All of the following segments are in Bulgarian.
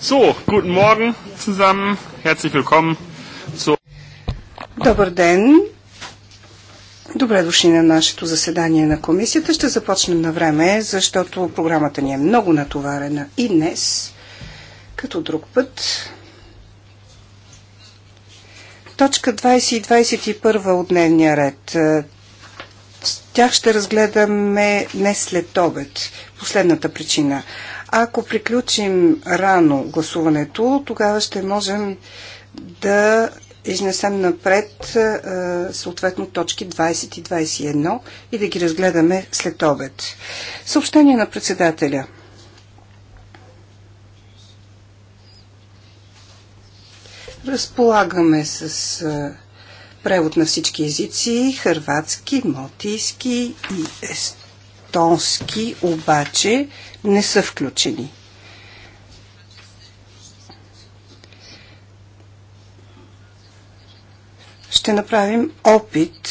So, guten Morgen zusammen. Herzlich willkommen zu... Добър ден! Добре дошли на нашето заседание на комисията. Ще започнем на време, защото програмата ни е много натоварена и днес, като друг път. Точка 20 и 21 от дневния ред. тях ще разгледаме днес след обед. Последната причина. Ако приключим рано гласуването, тогава ще можем да изнесем напред съответно точки 20 и 21 и да ги разгледаме след обед. Съобщение на председателя. Разполагаме с превод на всички езици хърватски, малтийски и естонски. Тонски обаче не са включени. Ще направим опит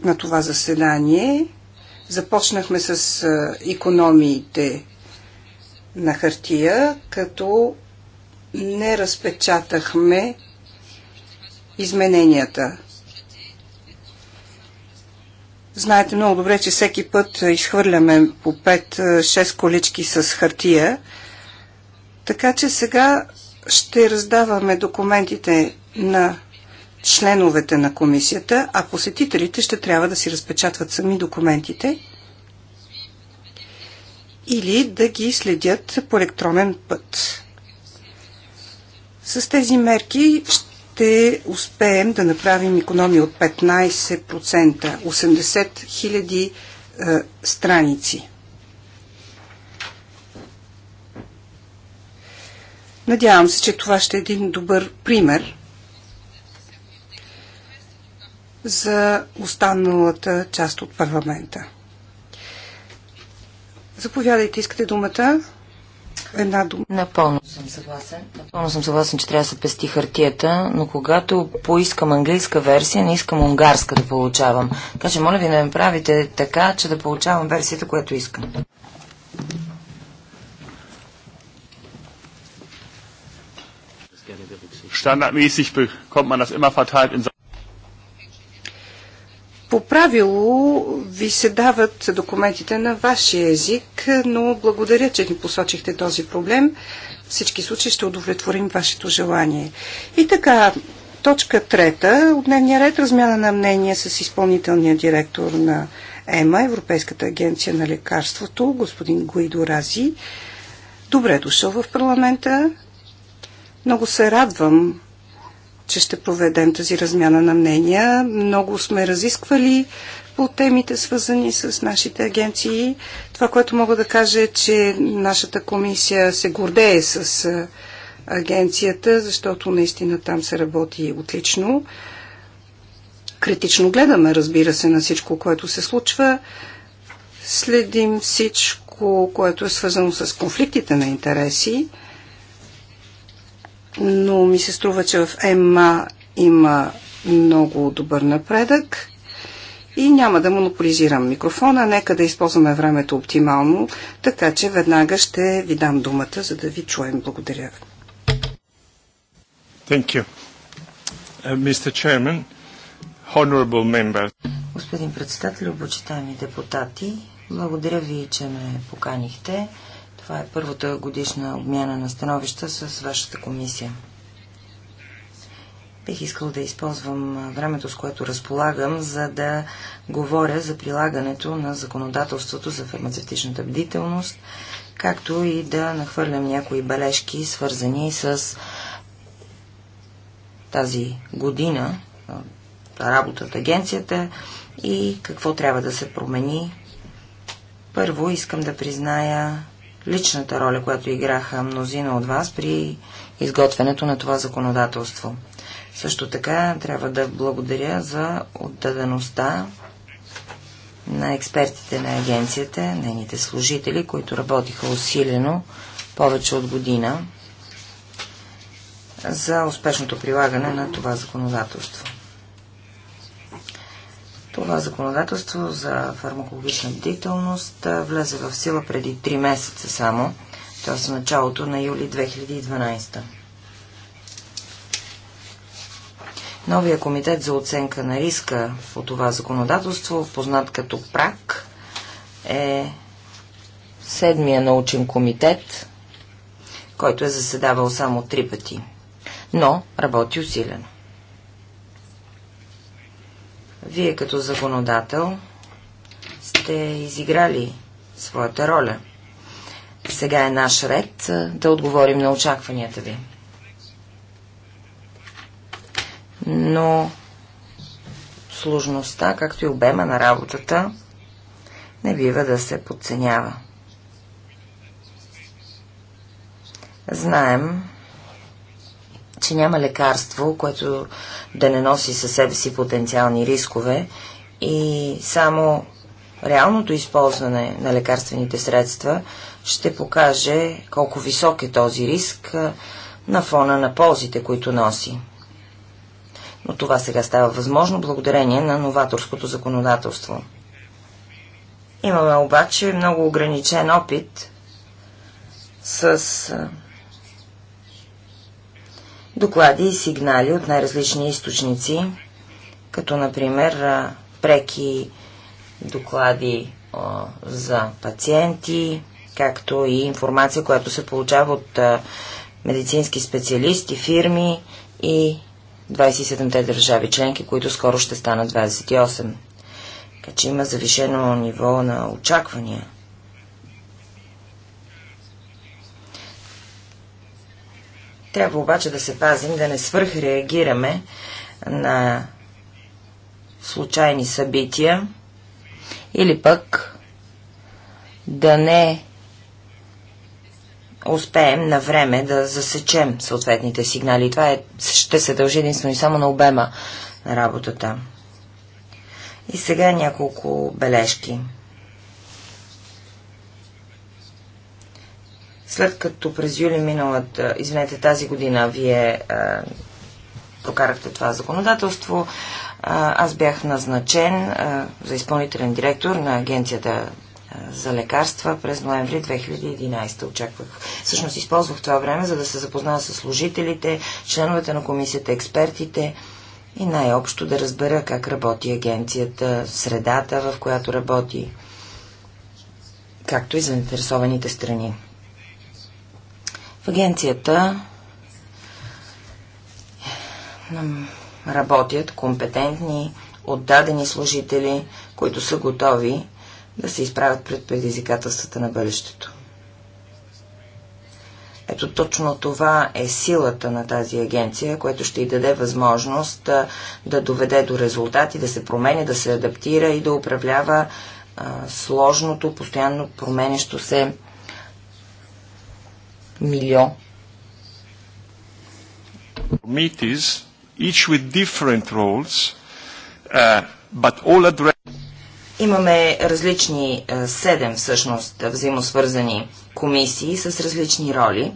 на това заседание. Започнахме с економиите на хартия, като не разпечатахме измененията. Знаете много добре, че всеки път изхвърляме по 5-6 е, колички с хартия. Така че сега ще раздаваме документите на членовете на комисията, а посетителите ще трябва да си разпечатват сами документите или да ги следят по електронен път. С тези мерки ще ще успеем да направим економия от 15%, 80 000 е, страници. Надявам се, че това ще е един добър пример за останалата част от парламента. Заповядайте, искате думата една дума. Напълно съм съгласен. Напълно съм съгласен, че трябва да се пести хартията, но когато поискам английска версия, не искам унгарска да получавам. Така че моля ви да ме правите така, че да получавам версията, която искам. Standardmäßig bekommt man das immer verteilt in по правило ви се дават документите на вашия език, но благодаря, че ни посочихте този проблем. В всички случаи ще удовлетворим вашето желание. И така, точка трета от дневния ред размяна на мнение с изпълнителния директор на ЕМА, Европейската агенция на лекарството, господин Гуидо Рази. Добре дошъл в парламента. Много се радвам че ще проведем тази размяна на мнения. Много сме разисквали по темите, свързани с нашите агенции. Това, което мога да кажа е, че нашата комисия се гордее с агенцията, защото наистина там се работи отлично. Критично гледаме, разбира се, на всичко, което се случва. Следим всичко, което е свързано с конфликтите на интереси но ми се струва, че в ЕМА има много добър напредък и няма да монополизирам микрофона. Нека да използваме времето оптимално, така че веднага ще ви дам думата, за да ви чуем. Благодаря ви. Thank you. Uh, Mr. Chairman, honorable members. Господин председател, обочитаеми депутати, благодаря ви, че ме поканихте. Това е първата годишна обмяна на становища с вашата комисия. Бих искал да използвам времето, с което разполагам, за да говоря за прилагането на законодателството за фармацевтичната бдителност, както и да нахвърлям някои бележки, свързани с тази година, работа от агенцията и какво трябва да се промени. Първо искам да призная личната роля, която играха мнозина от вас при изготвянето на това законодателство. Също така трябва да благодаря за отдадеността на експертите на агенцията, нейните служители, които работиха усилено повече от година за успешното прилагане на това законодателство. Това законодателство за фармакологична бдителност влезе в сила преди 3 месеца само, т.е. с началото на юли 2012. Новия комитет за оценка на риска по това законодателство, познат като ПРАК, е седмия научен комитет, който е заседавал само три пъти, но работи усилено. Вие като законодател сте изиграли своята роля. Сега е наш ред да отговорим на очакванията ви. Но сложността, както и обема на работата, не бива да се подценява. Знаем, че няма лекарство, което да не носи със себе си потенциални рискове и само реалното използване на лекарствените средства ще покаже колко висок е този риск на фона на ползите, които носи. Но това сега става възможно благодарение на новаторското законодателство. Имаме обаче много ограничен опит с доклади и сигнали от най-различни източници, като например преки доклади за пациенти, както и информация, която се получава от медицински специалисти, фирми и 27-те държави членки, които скоро ще станат 28. Така че има завишено ниво на очаквания. Трябва обаче да се пазим, да не свърхреагираме на случайни събития или пък да не успеем на време да засечем съответните сигнали. Това е, ще се дължи единствено и само на обема на работата. И сега няколко бележки. След като през юли миналата, извинете, тази година вие а, е, прокарахте това законодателство, а, е, аз бях назначен а, е, за изпълнителен директор на агенцията за лекарства през ноември 2011. Очаквах. Всъщност използвах това време, за да се запозная с служителите, членовете на комисията, експертите и най-общо да разбера как работи агенцията, средата, в която работи, както и заинтересованите страни. В агенцията работят компетентни, отдадени служители, които са готови да се изправят пред предизвикателствата на бъдещето. Ето точно това е силата на тази агенция, което ще й даде възможност да, да доведе до резултати, да се променя, да се адаптира и да управлява а, сложното, постоянно променещо се Милио. Meetings, each with different roles, uh, but all address... Имаме различни, е, седем всъщност, взаимосвързани комисии с различни роли.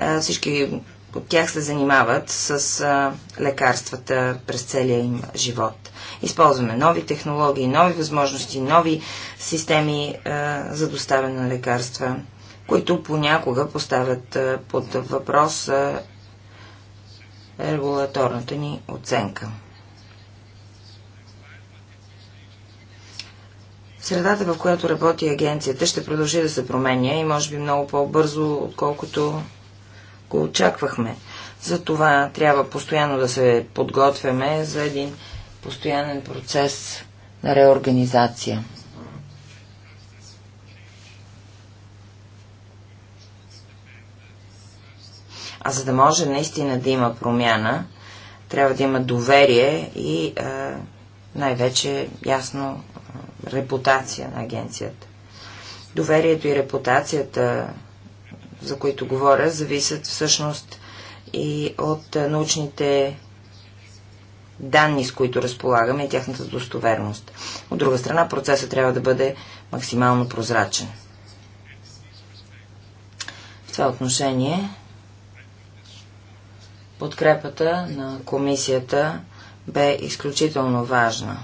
Е, всички от тях се занимават с е, лекарствата през целия им живот. Използваме нови технологии, нови възможности, нови системи за доставяне на лекарства които понякога поставят под въпрос регулаторната ни оценка. Средата, в която работи агенцията, ще продължи да се променя и може би много по-бързо, отколкото го очаквахме. Затова трябва постоянно да се подготвяме за един постоянен процес на реорганизация. А за да може наистина да има промяна, трябва да има доверие и най-вече ясно репутация на агенцията. Доверието и репутацията, за които говоря, зависят всъщност и от научните данни, с които разполагаме и тяхната достоверност. От друга страна, процесът трябва да бъде максимално прозрачен. В това отношение Подкрепата на комисията бе изключително важна.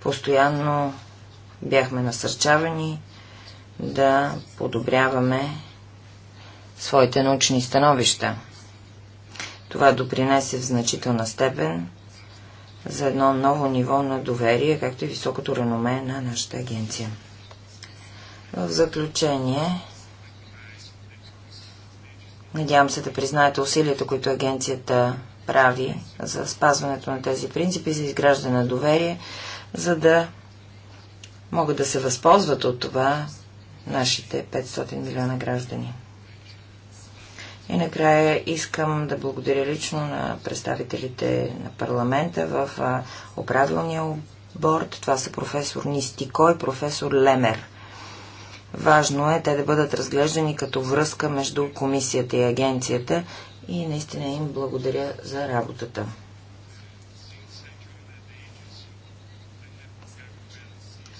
Постоянно бяхме насърчавани да подобряваме своите научни становища. Това допринесе в значителна степен за едно ново ниво на доверие, както и високото реноме на нашата агенция. В заключение Надявам се да признаете усилията, които агенцията прави за спазването на тези принципи, за изграждане на доверие, за да могат да се възползват от това нашите 500 милиона граждани. И накрая искам да благодаря лично на представителите на парламента в управилния борт. Това са професор Нистико и професор Лемер. Важно е те да бъдат разглеждани като връзка между комисията и агенцията и наистина им благодаря за работата.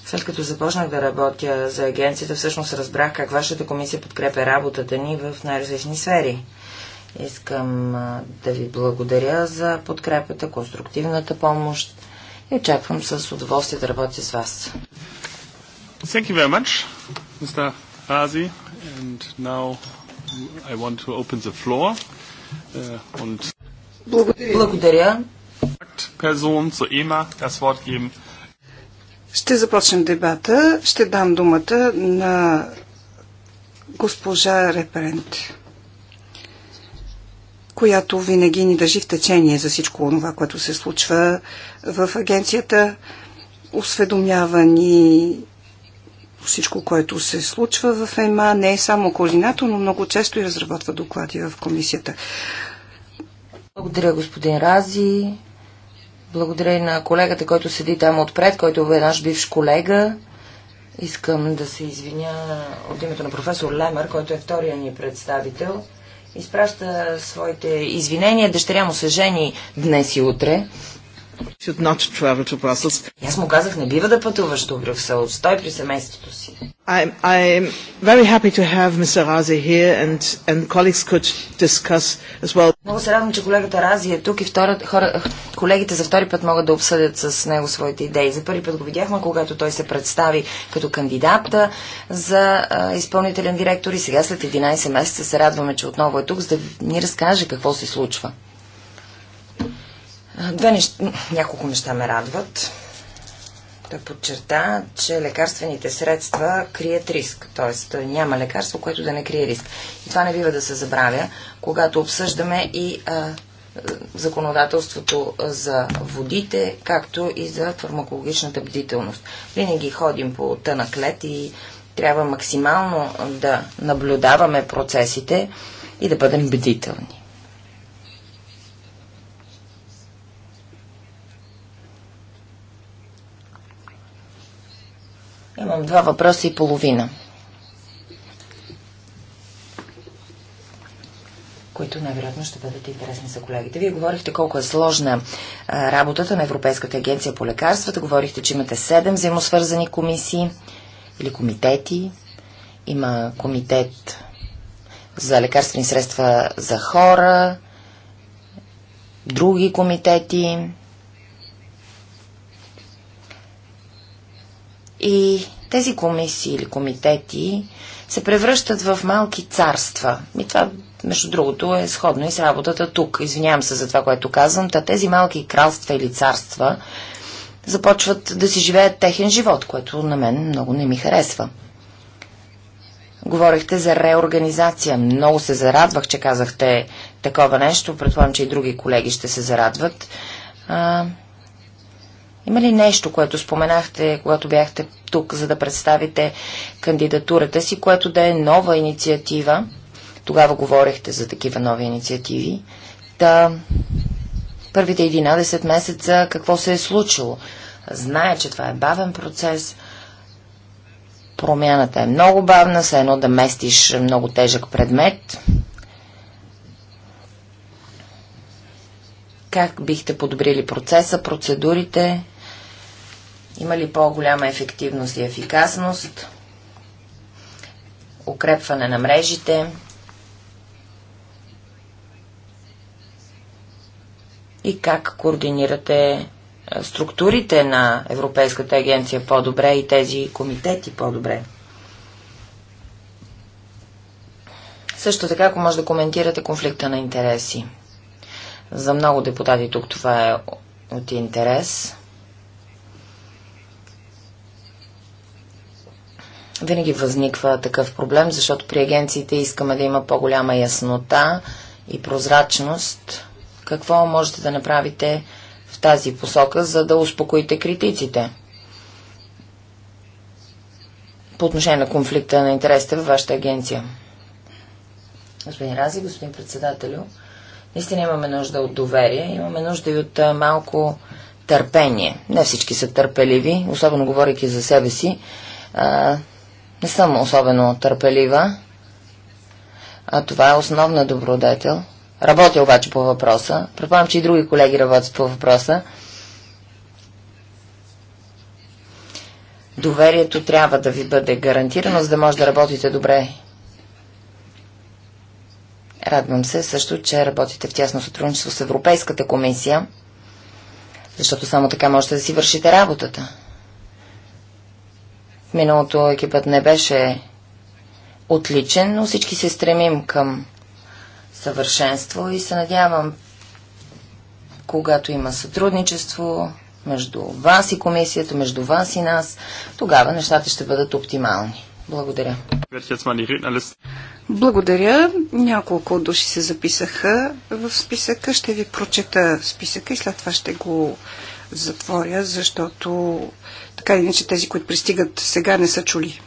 След като започнах да работя за агенцията, всъщност разбрах как вашата комисия подкрепя работата ни в най-различни сфери. Искам да ви благодаря за подкрепата, конструктивната помощ и очаквам с удоволствие да работя с вас. Thank you very much, Mr. Rasi. And now I want to open the floor. Uh, Благодаря. Person zur EMA das Ще започнем дебата. Ще дам думата на госпожа Репрент, която винаги ни държи в течение за всичко това, което се случва в агенцията. Осведомява ни всичко, което се случва в ЕМА, не е само координатор, но много често и разработва доклади в комисията. Благодаря, господин Рази. Благодаря и на колегата, който седи там отпред, който е наш бивш колега. Искам да се извиня от името на професор Лемер, който е втория ни представител. Изпраща своите извинения. Дъщеря му се жени днес и утре. Аз му казах, не бива да пътуваш до Брюксел, стой при семейството си. I'm, I'm very happy to have Mr. Razi here and, and colleagues could discuss as well. Много се радвам, че колегата Рази е тук и втора, хора, колегите за втори път могат да обсъдят с него своите идеи. За първи път го видяхме, когато той се представи като кандидата за а, изпълнителен директор и сега след 11 месеца се радваме, че отново е тук, за да ни разкаже какво се случва. Две неща, няколко неща ме радват. Да подчерта, че лекарствените средства крият риск, т.е. няма лекарство, което да не крие риск. И това не бива да се забравя, когато обсъждаме и а, законодателството за водите, както и за фармакологичната бдителност. Винаги ходим по тънък лед и трябва максимално да наблюдаваме процесите и да бъдем бдителни. Имам два въпроса и половина, които най-вероятно ще бъдат интересни за колегите. Вие говорихте колко е сложна а, работата на Европейската агенция по лекарствата. Говорихте, че имате седем взаимосвързани комисии или комитети. Има комитет за лекарствени средства за хора, други комитети И тези комисии или комитети се превръщат в малки царства. И това, между другото, е сходно и с работата тук. Извинявам се за това, което казвам. Та тези малки кралства или царства започват да си живеят техен живот, което на мен много не ми харесва. Говорихте за реорганизация. Много се зарадвах, че казахте такова нещо. Предполагам, че и други колеги ще се зарадват. А, има ли нещо, което споменахте, когато бяхте тук, за да представите кандидатурата си, което да е нова инициатива? Тогава говорехте за такива нови инициативи. Та, първите 11 месеца какво се е случило? Зная, че това е бавен процес. Промяната е много бавна, се едно да местиш много тежък предмет. Как бихте подобрили процеса, процедурите? Има ли по-голяма ефективност и ефикасност? Укрепване на мрежите? И как координирате е, структурите на Европейската агенция по-добре и тези комитети по-добре? Също така, ако може да коментирате конфликта на интереси. За много депутати тук това е от интерес. Винаги възниква такъв проблем, защото при агенциите искаме да има по-голяма яснота и прозрачност. Какво можете да направите в тази посока, за да успокоите критиците? По отношение на конфликта на интересите във вашата агенция. Господин Рази, господин председателю, наистина имаме нужда от доверие, имаме нужда и от малко търпение. Не всички са търпеливи, особено говоряки за себе си. Не съм особено търпелива, а това е основна добродетел. Работя обаче по въпроса. Предполагам, че и други колеги работят по въпроса. Доверието трябва да ви бъде гарантирано, за да може да работите добре. Радвам се също, че работите в тясно сътрудничество с Европейската комисия, защото само така можете да си вършите работата миналото екипът не беше отличен, но всички се стремим към съвършенство и се надявам, когато има сътрудничество между вас и комисията, между вас и нас, тогава нещата ще бъдат оптимални. Благодаря. Благодаря. Няколко души се записаха в списъка. Ще ви прочета списъка и след това ще го затворя, защото така иначе тези, които пристигат сега, не са чули.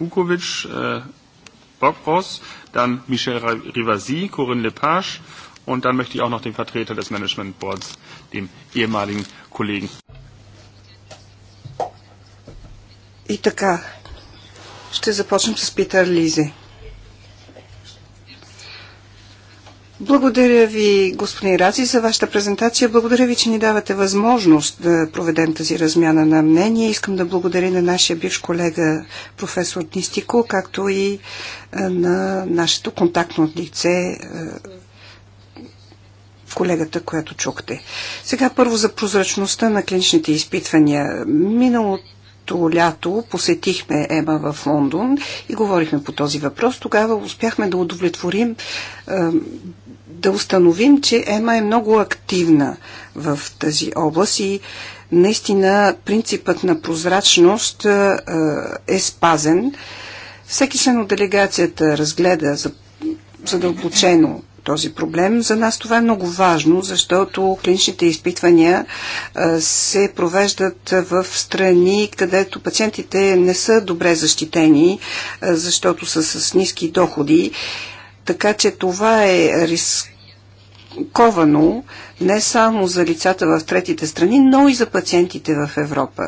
Kukovic, äh, Bockhaus, dann Michel Rivasi, Corinne Lepage und dann möchte ich auch noch den Vertreter des Management Boards, dem ehemaligen Kollegen. И така, ще започнем с Питър Лизе. Благодаря ви, господин Рази, за вашата презентация. Благодаря ви, че ни давате възможност да проведем тази размяна на мнение. Искам да благодаря на нашия бивш колега професор Нистико, както и е, на нашето контактно лице е, колегата, която чухте. Сега първо за прозрачността на клиничните изпитвания. Миналото миналото лято посетихме Ема в Лондон и говорихме по този въпрос. Тогава успяхме да удовлетворим, е, да установим, че Ема е много активна в тази област и наистина принципът на прозрачност е, е спазен. Всеки член от делегацията разгледа задълбочено този проблем. За нас това е много важно, защото клиничните изпитвания се провеждат в страни, където пациентите не са добре защитени, защото са с ниски доходи. Така че това е рисковано не само за лицата в третите страни, но и за пациентите в Европа.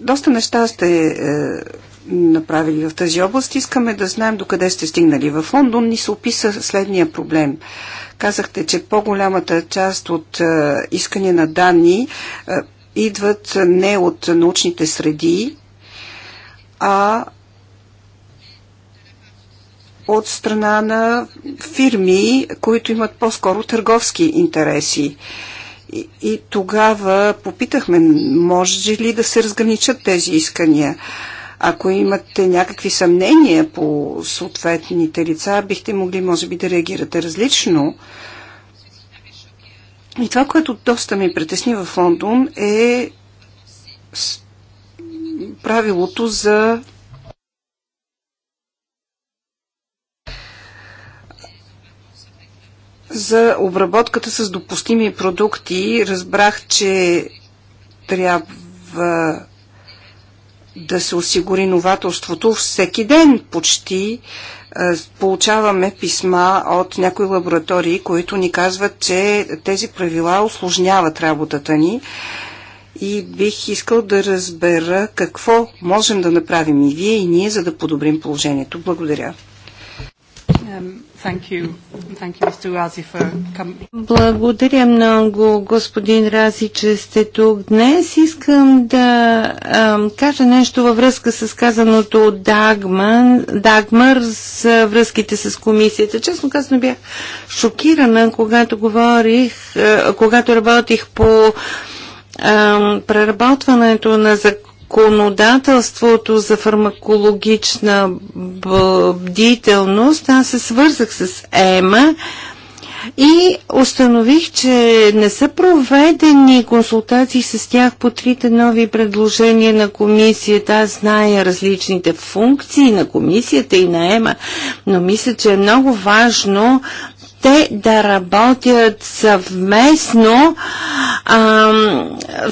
Доста неща сте е, направили в тази област. Искаме да знаем докъде сте стигнали. В Лондон ни се описа следния проблем. Казахте, че по-голямата част от е, искане на данни е, идват не от научните среди, а от страна на фирми, които имат по-скоро търговски интереси. И, и тогава попитахме, може ли да се разграничат тези искания. Ако имате някакви съмнения по съответните лица, бихте могли, може би, да реагирате различно. И това, което доста ми притесни в Лондон е правилото за за обработката с допустими продукти. Разбрах, че трябва да се осигури новаторството. Всеки ден почти е, получаваме писма от някои лаборатории, които ни казват, че тези правила осложняват работата ни и бих искал да разбера какво можем да направим и вие и ние, за да подобрим положението. Благодаря. Um, Благодаря много, господин Рази, че сте тук днес. Искам да а, кажа нещо във връзка с казаното от Дагман, Дагмар с връзките с комисията. Честно казано бях шокирана, когато говорих, а, е, когато работих по преработването на, зак законодателството за фармакологична бдителност, аз се свързах с ЕМА и установих, че не са проведени консултации с тях по трите нови предложения на комисията. Аз зная различните функции на комисията и на ЕМА, но мисля, че е много важно те да работят съвместно, а,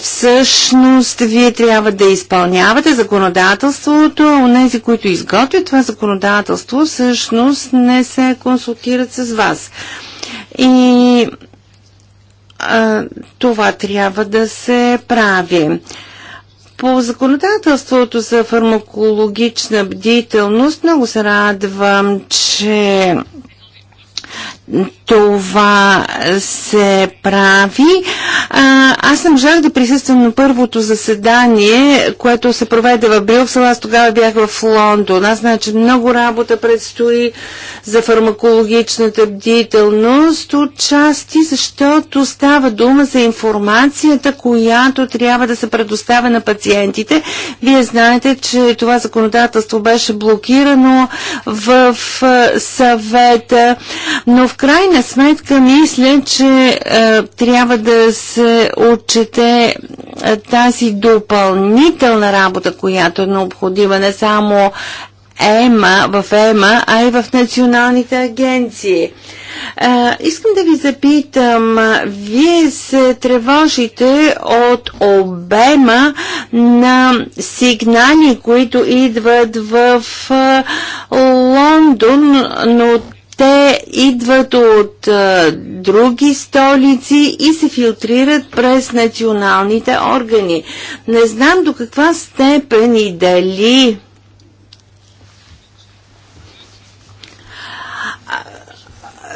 всъщност вие трябва да изпълнявате законодателството, а тези, които изготвят това законодателство, всъщност не се консултират с вас. И а, това трябва да се прави. По законодателството за фармакологична бдителност много се радвам, че това се прави. А, аз не можах да присъствам на първото заседание, което се проведе в Брюксел. Аз тогава бях в Лондон. Аз значи че много работа предстои за фармакологичната бдителност отчасти, защото става дума за информацията, която трябва да се предоставя на пациентите. Вие знаете, че това законодателство беше блокирано в съвета, но в крайна сметка мисля, че е, трябва да се отчете е, тази допълнителна работа, която е необходима не само ЕМА, в ЕМА, а и в националните агенции. Е, искам да ви запитам, е, вие се тревожите от обема на сигнали, които идват в е, Лондон, но те идват от а, други столици и се филтрират през националните органи. Не знам до каква степен и дали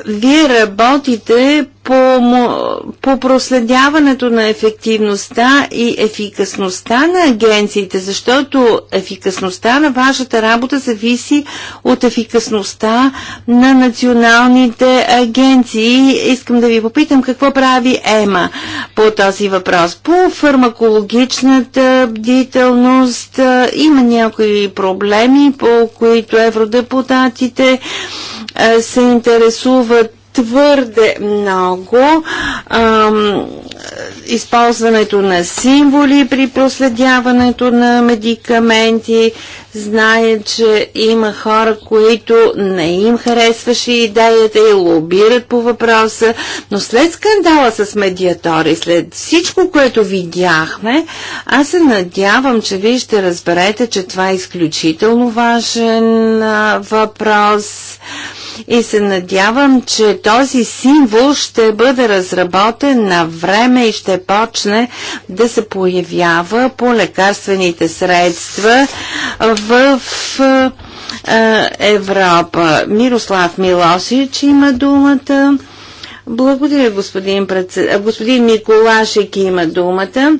вие работите по, по проследяването на ефективността и ефикасността на агенциите, защото ефикасността на вашата работа зависи от ефикасността на националните агенции. Искам да ви попитам какво прави ЕМА по този въпрос. По фармакологичната бдителност има някои проблеми, по които евродепутатите е, се интересуват твърде много ам, използването на символи при проследяването на медикаменти. Знае, че има хора, които не им харесваше идеята и лобират по въпроса, но след скандала с медиатори, след всичко, което видяхме, аз се надявам, че вие ще разберете, че това е изключително важен а, въпрос. Въпрос и се надявам, че този символ ще бъде разработен на време и ще почне да се появява по лекарствените средства в е, е, Европа. Мирослав Милосич има думата. Благодаря, господин, председ... господин Миколашек има думата.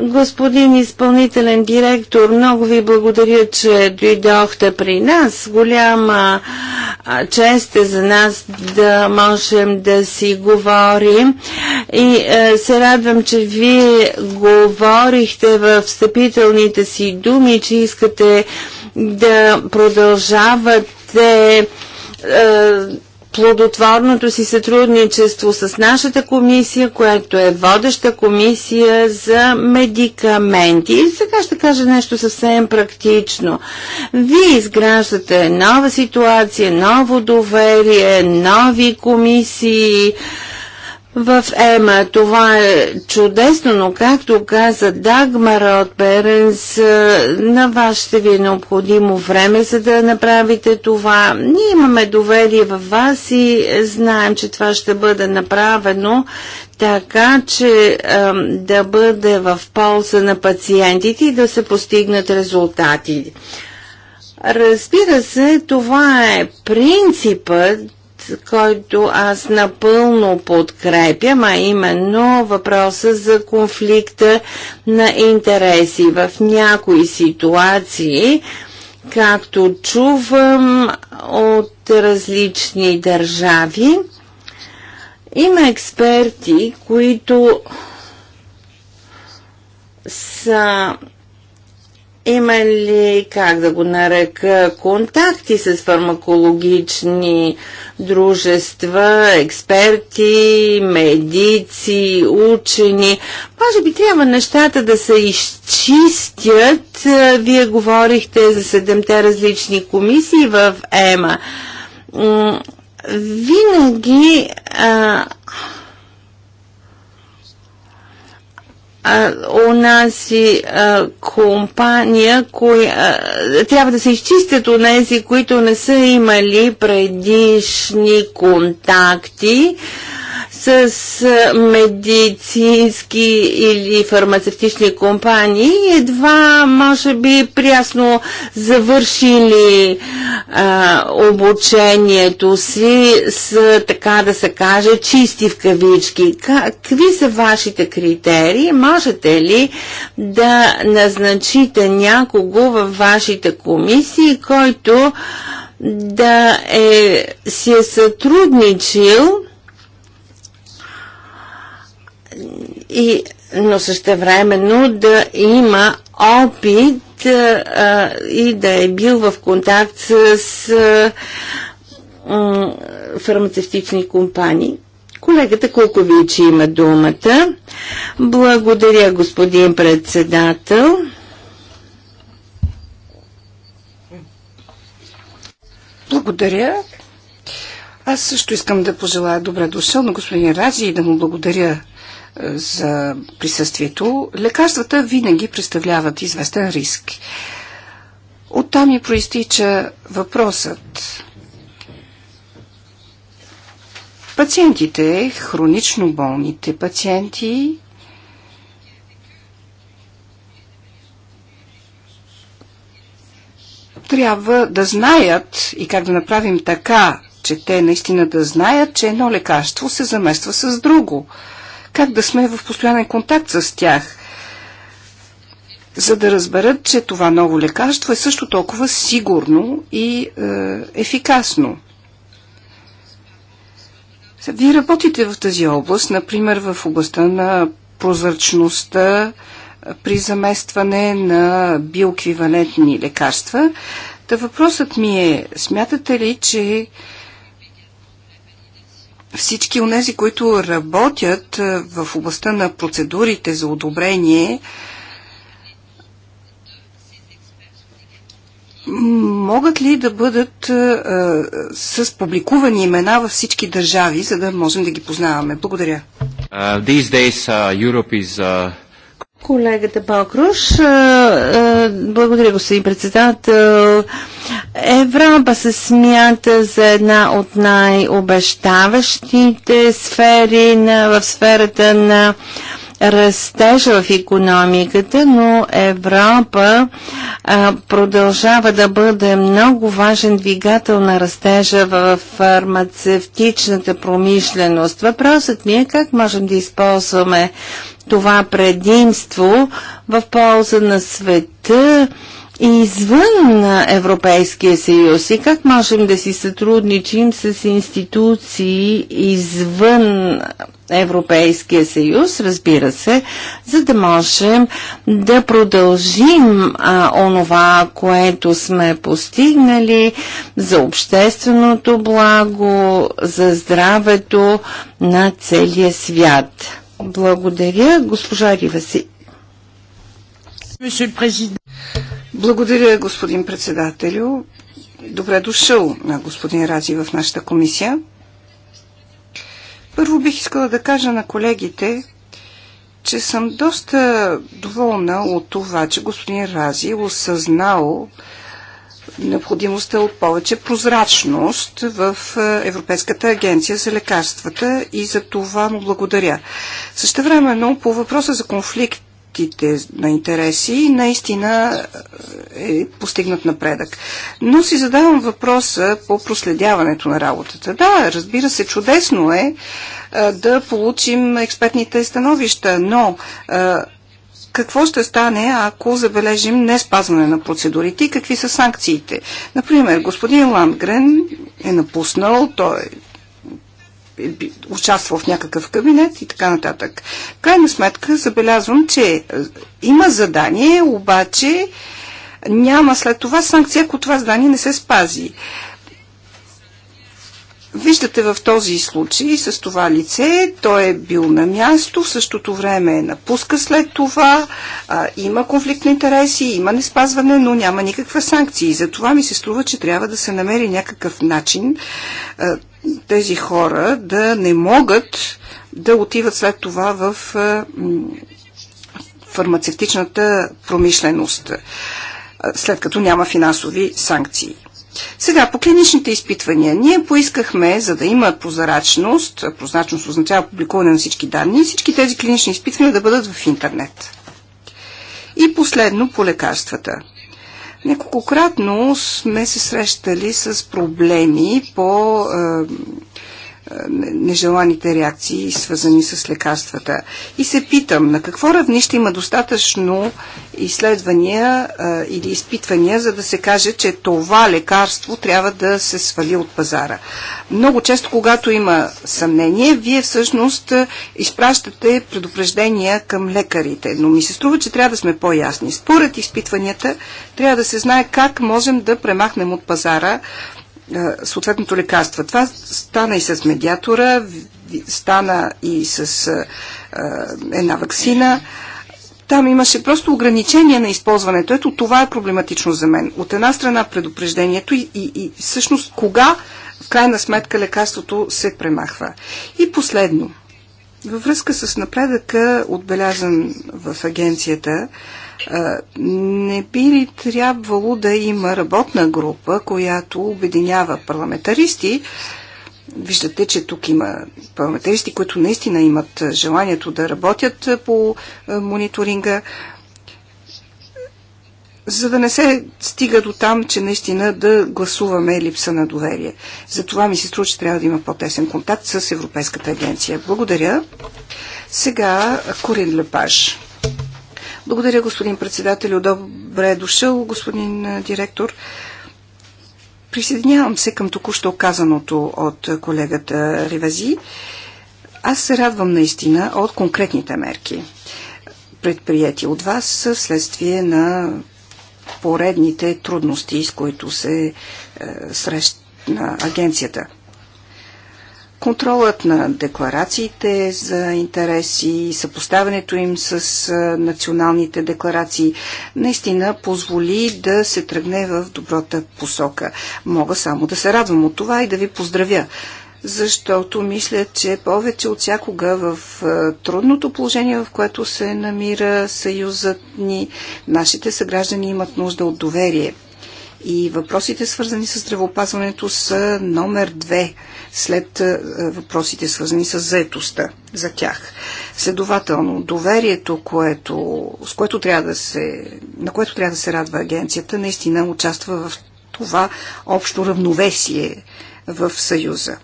Господин изпълнителен директор, много ви благодаря, че дойдохте при нас. Голяма чест е за нас да можем да си говорим и е, се радвам, че вие говорихте в встъпителните си думи, че искате да продължавате е, плодотворното си сътрудничество с нашата комисия, която е водеща комисия за медикаменти. И сега ще кажа нещо съвсем практично. Вие изграждате нова ситуация, ново доверие, нови комисии, в Ема. Това е чудесно, но както каза Дагмара от Беренс, е, на вас ще ви е необходимо време, за да направите това. Ние имаме доверие в вас и знаем, че това ще бъде направено така, че е, да бъде в полза на пациентите и да се постигнат резултати. Разбира се, това е принципът, който аз напълно подкрепям, а именно въпроса за конфликта на интереси. В някои ситуации, както чувам от различни държави, има експерти, които са има ли, как да го нарека, контакти с фармакологични дружества, експерти, медици, учени? Може би трябва нещата да се изчистят. Вие говорихте за седемте различни комисии в ЕМА. Винаги а, онази компания, коя, а, трябва да се изчистят онези, които не са имали предишни контакти, а, с медицински или фармацевтични компании, едва може би прясно завършили а, обучението си с, така да се каже, чисти в кавички. Какви са вашите критерии? Можете ли да назначите някого във вашите комисии, който да е, си е сътрудничил и, но същевременно да има опит а, и да е бил в контакт с, а, а, фармацевтични компании. Колегата колкович е, има думата. Благодаря, господин председател. Благодаря. Аз също искам да пожелая добре дошъл на господин Рази и да му благодаря за присъствието, лекарствата винаги представляват известен риск. Оттам и проистича въпросът. Пациентите, хронично болните пациенти, трябва да знаят и как да направим така, че те наистина да знаят, че едно лекарство се замества с друго как да сме в постоянен контакт с тях, за да разберат, че това ново лекарство е също толкова сигурно и е, ефикасно. Вие работите в тази област, например в областта на прозрачността при заместване на биоквивалентни лекарства. Та въпросът ми е, смятате ли, че всички онези, които работят е, в областта на процедурите за одобрение, могат ли да бъдат а, е, е, с публикувани имена във всички държави, за да можем да ги познаваме? Благодаря. Uh, these days, uh, Europe is, uh... Колегата Балкруш, благодаря господин председател. Европа се смята за една от най-обещаващите сфери на, в сферата на растежа в економиката, но Европа а, продължава да бъде много важен двигател на растежа в фармацевтичната промишленост. Въпросът ми е как можем да използваме това предимство в полза на света и извън Европейския съюз и как можем да си сътрудничим с институции извън Европейския съюз, разбира се, за да можем да продължим а, онова, което сме постигнали за общественото благо, за здравето на целия свят. Благодаря, госпожа Риваси. Благодаря, господин председателю. Добре дошъл на господин Рази в нашата комисия. Първо бих искала да кажа на колегите, че съм доста доволна от това, че господин Рази е осъзнал необходимостта от повече прозрачност в е, Европейската агенция за лекарствата и за това му благодаря. Също времено по въпроса за конфликт на интереси, наистина е, е постигнат напредък. Но си задавам въпроса по проследяването на работата. Да, разбира се, чудесно е, е да получим експертните становища, но какво ще стане, ако забележим не спазване на процедурите и какви са санкциите. Например, господин Ландгрен е напуснал, той е участвал в някакъв кабинет и така нататък. В крайна сметка забелязвам, че е, има задание, обаче няма след това санкция, ако това задание не се спази. Виждате в този случай с това лице, той е бил на място, в същото време е напуска след това, а, има конфликт на интереси, има не спазване, но няма никаква санкция. И за това ми се струва, че трябва да се намери някакъв начин а, тези хора да не могат да отиват след това в а, фармацевтичната промишленост, а, след като няма финансови санкции. Сега, по клиничните изпитвания. Ние поискахме, за да има прозрачност, прозрачност означава публикуване на всички данни, всички тези клинични изпитвания да бъдат в интернет. И последно, по лекарствата. Неколкократно сме се срещали с проблеми по е, е, нежеланите реакции, свързани с лекарствата. И се питам, на какво равнище има достатъчно изследвания а, е, или изпитвания, за да се каже, че това лекарство трябва да се свали от пазара. Много често, когато има съмнение, вие всъщност е, изпращате предупреждения към лекарите, но ми се струва, че трябва да сме по-ясни. Според изпитванията, трябва да се знае как можем да премахнем от пазара съответното лекарство. Това стана и с медиатора, стана и с една вакцина. Там имаше просто ограничение на използването. Ето това е проблематично за мен. От една страна предупреждението и, и, и всъщност кога в крайна сметка лекарството се премахва. И последно, във връзка с напредъка, отбелязан в агенцията, не би ли трябвало да има работна група, която обединява парламентаристи? Виждате, че тук има парламентаристи, които наистина имат желанието да работят по мониторинга за да не се стига до там, че наистина да гласуваме липса на доверие. Затова ми се струва, че трябва да има по-тесен контакт с Европейската агенция. Благодаря. Сега Корин Лепаш. Благодаря, господин председател. Добре е дошъл, господин директор. Присъединявам се към току-що казаното от колегата Ривази. Аз се радвам наистина от конкретните мерки, предприяти от вас вследствие на поредните трудности, с които се е, срещна агенцията – Контролът на декларациите за интереси, съпоставянето им с националните декларации наистина позволи да се тръгне в добрата посока. Мога само да се радвам от това и да ви поздравя защото мисля, че повече от всякога в трудното положение, в което се намира съюзът ни, нашите съграждани имат нужда от доверие. И въпросите, свързани с здравеопазването, са номер две – след е, въпросите свързани с заетостта за тях. Следователно, доверието, което, с което трябва да се, на което трябва да се радва агенцията, наистина участва в това общо равновесие в Съюза.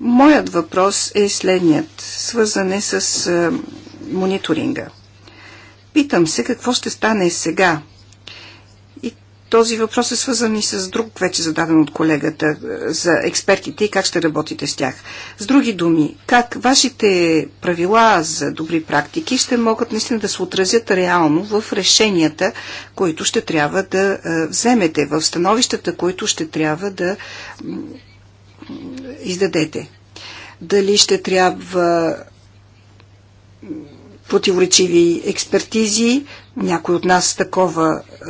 Моят въпрос е следният, свързан е с е, мониторинга. Питам се какво ще стане сега този въпрос е свързан и с друг, вече зададен от колегата, е, за експертите и как ще работите с тях. С други думи, как вашите правила за добри практики ще могат наистина да се отразят реално в решенията, които ще трябва да е, вземете, в становищата, които ще трябва да издадете? Дали ще трябва противоречиви експертизи. Някои от нас такова, е,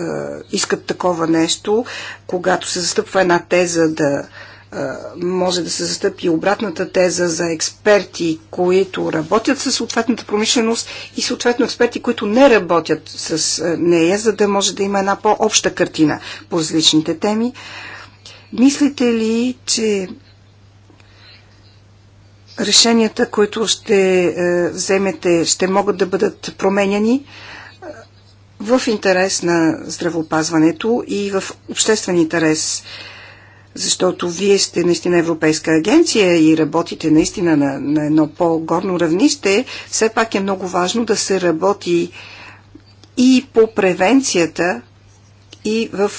искат такова нещо. Когато се застъпва една теза да е, може да се застъпи обратната теза за експерти, които работят с съответната промишленост и съответно експерти, които не работят с е, нея, за да може да има една по-обща картина по различните теми. Мислите ли, че решенията, които ще е, вземете, ще могат да бъдат променяни е, в интерес на здравеопазването и в обществен интерес, защото вие сте наистина Европейска агенция и работите наистина на, на едно по-горно равнище, все пак е много важно да се работи и по превенцията и в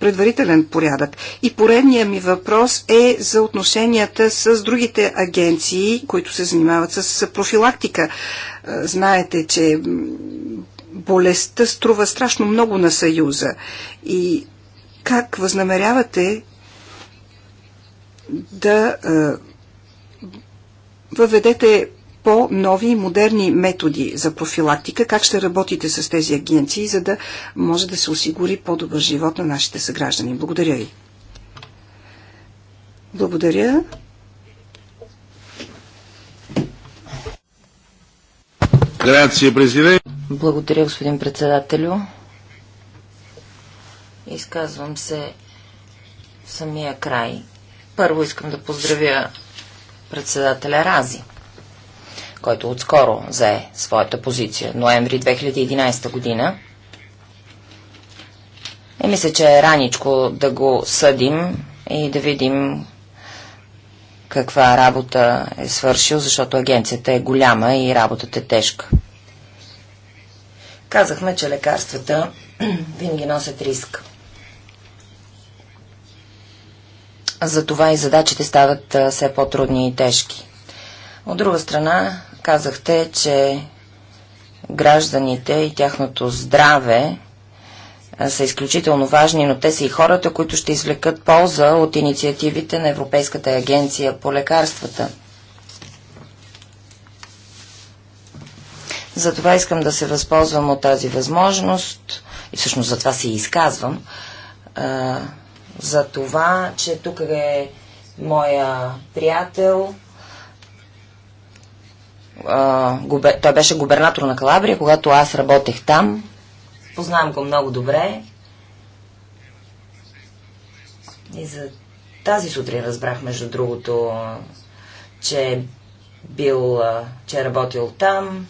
предварителен порядък. И поредният ми въпрос е за отношенията с другите агенции, които се занимават с профилактика. Знаете, че болестта струва страшно много на Съюза. И как възнамерявате да въведете по-нови и модерни методи за профилактика? Как ще работите с тези агенции, за да може да се осигури по-добър живот на нашите съграждани? Благодаря ви. Благодаря. Благодаря, господин председателю. Изказвам се в самия край. Първо искам да поздравя председателя Рази който отскоро зае своята позиция, ноември 2011 година. И мисля, че е раничко да го съдим и да видим каква работа е свършил, защото агенцията е голяма и работата е тежка. Казахме, че лекарствата винаги носят риск. Затова и задачите стават все по-трудни и тежки. От друга страна, Казахте, че гражданите и тяхното здраве са изключително важни, но те са и хората, които ще извлекат полза от инициативите на Европейската агенция по лекарствата. Затова искам да се възползвам от тази възможност и всъщност затова се изказвам. А, за това, че тук е моя приятел, губер... той беше губернатор на Калабрия, когато аз работех там. Познавам го много добре. И за тази сутрин разбрах, между другото, че е бил, че е работил там.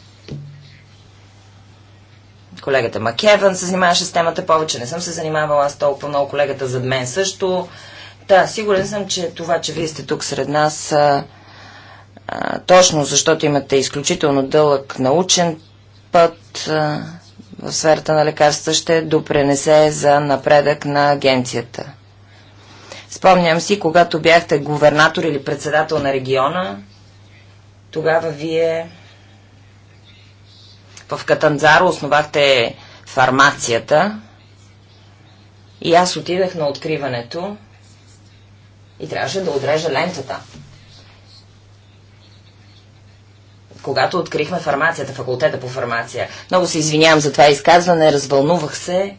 Колегата Макеван се занимаваше с темата повече. Не съм се занимавала аз толкова много. Колегата зад мен също. Да, сигурен съм, че това, че вие сте тук сред нас, точно защото имате изключително дълъг научен път а, в сферата на лекарства, ще допренесе за напредък на агенцията. Спомням си, когато бяхте губернатор или председател на региона, тогава вие в Катанзаро основахте фармацията и аз отидах на откриването и трябваше да отрежа лентата. когато открихме фармацията, факултета по фармация. Много се извинявам за това изказване, развълнувах се.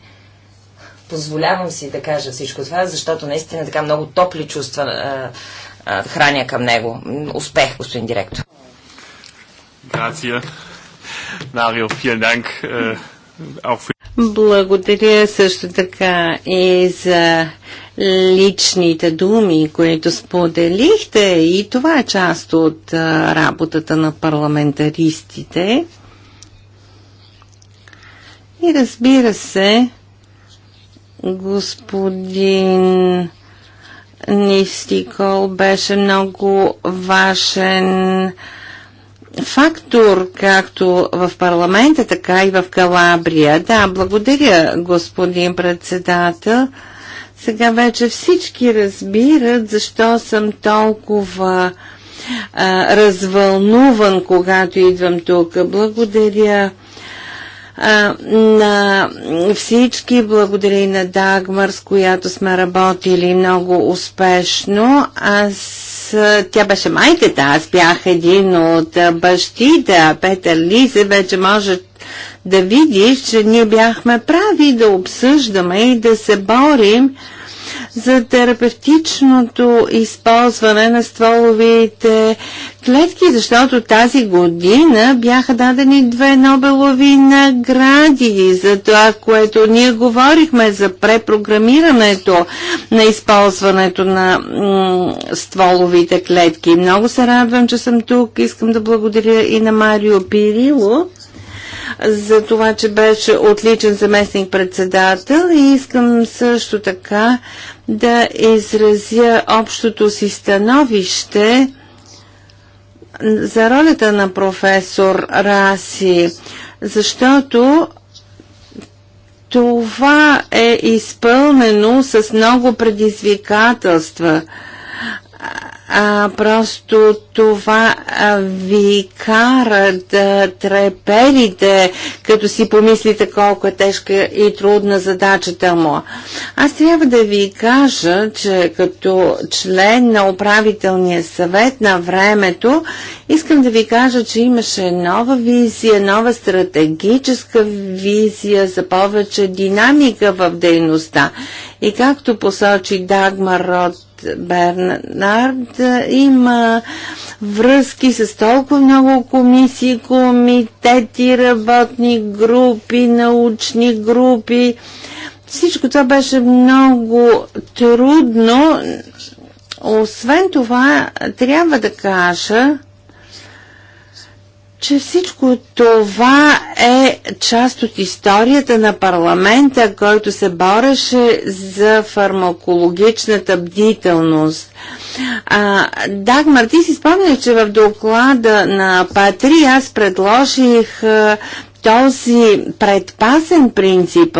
Позволявам си да кажа всичко това, защото наистина така много топли чувства а, а, храня към него. Успех, господин директор. Грация. Э, Благодаря също така и за личните думи, които споделихте и това е част от а, работата на парламентаристите. И разбира се, господин Нистикол беше много важен фактор, както в парламента, така и в Калабрия. Да, благодаря, господин председател. Сега вече всички разбират защо съм толкова а, развълнуван, когато идвам тук. Благодаря а, на всички, благодаря и на Дагмар, с която сме работили много успешно. Аз тя беше майката, аз бях един от бащите, а Петър Лизе вече може да видиш, че ние бяхме прави да обсъждаме и да се борим за терапевтичното използване на стволовите клетки, защото тази година бяха дадени две Нобелови награди за това, което ние говорихме за препрограмирането на използването на стволовите клетки. Много се радвам, че съм тук. Искам да благодаря и на Марио Пирило за това, че беше отличен заместник-председател и искам също така да изразя общото си становище за ролята на професор Раси, защото това е изпълнено с много предизвикателства а просто това а, ви кара да треперите, като си помислите колко е тежка и трудна задачата му. Аз трябва да ви кажа, че като член на управителния съвет на времето, искам да ви кажа, че имаше нова визия, нова стратегическа визия за повече динамика в дейността. И както посочи Дагмар Рот Бернард, има връзки с толкова много комисии, комитети, работни групи, научни групи. Всичко това беше много трудно. Освен това, трябва да кажа, че всичко това е част от историята на парламента, който се бореше за фармакологичната бдителност. А, Дагмар, ти си спомняш, че в доклада на Патри аз предложих а, този предпасен принцип,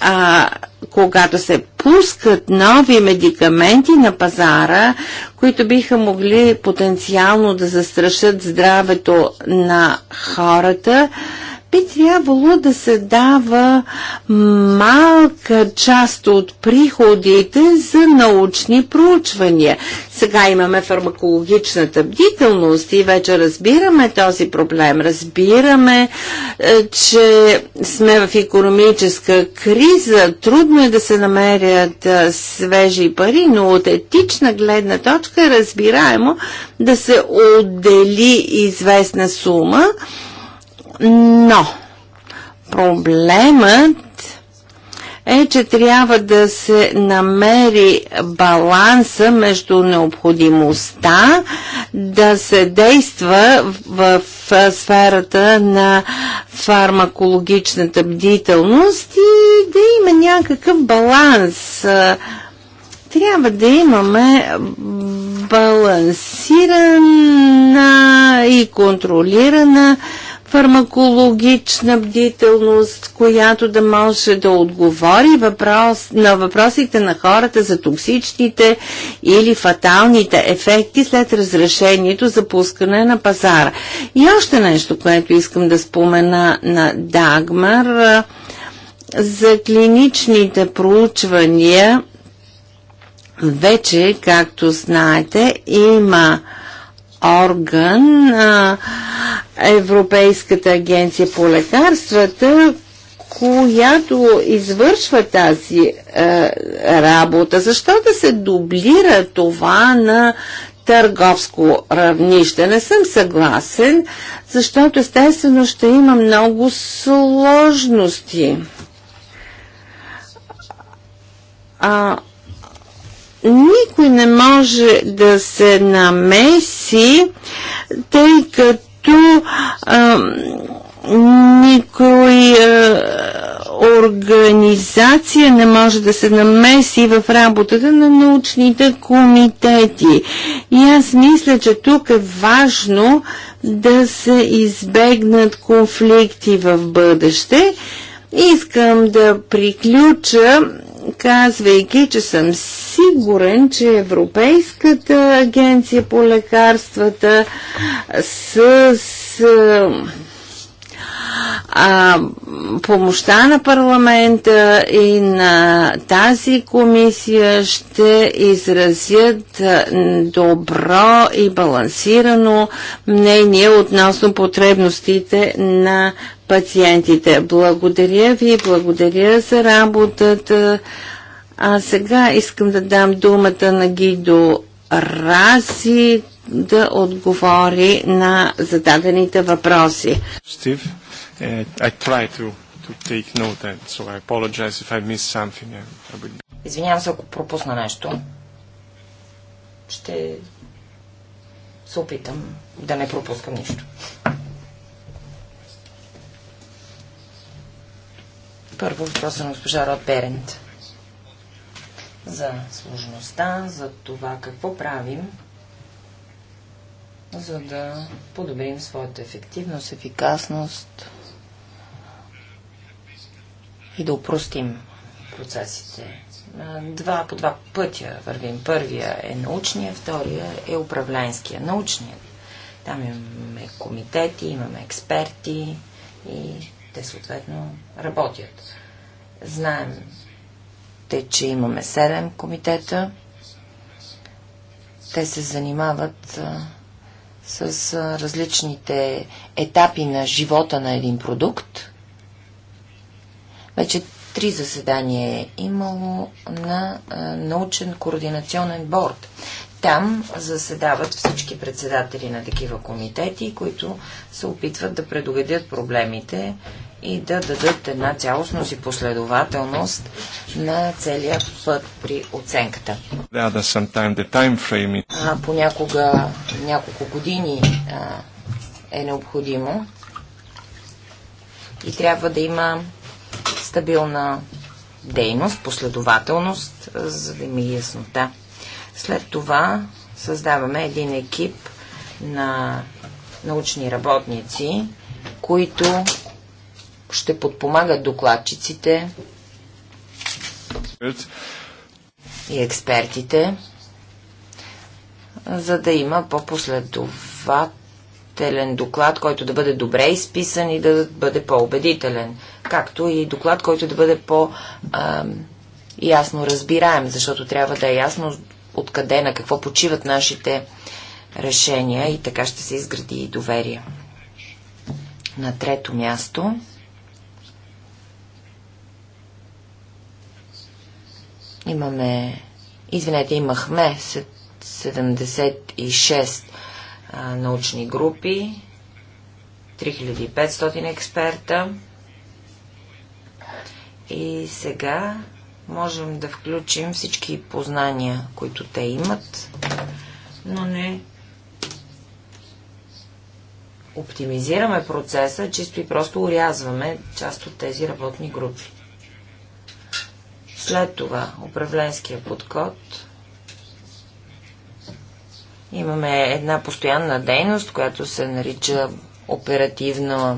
а, когато се пускат нови медикаменти на пазара, които биха могли потенциално да застрашат здравето на хората би трябвало да се дава малка част от приходите за научни проучвания. Сега имаме фармакологичната бдителност и вече разбираме този проблем. Разбираме, е, че сме в економическа криза, трудно е да се намерят е, свежи пари, но от етична гледна точка е разбираемо да се отдели известна сума но проблемът е, че трябва да се намери баланса между необходимостта да се действа в, в сферата на фармакологичната бдителност и да има някакъв баланс. Трябва да имаме балансирана и контролирана а, фармакологична бдителност, която да може да отговори въпрос, на въпросите на хората за токсичните или фаталните ефекти след разрешението за пускане на пазара. И още нещо, което искам да спомена на Дагмар за клиничните проучвания вече, както знаете, има орган, а, Европейската агенция по лекарствата, която извършва тази е, работа. Защо да се дублира това на търговско равнище? Не съм съгласен, защото естествено ще има много сложности. А, никой не може да се намеси, тъй като а, никой а, организация не може да се намеси в работата на научните комитети. И аз мисля, че тук е важно да се избегнат конфликти в бъдеще. Искам да приключа казвайки, че съм сигурен, че Европейската агенция по лекарствата с, с а, помощта на парламента и на тази комисия ще изразят добро и балансирано мнение относно потребностите на пациентите. Благодаря ви, благодаря за работата. А сега искам да дам думата на Гидо Раси да отговори на зададените въпроси. Стив. Uh, I try to, to take note, and so I apologize if I miss something. Извинявам се, ако пропусна нещо. Ще се опитам да не пропускам нищо. Първо въпроса на госпожа Род Берент за сложността, за това какво правим, за да подобрим своята ефективност, ефикасност, и да упростим процесите. Два по два пътя вървим. Първия е научния, втория е управленския. Научният. Там имаме комитети, имаме експерти и те съответно работят. Знаем те, че имаме 7 комитета. Те се занимават с различните етапи на живота на един продукт вече три заседания е имало на научен координационен борд. Там заседават всички председатели на такива комитети, които се опитват да предугадят проблемите и да дадат една цялостност и последователност на целия път при оценката. А, понякога няколко години а, е необходимо и трябва да има стабилна дейност, последователност, за да ми яснота. След това създаваме един екип на научни работници, които ще подпомагат докладчиците и експертите, за да има по-последователно окончателен доклад, който да бъде добре изписан и да бъде по-убедителен. Както и доклад, който да бъде по-ясно разбираем, защото трябва да е ясно откъде, на какво почиват нашите решения и така ще се изгради и доверие. На трето място имаме, извинете, имахме 76 научни групи, 3500 експерта. И сега можем да включим всички познания, които те имат, но не оптимизираме процеса, чисто и просто урязваме част от тези работни групи. След това управленския подход – Имаме една постоянна дейност, която се нарича оперативна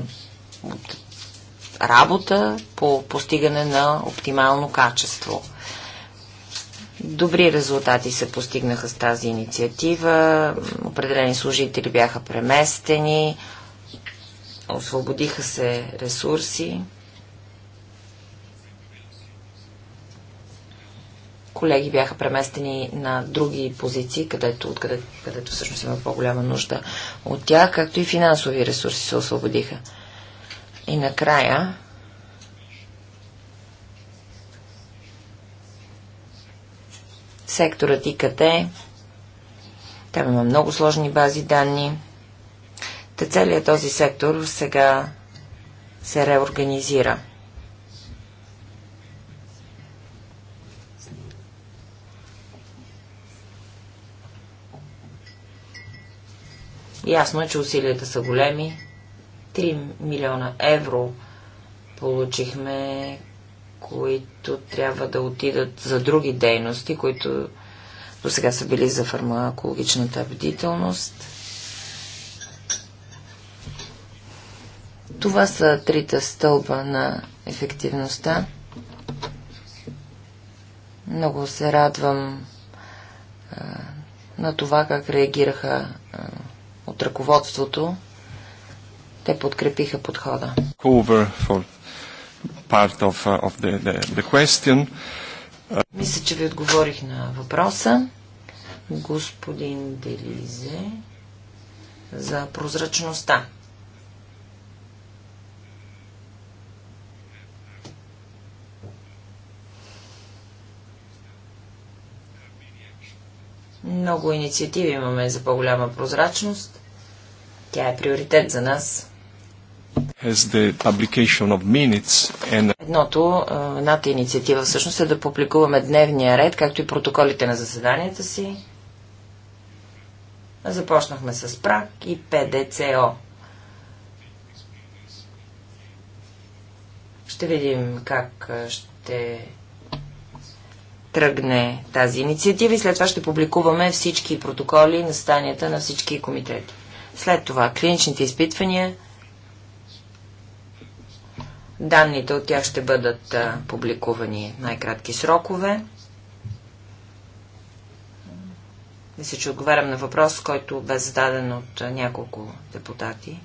работа по постигане на оптимално качество. Добри резултати се постигнаха с тази инициатива. Определени служители бяха преместени, освободиха се ресурси. колеги бяха преместени на други позиции, където, откъде, където всъщност има по-голяма нужда от тях, както и финансови ресурси се освободиха. И накрая, секторът ИКТ, там има много сложни бази данни. Та целият този сектор сега се реорганизира. Ясно е, че усилията са големи. 3 милиона евро получихме, които трябва да отидат за други дейности, които до сега са били за фармакологичната бдителност. Това са трите стълба на ефективността. Много се радвам а, на това как реагираха а, от ръководството. Те подкрепиха подхода. Uh, Мисля, че ви отговорих на въпроса. Господин Делизе за прозрачността. Много инициативи имаме за по-голяма прозрачност. Тя е приоритет за нас. And... Едното, е, едната инициатива всъщност е да публикуваме дневния ред, както и протоколите на заседанията си. Започнахме с прак и ПДЦО. Ще видим как е, ще тръгне тази инициатива и след това ще публикуваме всички протоколи на станията на всички комитети. След това клиничните изпитвания, данните от тях ще бъдат публикувани най-кратки срокове. Мисля, че отговарям на въпрос, който бе зададен от няколко депутати.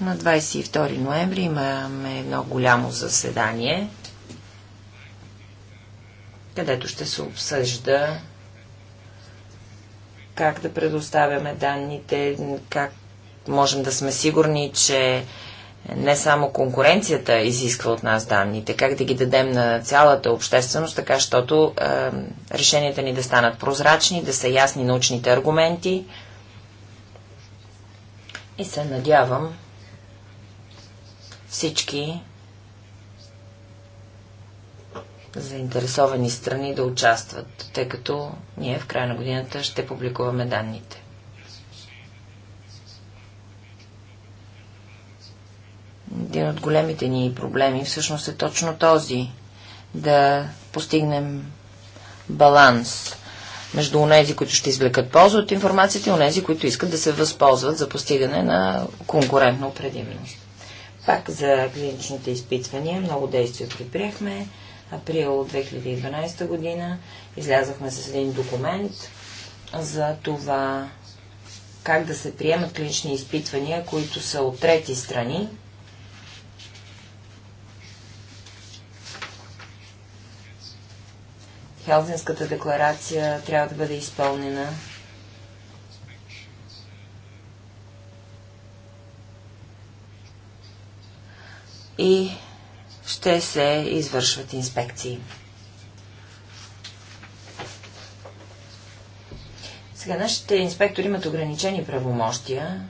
На 22 ноември имаме едно голямо заседание където ще се обсъжда как да предоставяме данните, как можем да сме сигурни, че не само конкуренцията изисква от нас данните, как да ги дадем на цялата общественост, така щото е, решенията ни да станат прозрачни, да са ясни научните аргументи. И се надявам всички заинтересовани страни да участват, тъй като ние в края на годината ще публикуваме данните. Един от големите ни проблеми всъщност е точно този да постигнем баланс между онези, които ще извлекат полза от информацията и онези, които искат да се възползват за постигане на конкурентно предимност. Пак за клиничните изпитвания много действия предприехме април 2012 година излязахме с един документ за това как да се приемат клинични изпитвания, които са от трети страни. Хелзинската декларация трябва да бъде изпълнена и ще се извършват инспекции. Сега нашите инспектори имат ограничени правомощия.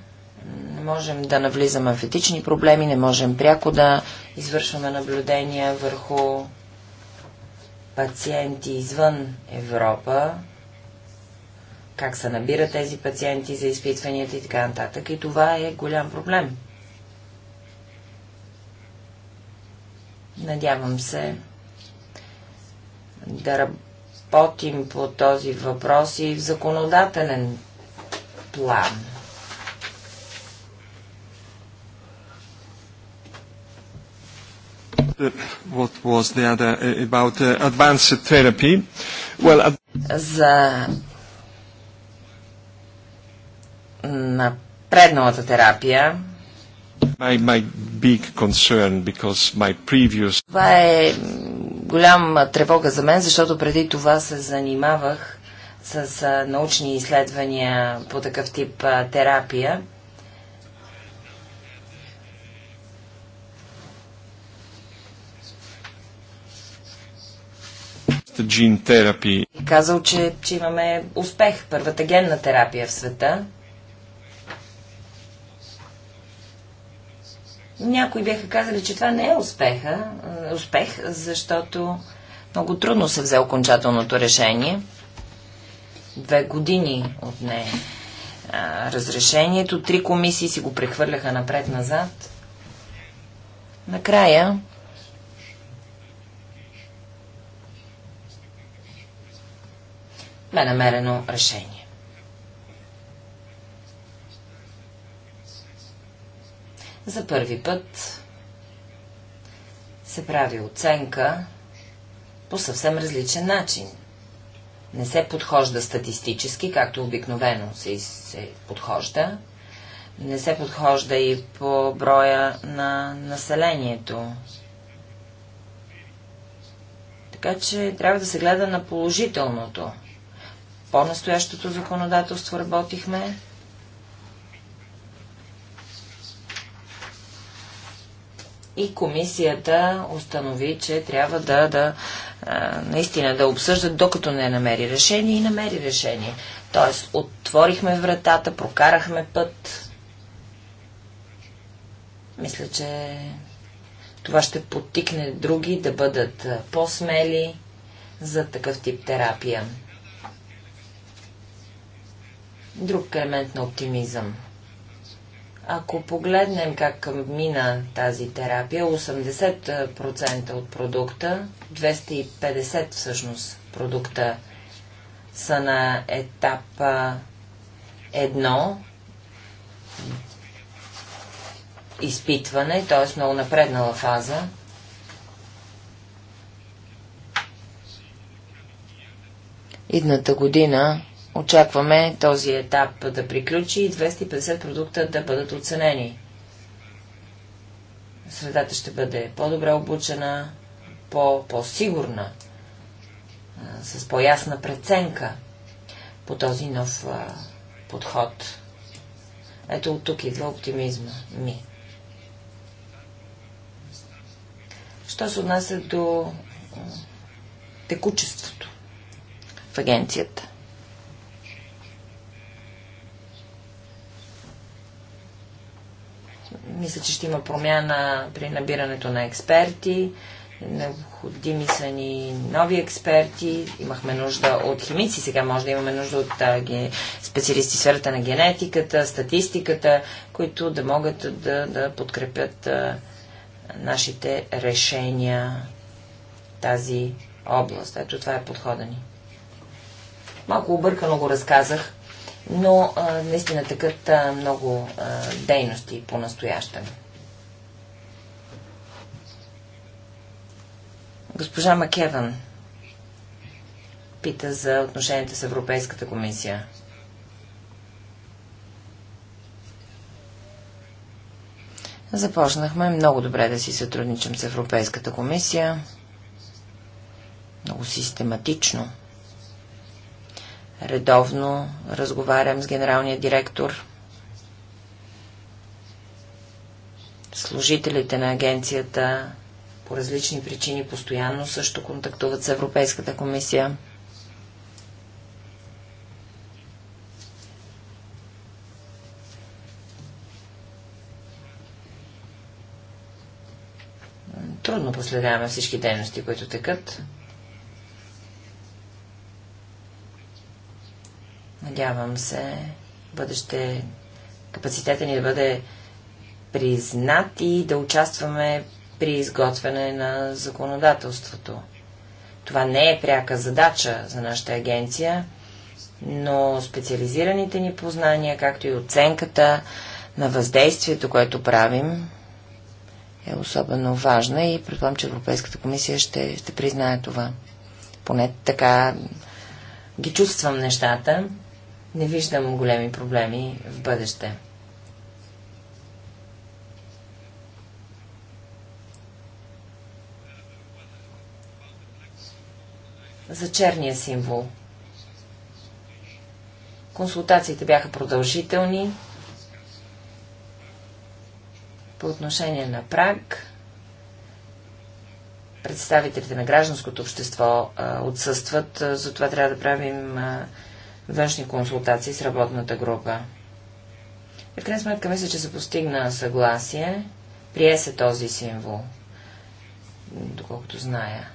Не можем да навлизаме в етични проблеми, не можем пряко да извършваме наблюдения върху пациенти извън Европа, как се набират тези пациенти за изпитванията и така нататък. И това е голям проблем. Надявам се да работим по този въпрос и в законодателен план. what was the other uh, about uh, advanced therapy. Well, ad- за напредналата терапия My, my big concern because my previous... Това е голяма тревога за мен, защото преди това се занимавах с научни изследвания по такъв тип терапия. казал, че, че имаме успех, първата генна терапия в света – Някои бяха казали, че това не е успеха, е, успех, защото много трудно се взе окончателното решение. Две години от не е, разрешението. Три комисии си го прехвърляха напред-назад. Накрая бе намерено решение. За първи път се прави оценка по съвсем различен начин. Не се подхожда статистически, както обикновено се, се подхожда. Не се подхожда и по броя на населението. Така че трябва да се гледа на положителното. По-настоящото законодателство работихме, и комисията установи, че трябва да, да наистина да обсъждат, докато не намери решение и намери решение. Тоест, отворихме вратата, прокарахме път. Мисля, че това ще подтикне други да бъдат по-смели за такъв тип терапия. Друг елемент на оптимизъм – ако погледнем как мина тази терапия, 80% от продукта, 250 всъщност продукта са на етап 1 изпитване, т.е. много напреднала фаза. Идната година Очакваме този етап да приключи и 250 продукта да бъдат оценени. Средата ще бъде по-добре обучена, по-сигурна, -по с по-ясна преценка по този нов подход. Ето от тук идва оптимизма ми. Що се отнася до текучеството в агенцията? Мисля, че ще има промяна при набирането на експерти. Необходими са ни нови експерти. Имахме нужда от химици, сега може да имаме нужда от специалисти в сферата на генетиката, статистиката, които да могат да, да подкрепят нашите решения тази област. Ето това е подхода ни. Малко объркано го разказах, но а, наистина такът а, много а, дейности по настоящен Госпожа Макеван пита за отношенията с Европейската комисия. Започнахме много добре да си сътрудничам с Европейската комисия. Много систематично. Редовно разговарям с генералния директор. Служителите на агенцията по различни причини постоянно също контактуват с Европейската комисия. Трудно последяваме всички дейности, които текат. Надявам се, бъдеще капацитета ни да бъде признат и да участваме при изготвяне на законодателството. Това не е пряка задача за нашата агенция, но специализираните ни познания, както и оценката на въздействието, което правим, е особено важна и предполагам, че Европейската комисия ще, ще признае това. Поне така ги чувствам нещата не виждам големи проблеми в бъдеще. За черния символ. Консултациите бяха продължителни по отношение на Праг. Представителите на гражданското общество а, отсъстват, а, затова трябва да правим а, външни консултации с работната група. И В крайна сметка мисля, че се постигна съгласие. Прие се този символ, доколкото зная.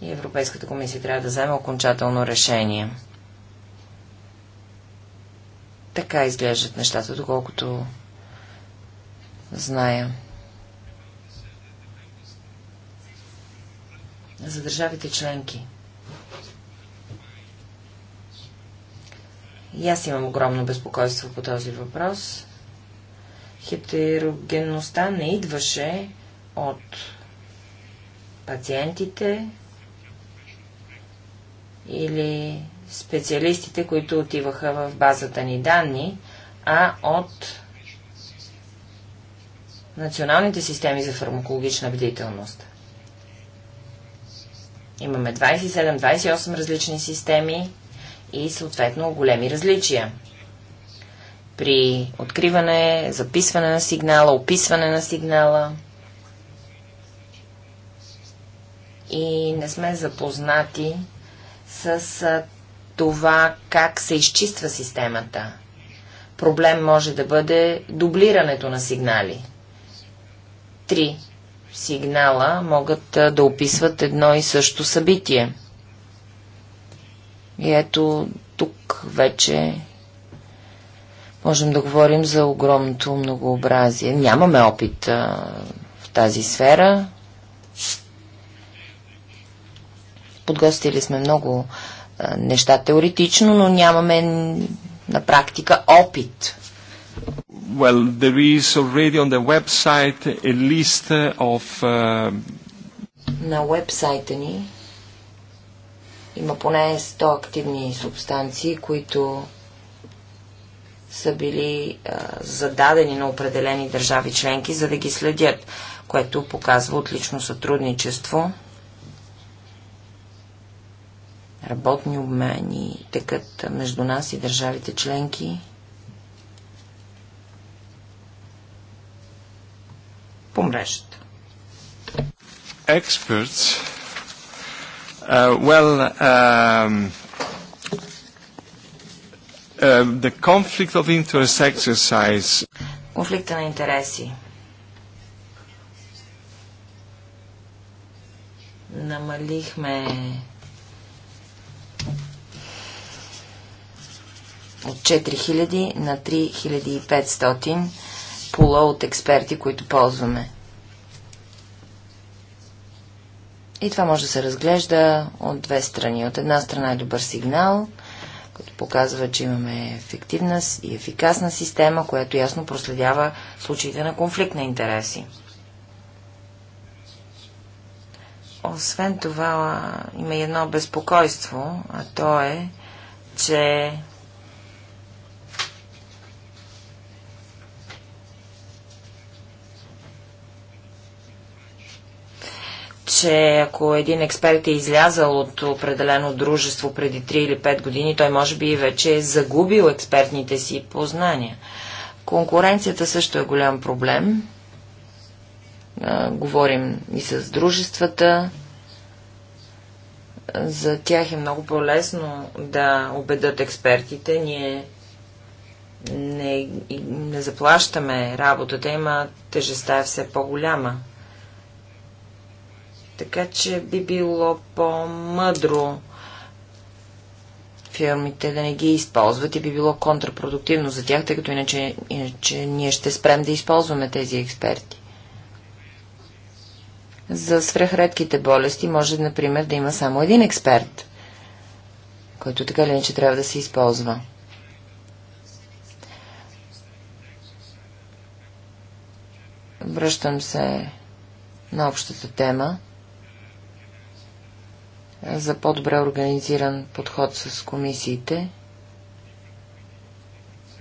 И Европейската комисия трябва да вземе окончателно решение. Така изглеждат нещата, доколкото зная. За държавите членки. И аз имам огромно безпокойство по този въпрос. Хетерогенността не идваше от пациентите или специалистите, които отиваха в базата ни данни, а от националните системи за фармакологична бдителност. Имаме 27-28 различни системи, и съответно големи различия. При откриване, записване на сигнала, описване на сигнала и не сме запознати с това как се изчиства системата. Проблем може да бъде дублирането на сигнали. Три сигнала могат да описват едно и също събитие – и ето тук вече можем да говорим за огромното многообразие. Нямаме опит а, в тази сфера. Подгостили сме много а, неща теоретично, но нямаме на практика опит. Well, there is already on the website a list of... Uh... На вебсайта ни има поне 100 активни субстанции, които са били а, зададени на определени държави членки, за да ги следят, което показва отлично сътрудничество. Работни обмени текат между нас и държавите членки. По мрежата. Experts Uh, well, um, uh, the conflict of interest exercise. Конфликта на интереси. Намалихме от 4000 на 3500 пула от експерти, които ползваме. И това може да се разглежда от две страни. От една страна е добър сигнал, който показва, че имаме ефективна и ефикасна система, която ясно проследява случаите на конфликт на интереси. Освен това, има едно безпокойство, а то е, че че ако един експерт е излязал от определено дружество преди 3 или 5 години, той може би вече е загубил експертните си познания. Конкуренцията също е голям проблем. говорим и с дружествата. За тях е много по-лесно да убедат експертите. Ние не, не заплащаме работата, има тежестта е все по-голяма. Така че би било по-мъдро фирмите да не ги използват и би било контрапродуктивно за тях, тъй като иначе, иначе ние ще спрем да използваме тези експерти. За свръхредките болести може, например, да има само един експерт, който така или иначе трябва да се използва. Връщам се на общата тема за по-добре организиран подход с комисиите.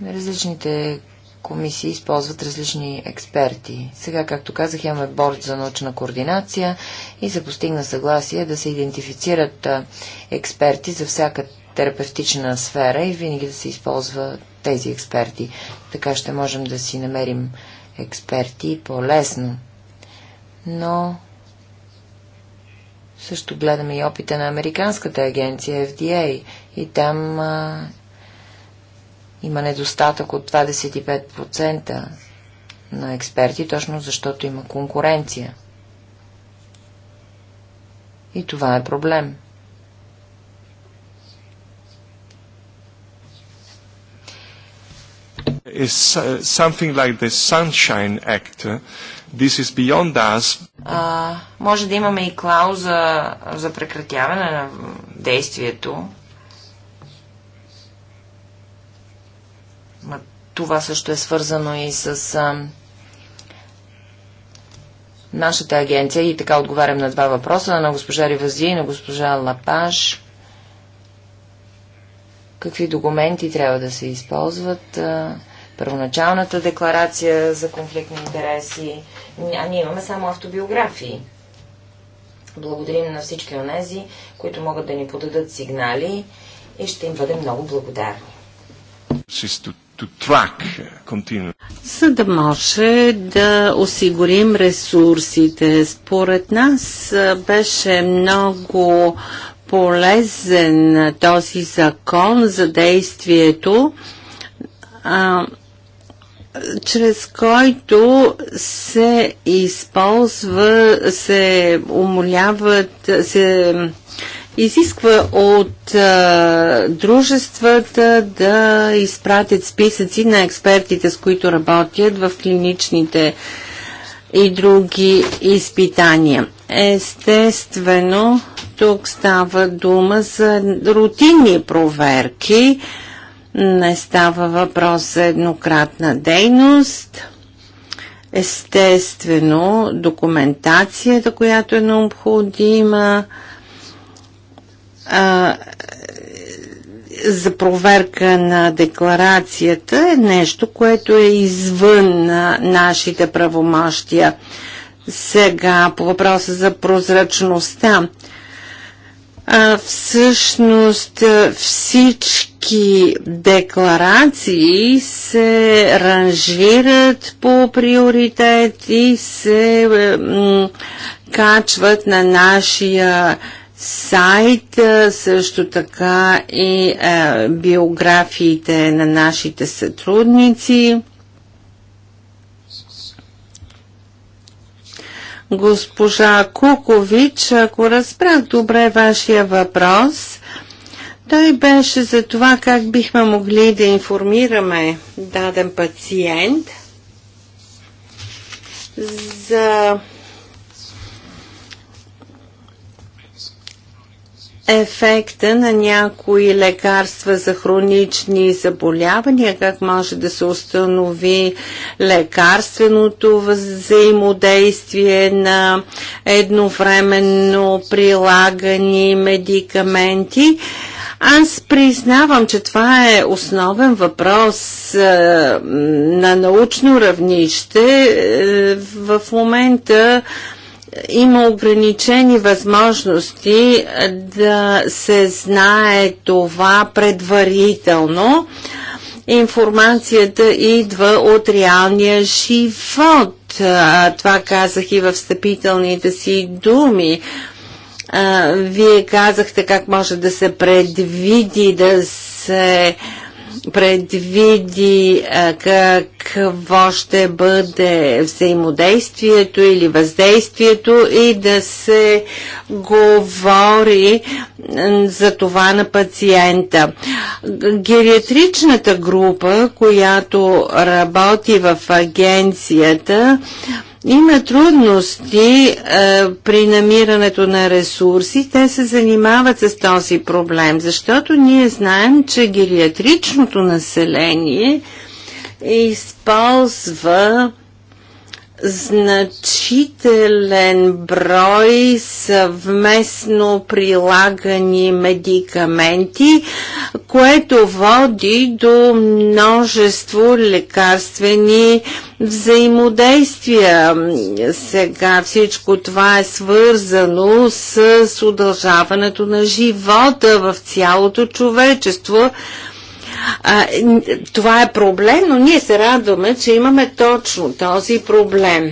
Различните комисии използват различни експерти. Сега, както казах, имаме борд за научна координация и се постигна съгласие да се идентифицират експерти за всяка терапевтична сфера и винаги да се използва тези експерти. Така ще можем да си намерим експерти по-лесно. Но също гледаме и опита на Американската агенция FDA и там а, има недостатък от 25% на експерти, точно защото има конкуренция. И това е проблем. Is uh, something like the Sunshine Act uh, This is beyond us. А, може да имаме и клауза за прекратяване на действието. Ма, това също е свързано и с а, нашата агенция. И така отговарям на два въпроса на госпожа Ривази и на госпожа Лапаш. Какви документи трябва да се използват? А, първоначалната декларация за конфликт на интереси, а ние имаме само автобиографии. Благодарим на всички онези, които могат да ни подадат сигнали и ще им бъдем много благодарни. За да може да осигурим ресурсите. Според нас беше много полезен този закон за действието а, чрез който се използва, се умоляват, се изисква от а, дружествата да изпратят списъци на експертите, с които работят в клиничните и други изпитания. Естествено, тук става дума за рутинни проверки, а, не става въпрос за еднократна дейност. Естествено, документацията, която е необходима, а, за проверка на декларацията е нещо, което е извън на нашите правомощия. Сега по въпроса за прозрачността а, всъщност всички декларации се ранжират по приоритет и се качват на нашия сайт, също така и е, биографиите на нашите сътрудници. госпожа Кукович, ако разбрах добре вашия въпрос, той беше за това как бихме могли да информираме даден пациент за ефекта на някои лекарства за хронични заболявания, как може да се установи лекарственото взаимодействие на едновременно прилагани медикаменти. Аз признавам, че това е основен въпрос е, на научно равнище. Е, в момента има ограничени възможности да се знае това предварително. Информацията идва от реалния живот. Това казах и в встъпителните си думи. Вие казахте как може да се предвиди, да се предвиди какво ще бъде взаимодействието или въздействието и да се говори за това на пациента. Гериатричната група, която работи в агенцията, има трудности е, при намирането на ресурси. Те се занимават с този проблем, защото ние знаем, че гериатричното население използва значителен брой съвместно прилагани медикаменти, което води до множество лекарствени взаимодействия. Сега всичко това е свързано с удължаването на живота в цялото човечество а, това е проблем, но ние се радваме, че имаме точно този проблем.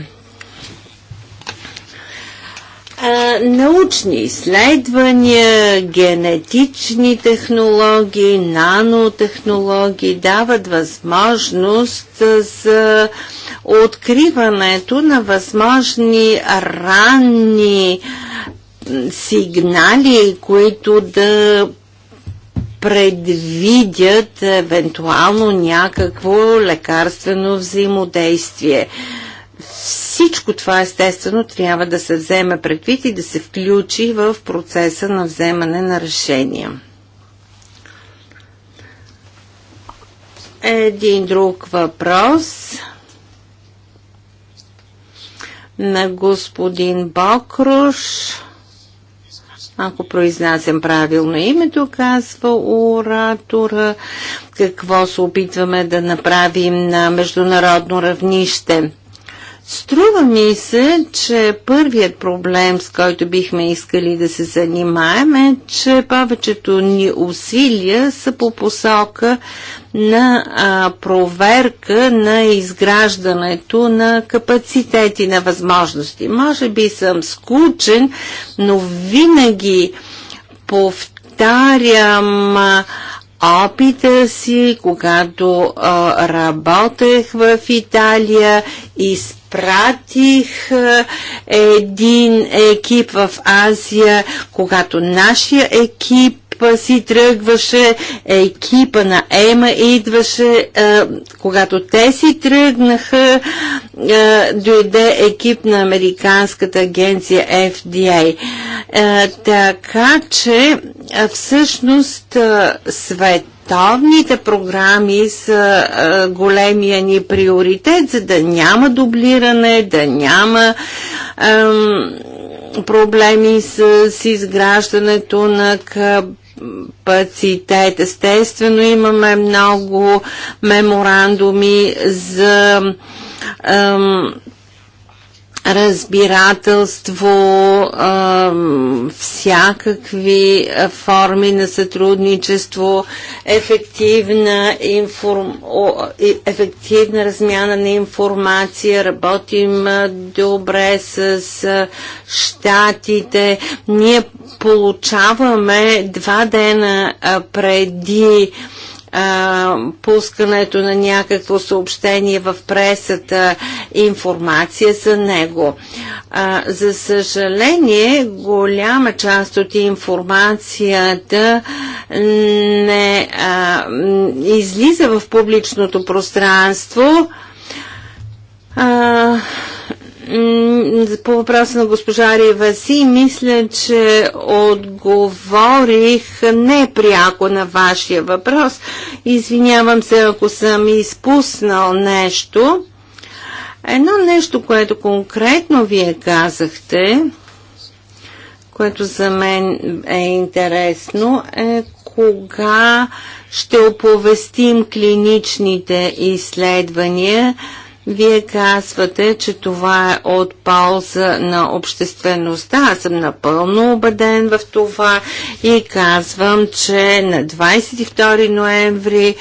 А, научни изследвания, генетични технологии, нанотехнологии дават възможност за откриването на възможни ранни сигнали, които да предвидят евентуално някакво лекарствено взаимодействие. Всичко това естествено трябва да се вземе предвид и да се включи в процеса на вземане на решения. Един друг въпрос на господин Бокруш ако произнасям правилно името, казва оратора, какво се опитваме да направим на международно равнище. Струва ми се, че първият проблем, с който бихме искали да се занимаем е, че повечето ни усилия са по посока на а, проверка на изграждането на капацитети, на възможности. Може би съм скучен, но винаги повтарям опита си, когато а, работех в Италия, изпратих а, един екип в Азия, когато нашия екип си тръгваше, екипа на Ема идваше, а, когато те си тръгнаха, а, дойде екип на Американската агенция FDA. А, така че всъщност световните програми са големия ни приоритет, за да няма дублиране, да няма ем, проблеми с, с изграждането на капацитет. Естествено имаме много меморандуми за ем, разбирателство, всякакви форми на сътрудничество, ефективна, информ... ефективна размяна на информация, работим добре с щатите. Ние получаваме два дена преди а, пускането на някакво съобщение в пресата, информация за него. А, за съжаление, голяма част от информацията не а, излиза в публичното пространство. А, по въпроса на госпожа Риваси, мисля, че отговорих непряко на вашия въпрос. Извинявам се, ако съм изпуснал нещо. Едно нещо, което конкретно вие казахте, което за мен е интересно, е кога ще оповестим клиничните изследвания вие казвате, че това е от полза на обществеността. Аз съм напълно убеден в това и казвам, че на 22 ноември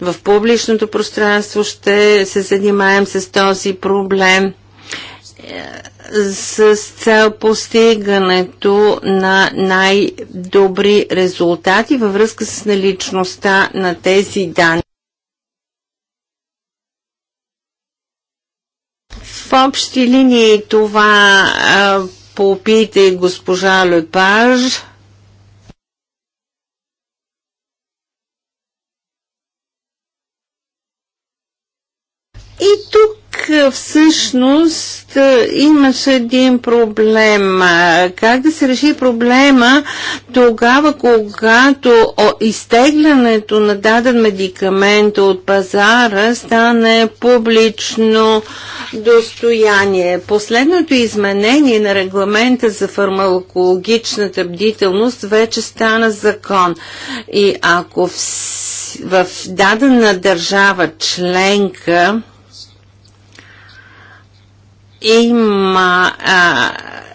в публичното пространство ще се занимаем с този проблем е, с цел постигането на най-добри резултати във връзка с наличността на тези данни. В общи линии това попите госпожа Лепаж. И тук всъщност имаше един проблем. Как да се реши проблема тогава, когато изтеглянето на даден медикамент от пазара стане публично достояние? Последното изменение на регламента за фармакологичната бдителност вече стана закон. И ако в, в дадена държава членка има а,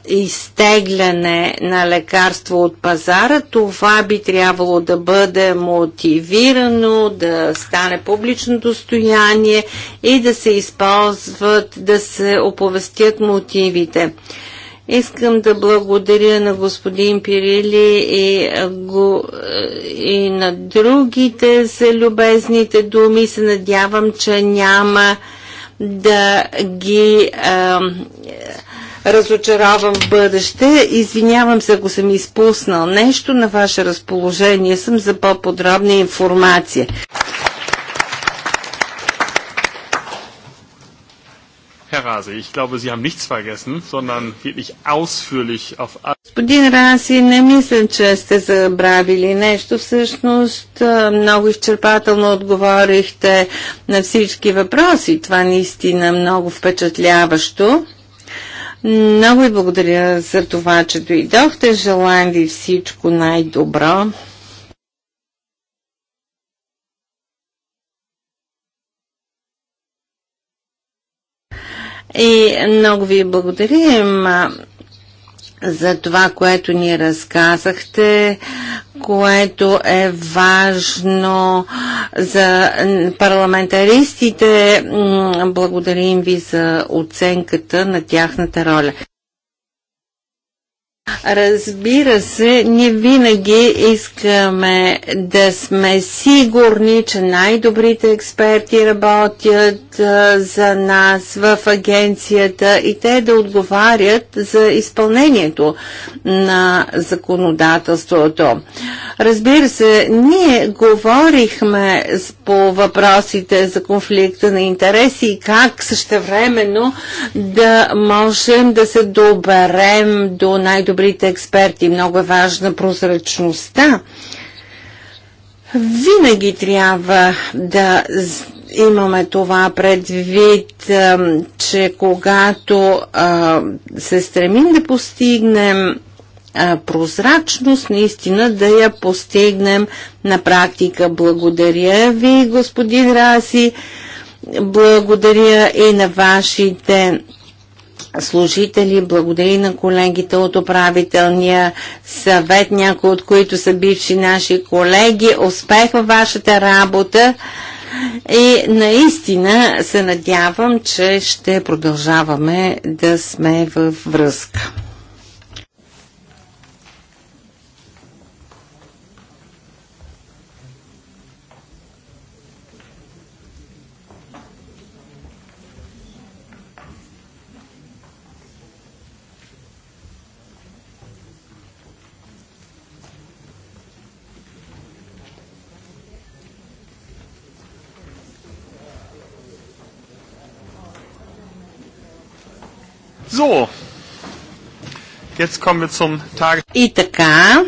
изтегляне на лекарство от пазара, това би трябвало да бъде мотивирано, да стане публично достояние и да се използват, да се оповестят мотивите. Искам да благодаря на господин Пирили и, го, и на другите за любезните думи. Се надявам, че няма да ги а, разочаровам в бъдеще. Извинявам се, ако съм изпуснал нещо, на ваше разположение съм за по-подробна информация. Herr ich glaube, Sie haben nichts vergessen, sondern wirklich ausführlich auf... Господин Раси, не мисля, че сте забравили нещо. Всъщност, много изчерпателно отговорихте на всички въпроси. Това наистина много впечатляващо. Много ви благодаря за това, че дойдохте. Желаем ви всичко най-добро. И много ви благодарим за това, което ни разказахте, което е важно за парламентаристите. Благодарим ви за оценката на тяхната роля. Разбира се, ние винаги искаме да сме сигурни, че най-добрите експерти работят за нас в агенцията и те да отговарят за изпълнението на законодателството. Разбира се, ние говорихме по въпросите за конфликта на интереси и как същевременно да можем да се доберем до най-добрите най-добрите експерти. Много е важна прозрачността. Винаги трябва да имаме това предвид, че когато се стремим да постигнем прозрачност, наистина да я постигнем на практика. Благодаря ви, господин Раси. Благодаря и на вашите служители. Благодаря на колегите от управителния съвет, някои от които са бивши наши колеги. Успех във вашата работа и наистина се надявам, че ще продължаваме да сме във връзка. So, jetzt kommen wir zum Tage. И така,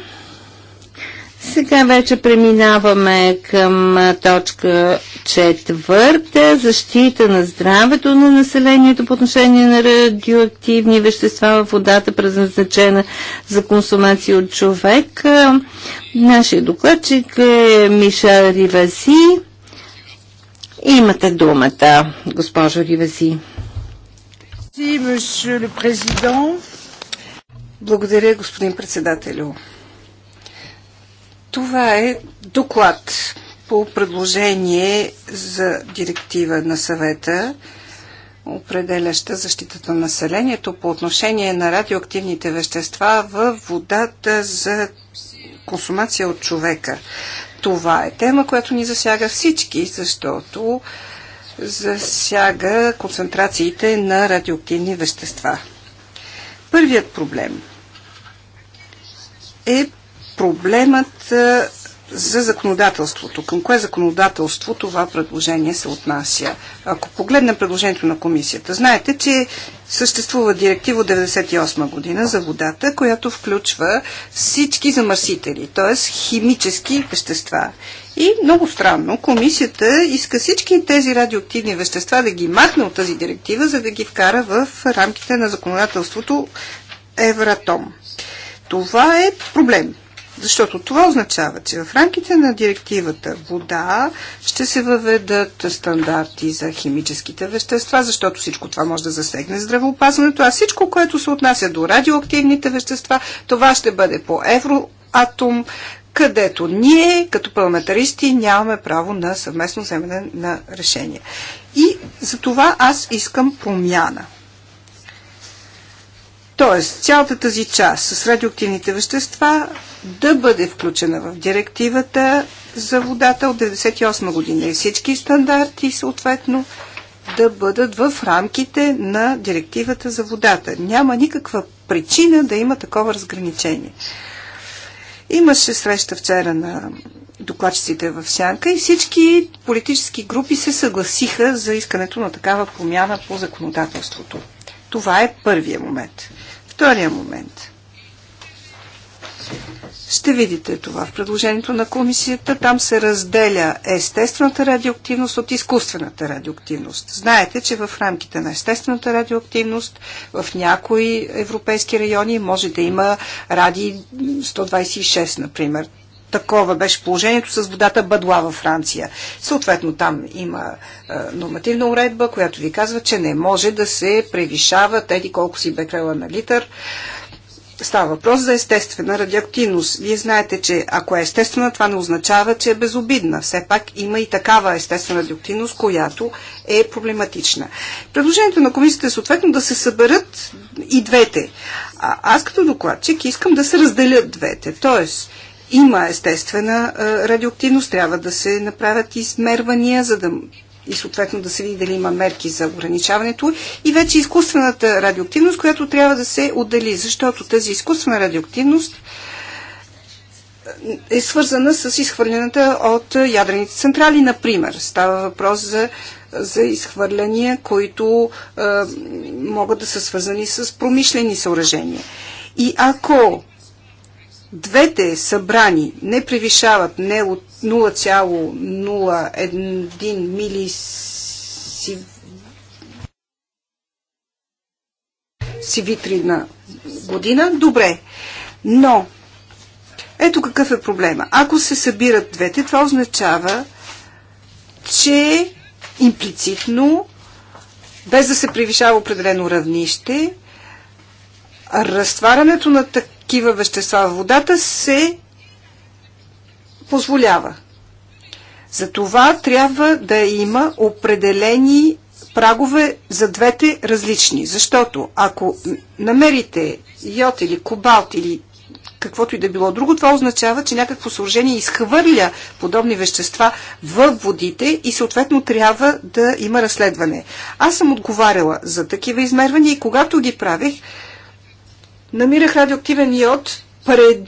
сега вече преминаваме към точка четвърта защита на здравето на населението по отношение на радиоактивни вещества в водата, предназначена за консумация от човек. Нашия докладчик е Миша Риваси. Имате думата, госпожо Риваси. Благодаря, господин председателю. Това е доклад по предложение за директива на съвета, определяща защитата на населението по отношение на радиоактивните вещества в водата за консумация от човека. Това е тема, която ни засяга всички, защото засяга концентрациите на радиоактивни вещества. Първият проблем е проблемът за законодателството. Към кое законодателство това предложение се отнася? Ако погледнем предложението на комисията, знаете, че съществува директива 98 година за водата, която включва всички замърсители, т.е. химически вещества. И много странно, комисията иска всички тези радиоактивни вещества да ги махне от тази директива, за да ги вкара в рамките на законодателството Евратом. Това е проблем. Защото това означава, че в рамките на директивата вода ще се въведат стандарти за химическите вещества, защото всичко това може да засегне здравеопазването, а всичко, което се отнася до радиоактивните вещества, това ще бъде по евроатом, където ние като парламентаристи нямаме право на съвместно вземане на решение. И за това аз искам промяна. Тоест, цялата тази част с радиоактивните вещества да бъде включена в директивата за водата от 1998 година и всички стандарти съответно да бъдат в рамките на директивата за водата. Няма никаква причина да има такова разграничение. Имаше среща вчера на докладчиците в Сянка и всички политически групи се съгласиха за искането на такава промяна по законодателството. Това е първия момент. Втория момент. Ще видите това в предложението на комисията. Там се разделя естествената радиоактивност от изкуствената радиоактивност. Знаете, че в рамките на естествената радиоактивност в някои европейски райони може да има ради 126, например. Такова беше положението с водата Бадла във Франция. Съответно там има е, нормативна уредба, която ви казва, че не може да се превишава теди колко си бекрела на литър. Е, Става въпрос за естествена радиоактивност. Вие знаете, че ако е естествена, това не означава, че е безобидна. Все пак има и такава естествена радиоактивност, която е проблематична. Предложението на комисията е съответно да се съберат и двете. А, аз като докладчик искам да се разделят двете. Тоест, има естествена радиоактивност, трябва да се направят измервания, за да и съответно да се види дали има мерки за ограничаването и вече изкуствената радиоактивност, която трябва да се отдели, защото тази изкуствена радиоактивност е свързана с изхвърлената от ядрените централи, например. Става въпрос за, за изхвърляния, които е, могат да са свързани с промишлени съоръжения. И ако двете събрани не превишават не от 0,01 милисивитри на година, добре. Но, ето какъв е проблема. Ако се събират двете, това означава, че имплицитно, без да се превишава определено равнище, разтварянето на така такива вещества в водата се позволява. За това трябва да има определени прагове за двете различни, защото ако намерите йод или кобалт или каквото и да било друго, това означава, че някакво съоръжение изхвърля подобни вещества в водите и съответно трябва да има разследване. Аз съм отговаряла за такива измервания и когато ги правих, намирах радиоактивен йод пред,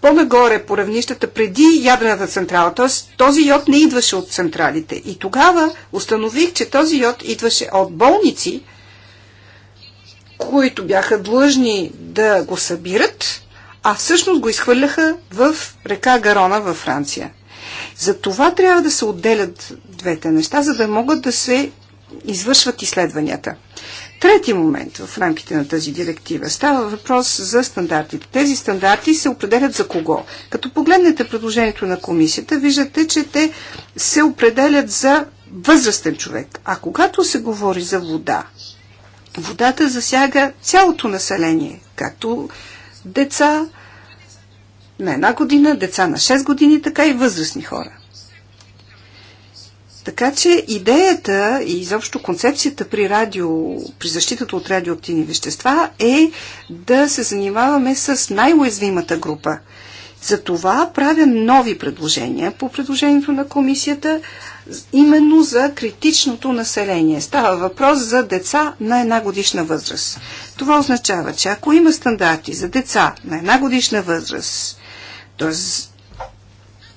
по-нагоре по равнищата преди ядрената централа. Т.е. този йод не идваше от централите. И тогава установих, че този йод идваше от болници, които бяха длъжни да го събират, а всъщност го изхвърляха в река Гарона във Франция. За това трябва да се отделят двете неща, за да могат да се извършват изследванията. Трети момент в рамките на тази директива става въпрос за стандартите. Тези стандарти се определят за кого? Като погледнете предложението на комисията, виждате, че те се определят за възрастен човек. А когато се говори за вода, водата засяга цялото население, както деца на една година, деца на 6 години, така и възрастни хора. Така че идеята и изобщо концепцията при, радио, при защитата от радиоактивни вещества е да се занимаваме с най-уязвимата група. Затова правя нови предложения по предложението на комисията, именно за критичното население. Става въпрос за деца на една годишна възраст. Това означава, че ако има стандарти за деца на една годишна възраст, т.е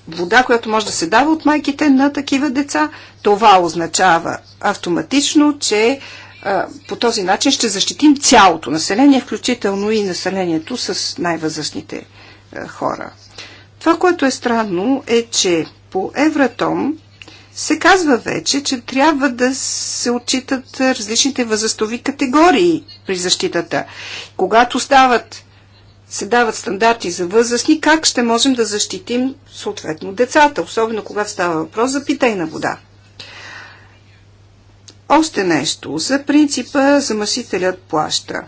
вода, която може да се дава от майките на такива деца, това означава автоматично, че по този начин ще защитим цялото население, включително и населението с най-възрастните хора. Това, което е странно, е, че по Евратом се казва вече, че трябва да се отчитат различните възрастови категории при защитата. Когато стават се дават стандарти за възрастни, как ще можем да защитим съответно децата, особено когато става въпрос за питейна вода. Още нещо за принципа замърсителят плаща.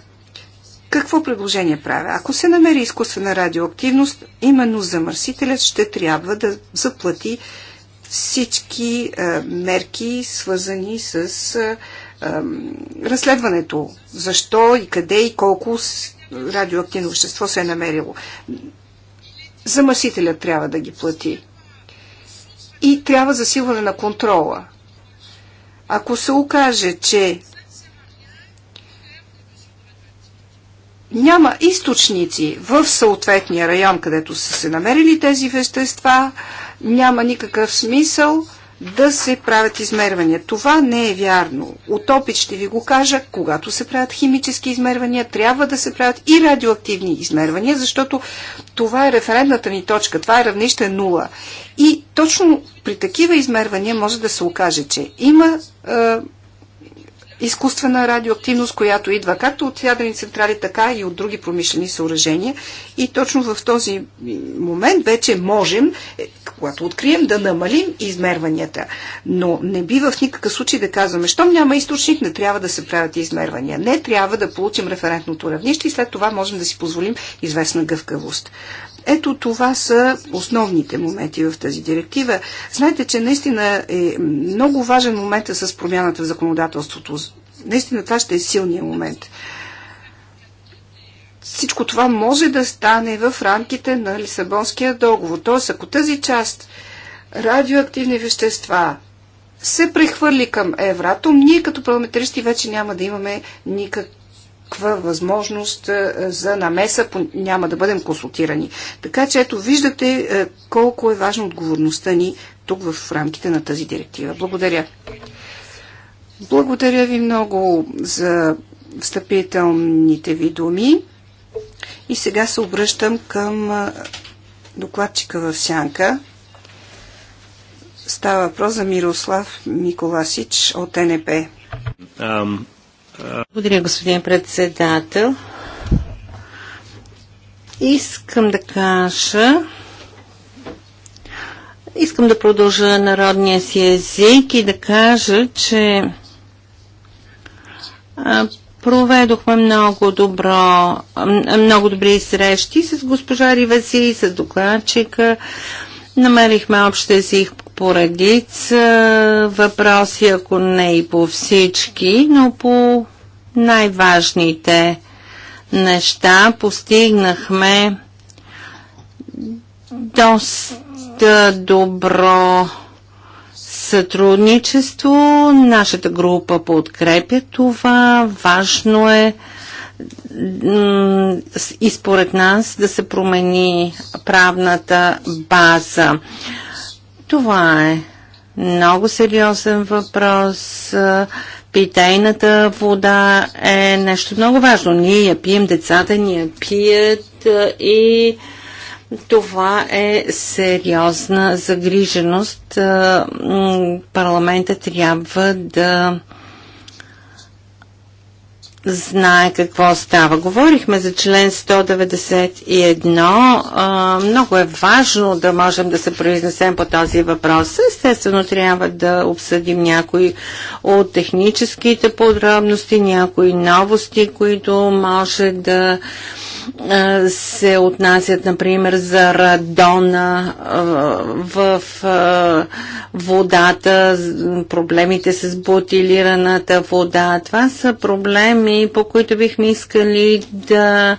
Какво предложение правя? Ако се намери изкуствена радиоактивност, именно замърсителят ще трябва да заплати всички е, мерки, свързани с е, е, разследването. Защо и къде и колко радиоактивно вещество се е намерило. Замърсителят трябва да ги плати. И трябва засилване на контрола. Ако се окаже, че няма източници в съответния район, където са се намерили тези вещества, няма никакъв смисъл да се правят измервания. Това не е вярно. От опит ще ви го кажа, когато се правят химически измервания, трябва да се правят и радиоактивни измервания, защото това е референтната ни точка, това е равнище 0. И точно при такива измервания може да се окаже, че има е, изкуствена радиоактивност, която идва както от ядрени централи, така и от други промишлени съоръжения. И точно в този момент вече можем, е, когато открием, да намалим измерванията. Но не бива в никакъв случай да казваме, щом няма източник, не трябва да се правят измервания. Не трябва да получим референтното равнище и след това можем да си позволим известна гъвкавост. Ето това са основните моменти в тази директива. Знаете, че наистина е много важен момент с промяната в законодателството. Наистина това ще е силният момент. Всичко това може да стане в рамките на Лисабонския договор. Тоест, ако тази част радиоактивни вещества се прехвърли към Евратом, ние като парламентаристи вече няма да имаме никак, никаква възможност е, за намеса, няма да бъдем консултирани. Така че ето виждате е, колко е важна отговорността ни тук в рамките на тази директива. Благодаря. Благодаря ви много за встъпителните ви думи. И сега се обръщам към е, докладчика в Сянка. Става въпрос за Мирослав Миколасич от НП. Благодаря, господин председател. Искам да кажа, искам да продължа народния си език и да кажа, че проведохме много добро, много добри срещи с госпожа Риваси, с докладчика. Намерихме общ език по редица въпроси, ако не и по всички, но по най-важните неща постигнахме доста добро сътрудничество. Нашата група подкрепя това. Важно е и според нас да се промени правната база. Това е много сериозен въпрос. Питейната вода е нещо много важно. Ние я пием, децата ни я пият и това е сериозна загриженост. Парламента трябва да знае какво става. Говорихме за член 191. много е важно да можем да се произнесем по този въпрос. Естествено, трябва да обсъдим някои от техническите подробности, някои новости, които може да се отнасят, например, за радона в водата, проблемите с бутилираната вода. Това са проблеми, теми, по които бихме искали да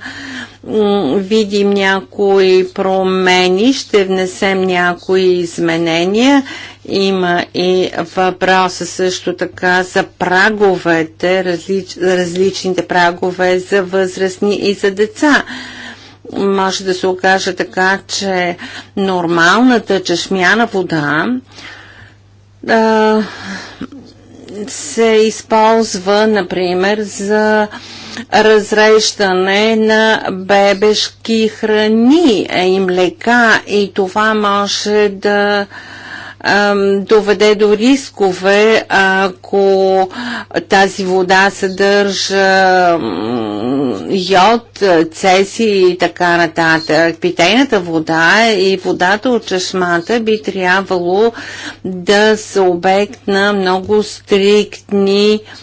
видим някои промени, ще внесем някои изменения. Има и въпроса също така за праговете, различ, различните прагове за възрастни и за деца може да се окаже така, че нормалната чешмяна вода а, се използва, например, за разрещане на бебешки храни е, и млека и това може да доведе до рискове, ако тази вода съдържа йод, цеси и така нататък. Питейната вода и водата от чешмата би трябвало да са обект на много стриктни м-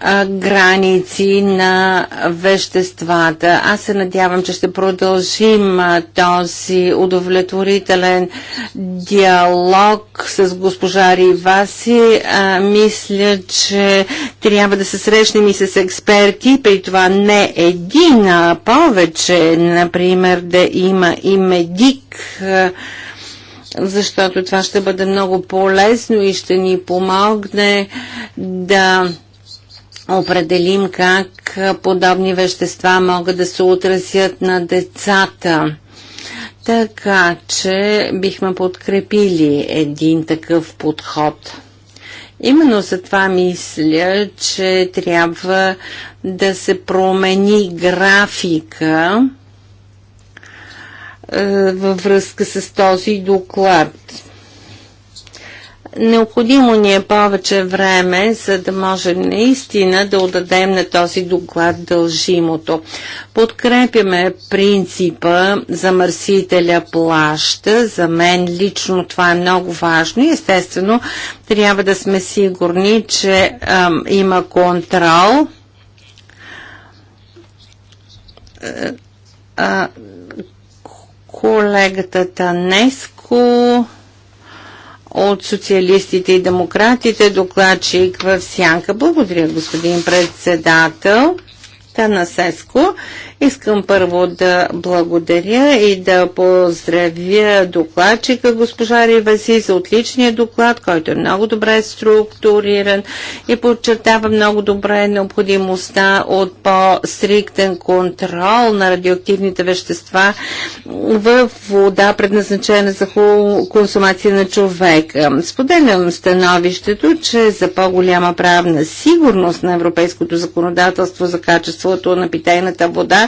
а, граници на веществата. Аз се надявам, че ще продължим а, този удовлетворителен диалог с госпожа Риваси. А, мисля, че трябва да се срещнем и с експерти, при това не един, а повече, например, да има и медик защото това ще бъде много по-лесно и ще ни помогне да определим как подобни вещества могат да се отразят на децата. Така че бихме подкрепили един такъв подход. Именно за това мисля, че трябва да се промени графика е, във връзка с този доклад. Необходимо ни е повече време, за да можем наистина да отдадем на този доклад дължимото. Подкрепяме принципа за мърсителя плаща. За мен лично това е много важно и естествено трябва да сме сигурни, че ам, има контрол. Е, а, колегата Танеско от социалистите и демократите, докладчик в Сянка. Благодаря, господин председател Танасеско. Искам първо да благодаря и да поздравя докладчика госпожа Риваси за отличния доклад, който е много добре структуриран и подчертава много добре необходимостта от по-стриктен контрол на радиоактивните вещества в вода, предназначена за консумация на човека. Споделям становището, че за по-голяма правна сигурност на европейското законодателство за качеството на питейната вода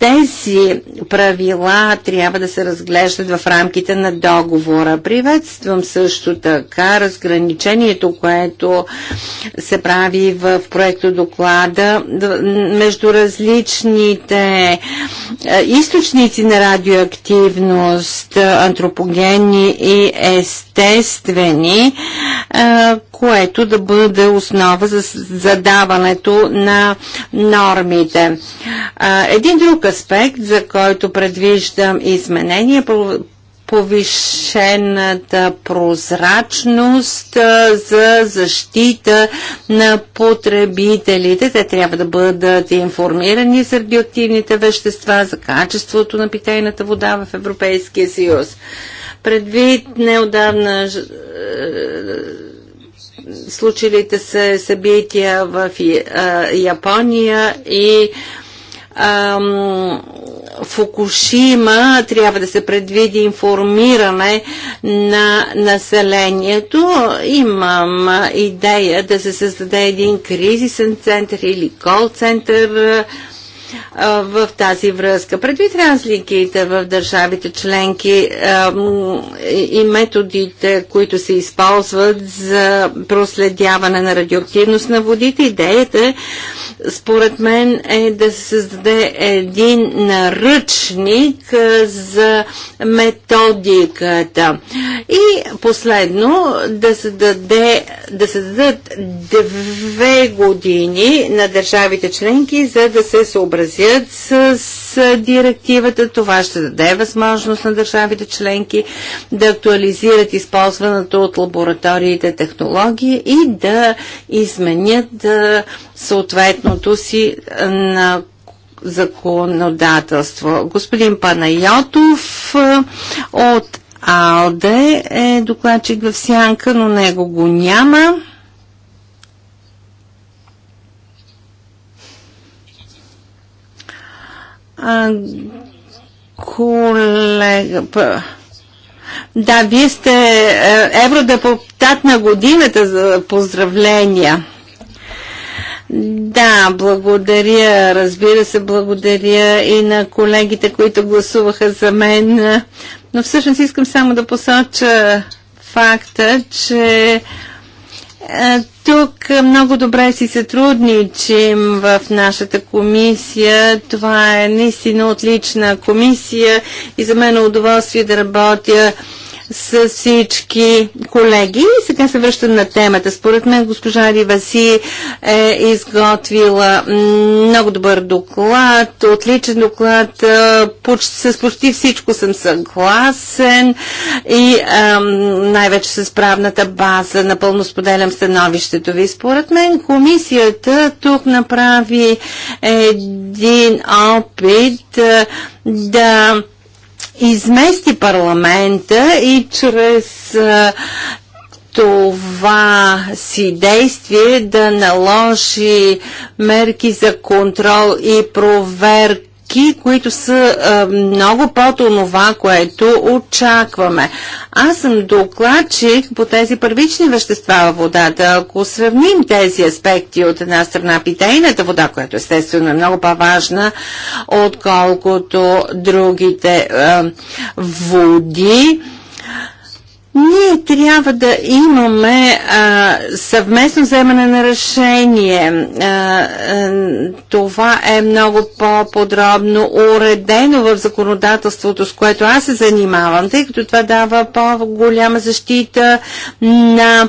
тези правила трябва да се разглеждат в рамките на договора. Приветствам също така разграничението, което се прави в проекта доклада между различните е, източници на радиоактивност, е, антропогенни и естествени, е, което да бъде основа за задаването на нормите. Един друг аспект, за който предвиждам изменение, повишената прозрачност за защита на потребителите. Те трябва да бъдат информирани за радиоактивните вещества, за качеството на питейната вода в Европейския съюз. Предвид неодавна е, случилите се събития в е, Япония и Фукушима трябва да се предвиди информиране на населението. Имам идея да се създаде един кризисен център или кол център в тази връзка. Предвид разликите в държавите членки и методите, които се използват за проследяване на радиоактивност на водите, идеята според мен е да се създаде един наръчник за методиката. И последно да се, даде, да се дадат две години на държавите членки, за да се съобразят съобразят с, с директивата. Това ще даде възможност на държавите членки да актуализират използването от лабораториите технологии и да изменят да, съответното си на законодателство. Господин Панайотов от АЛДЕ е докладчик в сянка, но него го няма. колега, да, вие сте е, евродепутат на годината за поздравления. Да, благодаря. Разбира се, благодаря и на колегите, които гласуваха за мен. Но всъщност искам само да посоча факта, че е, тук много добре си сътрудничим в нашата комисия. Това е наистина отлична комисия и за мен е удоволствие да работя с всички колеги. И сега се връщам на темата. Според мен госпожа Риваси е изготвила много добър доклад, отличен доклад, с почти всичко съм съгласен и най-вече с правната база. Напълно споделям становището ви. Според мен комисията тук направи един опит да измести парламента и чрез а, това си действие да наложи мерки за контрол и проверка стъпки, които са а, много под онова, което очакваме. Аз съм докладчик по тези първични вещества в водата. Ако сравним тези аспекти от една страна питейната вода, която естествено е много по-важна, отколкото другите а, води, ние трябва да имаме а, съвместно вземане на решение. А, а, това е много по-подробно уредено в законодателството, с което аз се занимавам, тъй като това дава по-голяма защита на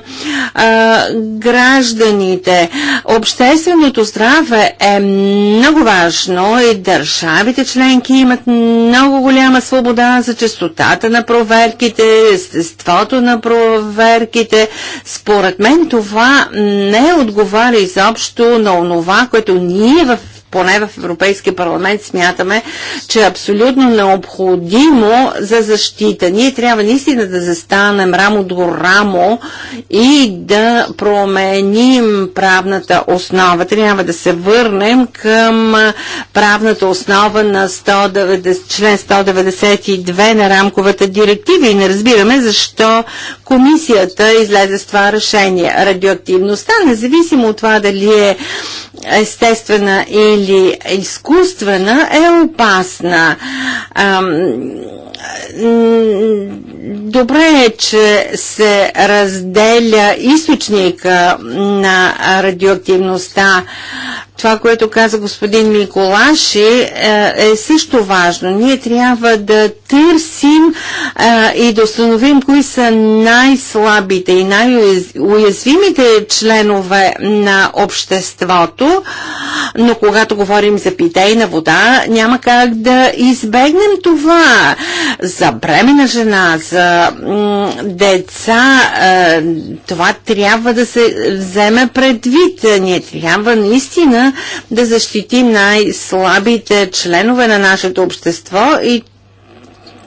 а, гражданите. Общественото здраве е много важно и държавите членки имат много голяма свобода за частотата на проверките, естеството нивото на проверките. Според мен това не отговаря изобщо на онова, което ние в поне в Европейския парламент смятаме, че е абсолютно необходимо за защита. Ние трябва наистина да застанем рамо до рамо и да променим правната основа. Трябва да се върнем към правната основа на 190, член 192 на рамковата директива и не разбираме защо комисията излезе с това решение. Радиоактивността, независимо от това дали е естествена или изкуствена, е опасна. Ам, добре е, че се разделя източника на радиоактивността. Това, което каза господин Миколаши, е, е също важно. Ние трябва да търсим е, и да установим кои са най-слабите и най-уязвимите членове на обществото, но когато говорим за питейна вода, няма как да избегнем това за бремена жена, за деца, е, това трябва да се вземе предвид. Ние трябва наистина да защитим най-слабите членове на нашето общество и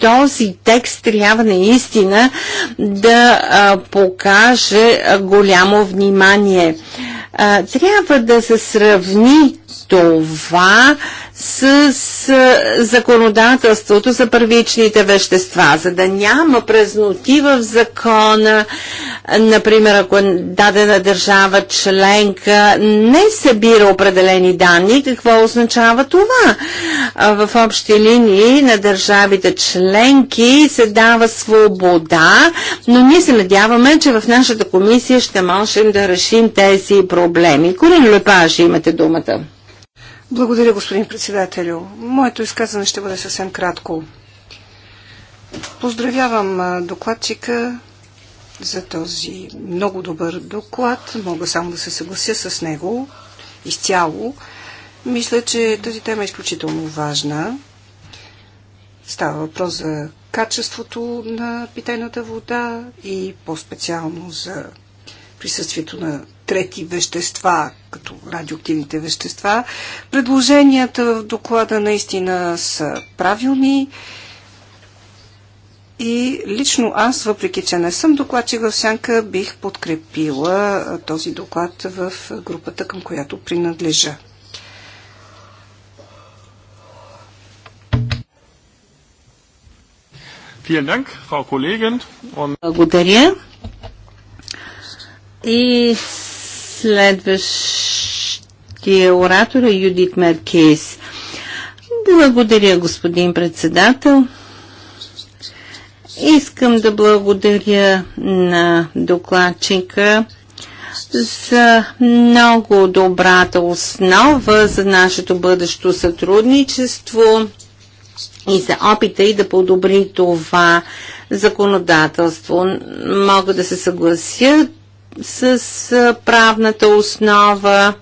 този текст трябва наистина да а, покаже голямо внимание. А, трябва да се сравни това с, с законодателството за първичните вещества, за да няма празноти в закона. Например, ако дадена държава членка не събира определени данни, какво означава това? В общи линии на държавите членки се дава свобода, но ние се надяваме, че в нашата комисия ще можем да решим тези проблеми. Корин Лепаш, имате думата. Благодаря, господин председателю. Моето изказване ще бъде съвсем кратко. Поздравявам докладчика за този много добър доклад. Мога само да се съглася с него изцяло. Мисля, че тази тема е изключително важна. Става въпрос за качеството на питейната вода и по-специално за присъствието на трети вещества, като радиоактивните вещества. Предложенията в доклада наистина са правилни. И лично аз, въпреки че не съм докладчик в Сянка, бих подкрепила този доклад в групата, към която принадлежа. Благодаря. И Следващия оратор е Юдит Меркейс. Благодаря, господин председател. Искам да благодаря на докладчика за много добрата основа за нашето бъдещо сътрудничество и за опита и да подобри това законодателство. Мога да се съглася, с правната основа,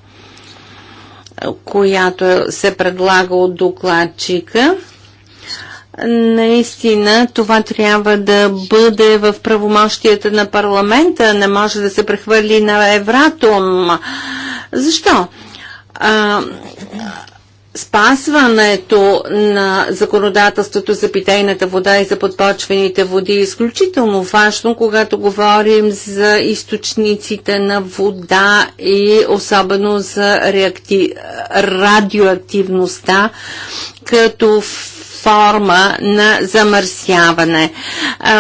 която се предлага от докладчика. Наистина, това трябва да бъде в правомощията на парламента, не може да се прехвърли на евратум. Защо? А, Спасването на законодателството за питейната вода и за подпочвените води е изключително важно, когато говорим за източниците на вода и особено за реакти... радиоактивността, като форма на замърсяване.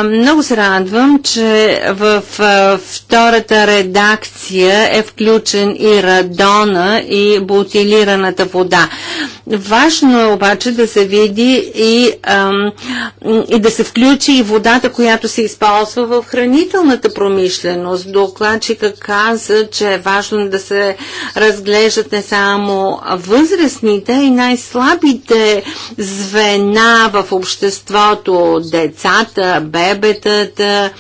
Много се радвам, че в втората редакция е включен и радона и бутилираната вода. Важно е обаче да се види и, и да се включи и водата, която се използва в хранителната промишленост. Докладчика каза, че е важно да се разглеждат не само възрастните и най-слабите звена вина в обществото, децата, бебетата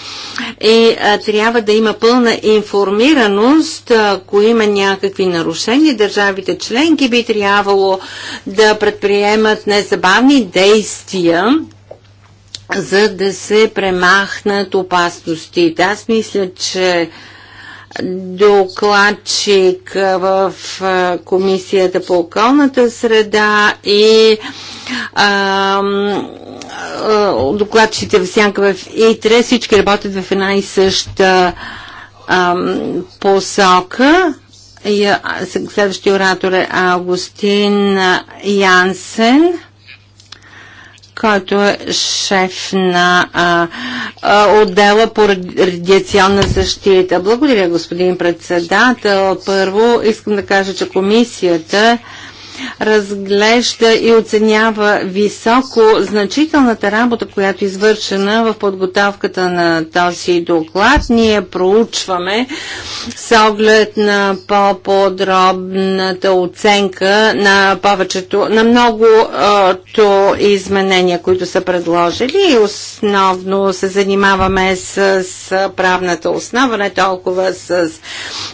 и а, трябва да има пълна информираност, ако има някакви нарушения, държавите членки би трябвало да предприемат незабавни действия за да се премахнат опасностите. Аз мисля, че докладчик в Комисията по околната среда и а, а, докладчите в Сянка в Тре, Всички работят в една и съща а, посока. Следващия оратор е Августин Янсен който е шеф на а, а, отдела по радиационна защита. Благодаря, господин председател. Първо искам да кажа, че комисията разглежда и оценява високо значителната работа, която е извършена в подготовката на този доклад. Ние проучваме с оглед на по-подробната оценка на повечето, на многото изменения, които са предложили и основно се занимаваме с, с правната основа, не толкова с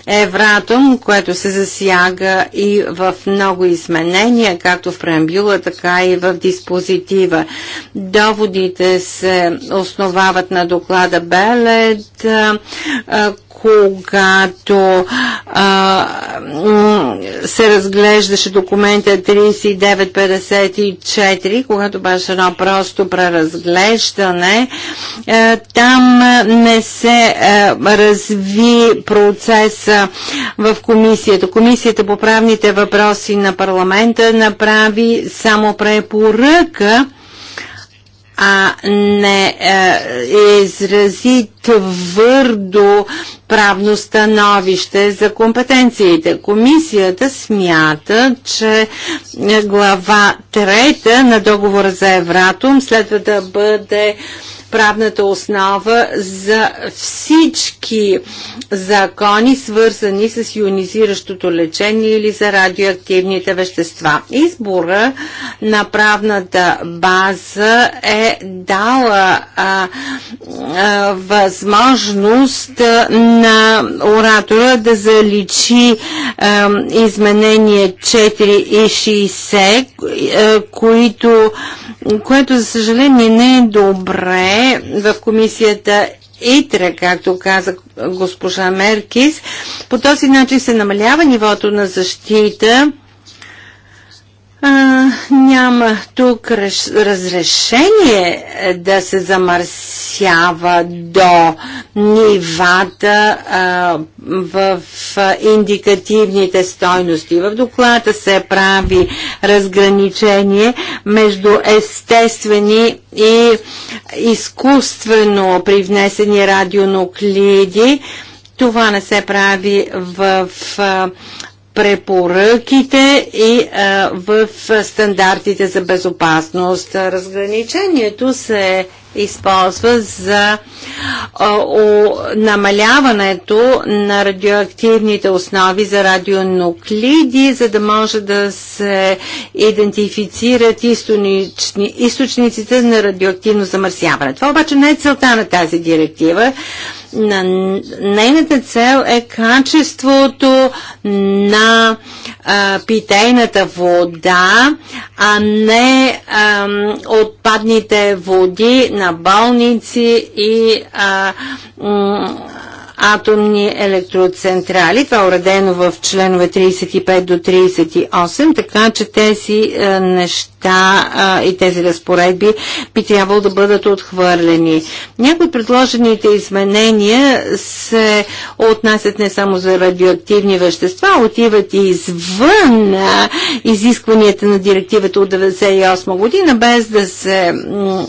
Евратом, което се засяга и в много изменения изменения, както в преамбюла, така и в диспозитива. Доводите се основават на доклада Белет, когато а, се разглеждаше документа 3954, когато беше едно просто преразглеждане, а, там не се а, разви процеса в комисията. Комисията по правните въпроси на парламента направи само препоръка а не е, изрази твърдо правно становище за компетенциите. Комисията смята, че глава трета на договора за Евратум следва да бъде е, правната основа за всички закони, свързани с ионизиращото лечение или за радиоактивните вещества. Избора на правната база е дала а, а, възможност на оратора да заличи а, изменение 4 и 60, които, което за съжаление не е добре е в комисията ИТРА, както каза госпожа Меркис, по този начин се намалява нивото на защита а, няма тук разрешение е, да се замърсява до нивата а, в а, индикативните стойности. В доклада се прави разграничение между естествени и изкуствено привнесени радионуклиди. Това не се прави в а, препоръките и а, в стандартите за безопасност. Разграничението се използва за о, о, намаляването на радиоактивните основи за радионуклиди, за да може да се идентифицират източниците на радиоактивно замърсяване. Това обаче не е целта на тази директива. На, нейната цел е качеството на а, питейната вода, а не а, отпадните води на болници и а, атомни електроцентрали. Това е уредено в членове 35 до 38, така че тези е, неща е, и тези разпоредби би трябвало да бъдат отхвърлени. Някои от предложените изменения се отнасят не само за радиоактивни вещества, отиват и извън е, изискванията на директивата от 1998 година, без да се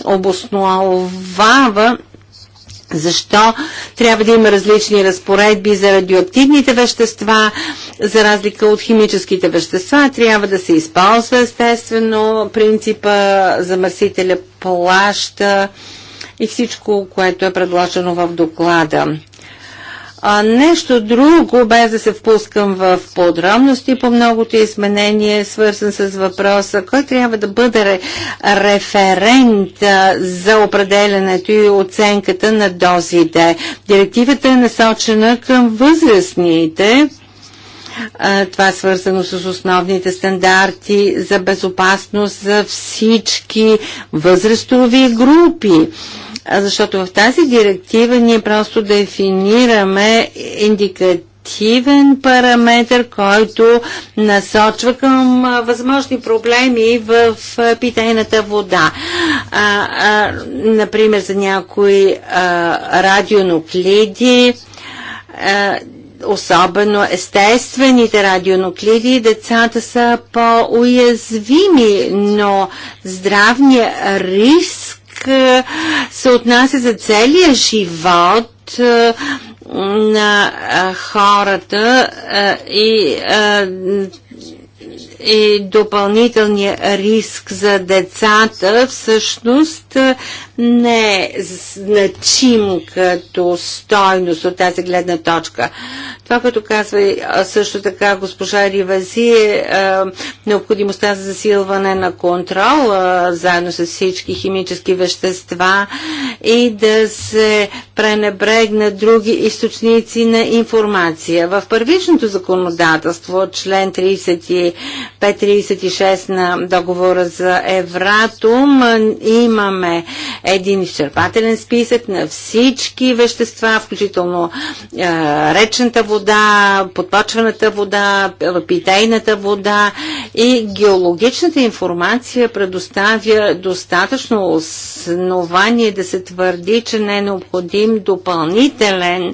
обосновава защо трябва да има различни разпоредби за радиоактивните вещества, за разлика от химическите вещества? Трябва да се използва естествено принципа замърсителя плаща и всичко, което е предложено в доклада. А, нещо друго, без да се впускам в подробности по многото изменение, свързан с въпроса, кой трябва да бъде референт за определенето и оценката на дозите. Директивата е насочена към възрастните, това е свързано с основните стандарти за безопасност за всички възрастови групи защото в тази директива ние просто дефинираме индикативен параметр, който насочва към възможни проблеми в питейната вода. А, а, например, за някои а, радионуклиди, а, особено естествените радионуклиди, децата са по-уязвими, но здравният риск се отнася за целия живот на хората и и допълнителния риск за децата всъщност не е значим като стойност от тази гледна точка. Това, което казва също така госпожа Ривази е, е необходимостта за засилване на контрол заедно с всички химически вещества и да се пренебрегнат други източници на информация. В първичното законодателство, член 35-36 на договора за Евратум, имаме един изчерпателен списък на всички вещества, включително е, речната вода, подпочваната вода, питейната вода и геологичната информация предоставя достатъчно основание да се твърди, че не е необходим допълнителен е,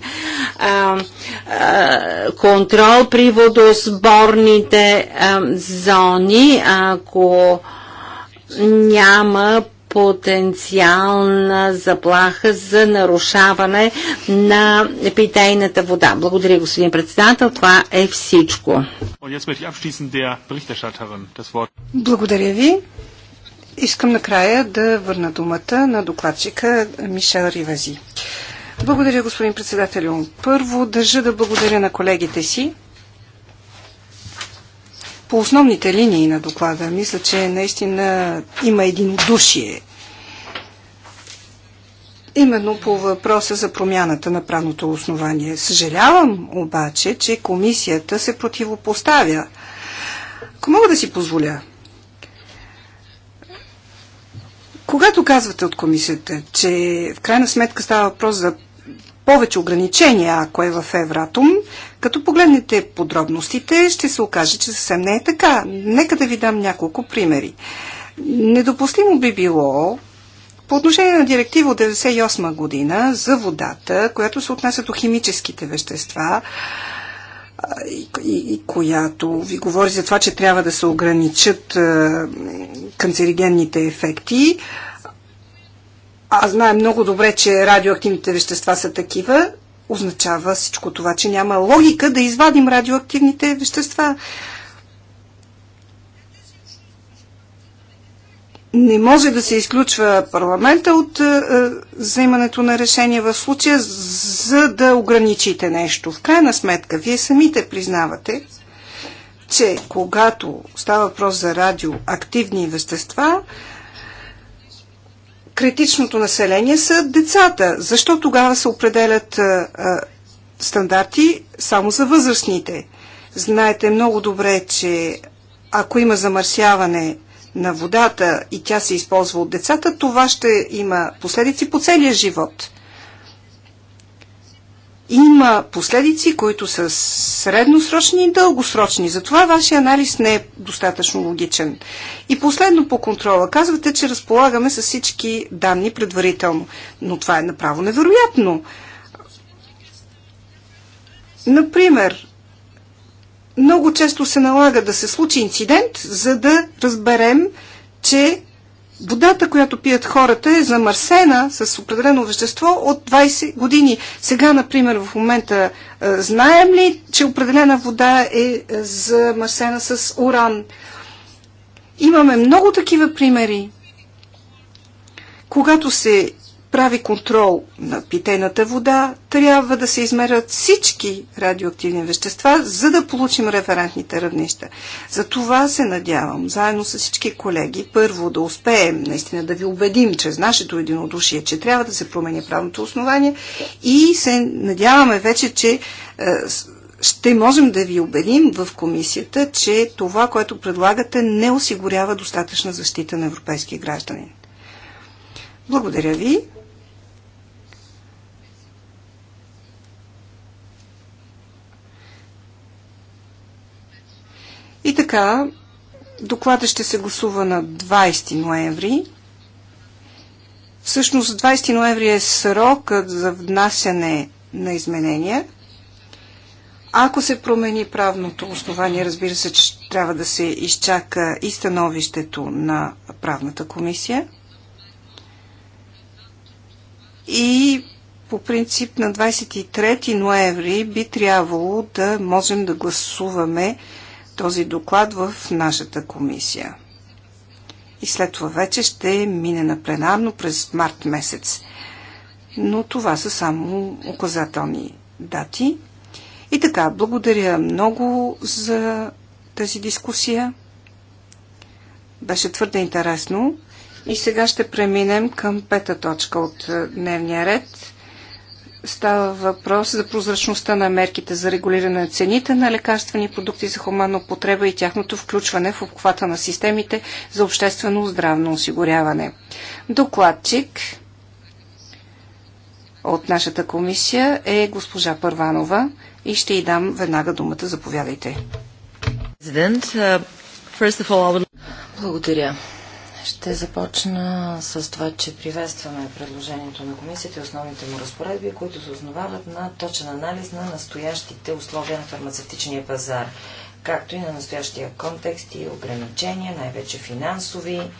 е, контрол при водосборните е, зони, ако няма потенциална заплаха за нарушаване на питейната вода. Благодаря, господин председател. Това е всичко. Благодаря ви. Искам накрая да върна думата на докладчика Мишел Ривази. Благодаря, господин председател. Първо държа да благодаря на колегите си, по основните линии на доклада, мисля, че наистина има единодушие. Именно по въпроса за промяната на правното основание. Съжалявам обаче, че комисията се противопоставя. Ако мога да си позволя, когато казвате от комисията, че в крайна сметка става въпрос за повече ограничения, ако е в Евратум, като погледнете подробностите, ще се окаже, че съвсем не е така. Нека да ви дам няколко примери. Недопустимо би било по отношение на директива от 1998 година за водата, която се отнася до химическите вещества, и, и, и която ви говори за това, че трябва да се ограничат е, канцерогенните ефекти. Аз знае много добре, че радиоактивните вещества са такива означава всичко това, че няма логика да извадим радиоактивните вещества. не може да се изключва парламента от е, е, вземането на решение в случая, за да ограничите нещо. В крайна сметка, вие самите признавате, че когато става въпрос за радиоактивни вещества, критичното население са децата. Защо тогава се определят а, а, стандарти само за възрастните? Знаете много добре, че ако има замърсяване на водата и тя се използва от децата, това ще има последици по целия живот – има последици, които са средносрочни и дългосрочни. Затова вашия анализ не е достатъчно логичен. И последно по контрола. Казвате, че разполагаме с всички данни предварително. Но това е направо невероятно. Например, много често се налага да се случи инцидент, за да разберем, че водата, която пият хората е замърсена с определено вещество от 20 години. Сега, например, в момента е, знаем ли, че определена вода е, е замърсена с уран? Имаме много такива примери. Когато се прави контрол на питейната вода, трябва да се измерят всички радиоактивни вещества, за да получим референтните равнища. За това се надявам, заедно с всички колеги, първо да успеем наистина да ви убедим чрез нашето единодушие, че трябва да се промени правното основание и се надяваме вече, че е, ще можем да ви убедим в комисията, че това, което предлагате, не осигурява достатъчна защита на европейския граждани. Благодаря ви. И така, докладът ще се гласува на 20 ноември. Всъщност 20 ноември е срокът за внасяне на изменения. Ако се промени правното основание, разбира се, че трябва да се изчака и становището на правната комисия. И по принцип на 23 ноември би трябвало да можем да гласуваме този доклад в нашата комисия. И след това вече ще мине на пленарно през март месец. Но това са само указателни дати. И така, благодаря много за тази дискусия. Беше твърде интересно. И сега ще преминем към пета точка от е, дневния ред Става въпрос за прозрачността на мерките за регулиране на цените на лекарствени продукти за хуманна употреба и тяхното включване в обхвата на системите за обществено здравно осигуряване. Докладчик от нашата комисия е госпожа Първанова и ще й дам веднага думата. Заповядайте. Uh, Благодаря. Ще започна с това, че приветстваме предложението на комисията и основните му разпоредби, които се основават на точен анализ на настоящите условия на фармацевтичния пазар, както и на настоящия контекст и ограничения, най-вече финансови,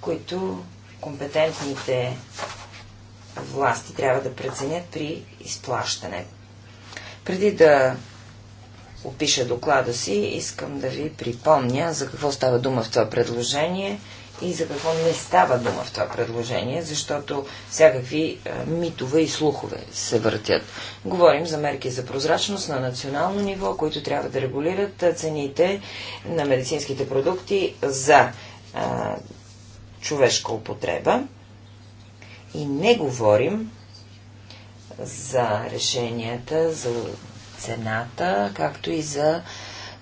които компетентните власти трябва да преценят при изплащане, Преди да опиша доклада си, искам да ви припомня за какво става дума в това предложение и за какво не става дума в това предложение, защото всякакви е, митове и слухове се въртят. Говорим за мерки за прозрачност на национално ниво, които трябва да регулират е, цените на медицинските продукти за а, е, човешка употреба. И не говорим за решенията за цената, както и за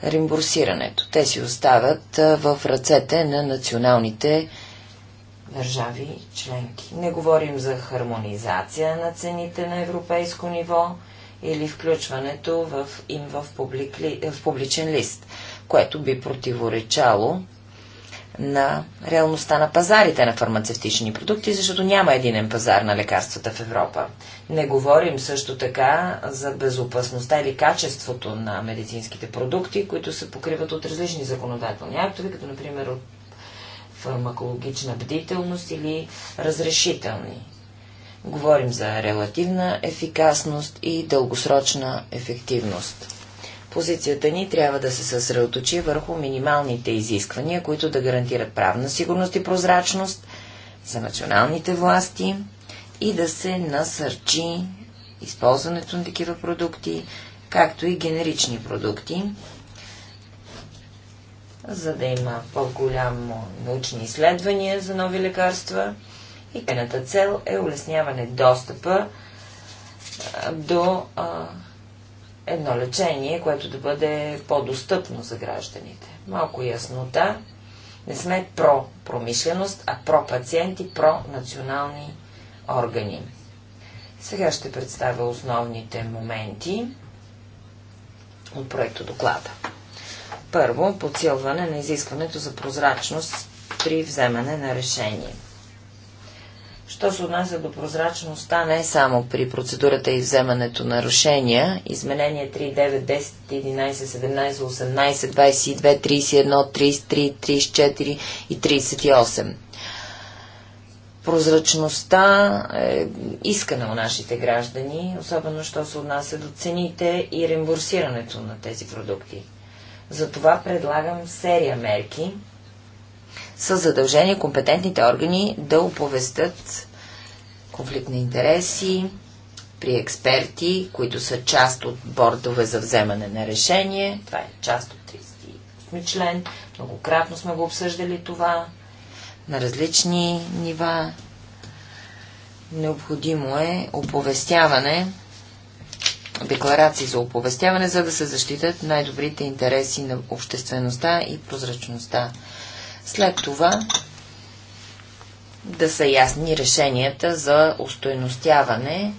реимбурсирането. Те си остават в ръцете на националните държави членки. Не говорим за хармонизация на цените на европейско ниво или включването в, им в, публик, в публичен лист, което би противоречало на реалността на пазарите на фармацевтични продукти, защото няма единен пазар на лекарствата в Европа. Не говорим също така за безопасността или качеството на медицинските продукти, които се покриват от различни законодателни актове, като например от фармакологична бдителност или разрешителни. Говорим за релативна ефикасност и дългосрочна ефективност. Позицията ни трябва да се съсредоточи върху минималните изисквания, които да гарантират правна сигурност и прозрачност за националните власти и да се насърчи използването на такива продукти, както и генерични продукти, за да има по-голямо научни изследвания за нови лекарства. И крайната цел е улесняване достъпа до а, едно лечение, което да бъде по-достъпно за гражданите. Малко яснота. Не сме про промишленост, а про пациенти, про национални органи. Сега ще представя основните моменти от проекто доклада. Първо, подсилване на изискването за прозрачност при вземане на решение – Що се отнася до прозрачността, не само при процедурата и вземането на решения, изменения 3, 9, 10, 11, 17, 18, 22, 31, 33, 34 и 38. Прозрачността е искана у нашите граждани, особено що се отнася до цените и реимбурсирането на тези продукти. Затова предлагам серия мерки – са задължени компетентните органи да оповестят конфликт на интереси при експерти, които са част от бордове за вземане на решение. Това е част от 38 член. Многократно сме го обсъждали това на различни нива. Необходимо е оповестяване, декларации за оповестяване, за да се защитят най-добрите интереси на обществеността и прозрачността. След това да са ясни решенията за устойностяване.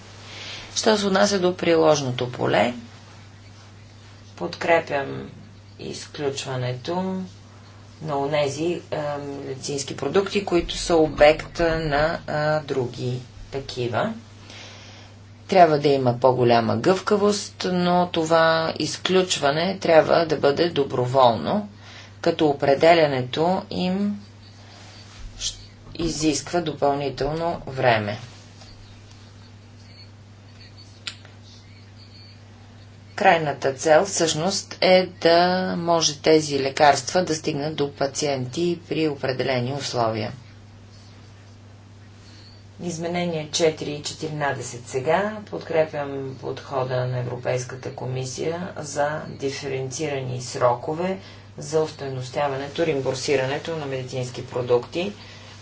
Що се отнася до приложното поле, подкрепям изключването на тези е, медицински продукти, които са обект на а, е, други такива. Трябва да има по-голяма гъвкавост, но това изключване трябва да бъде доброволно като определянето им изисква допълнително време. Крайната цел всъщност е да може тези лекарства да стигнат до пациенти при определени условия. Изменение 4 и 14 сега. Подкрепям подхода на Европейската комисия за диференцирани срокове за устойностяването, реимбурсирането на медицински продукти,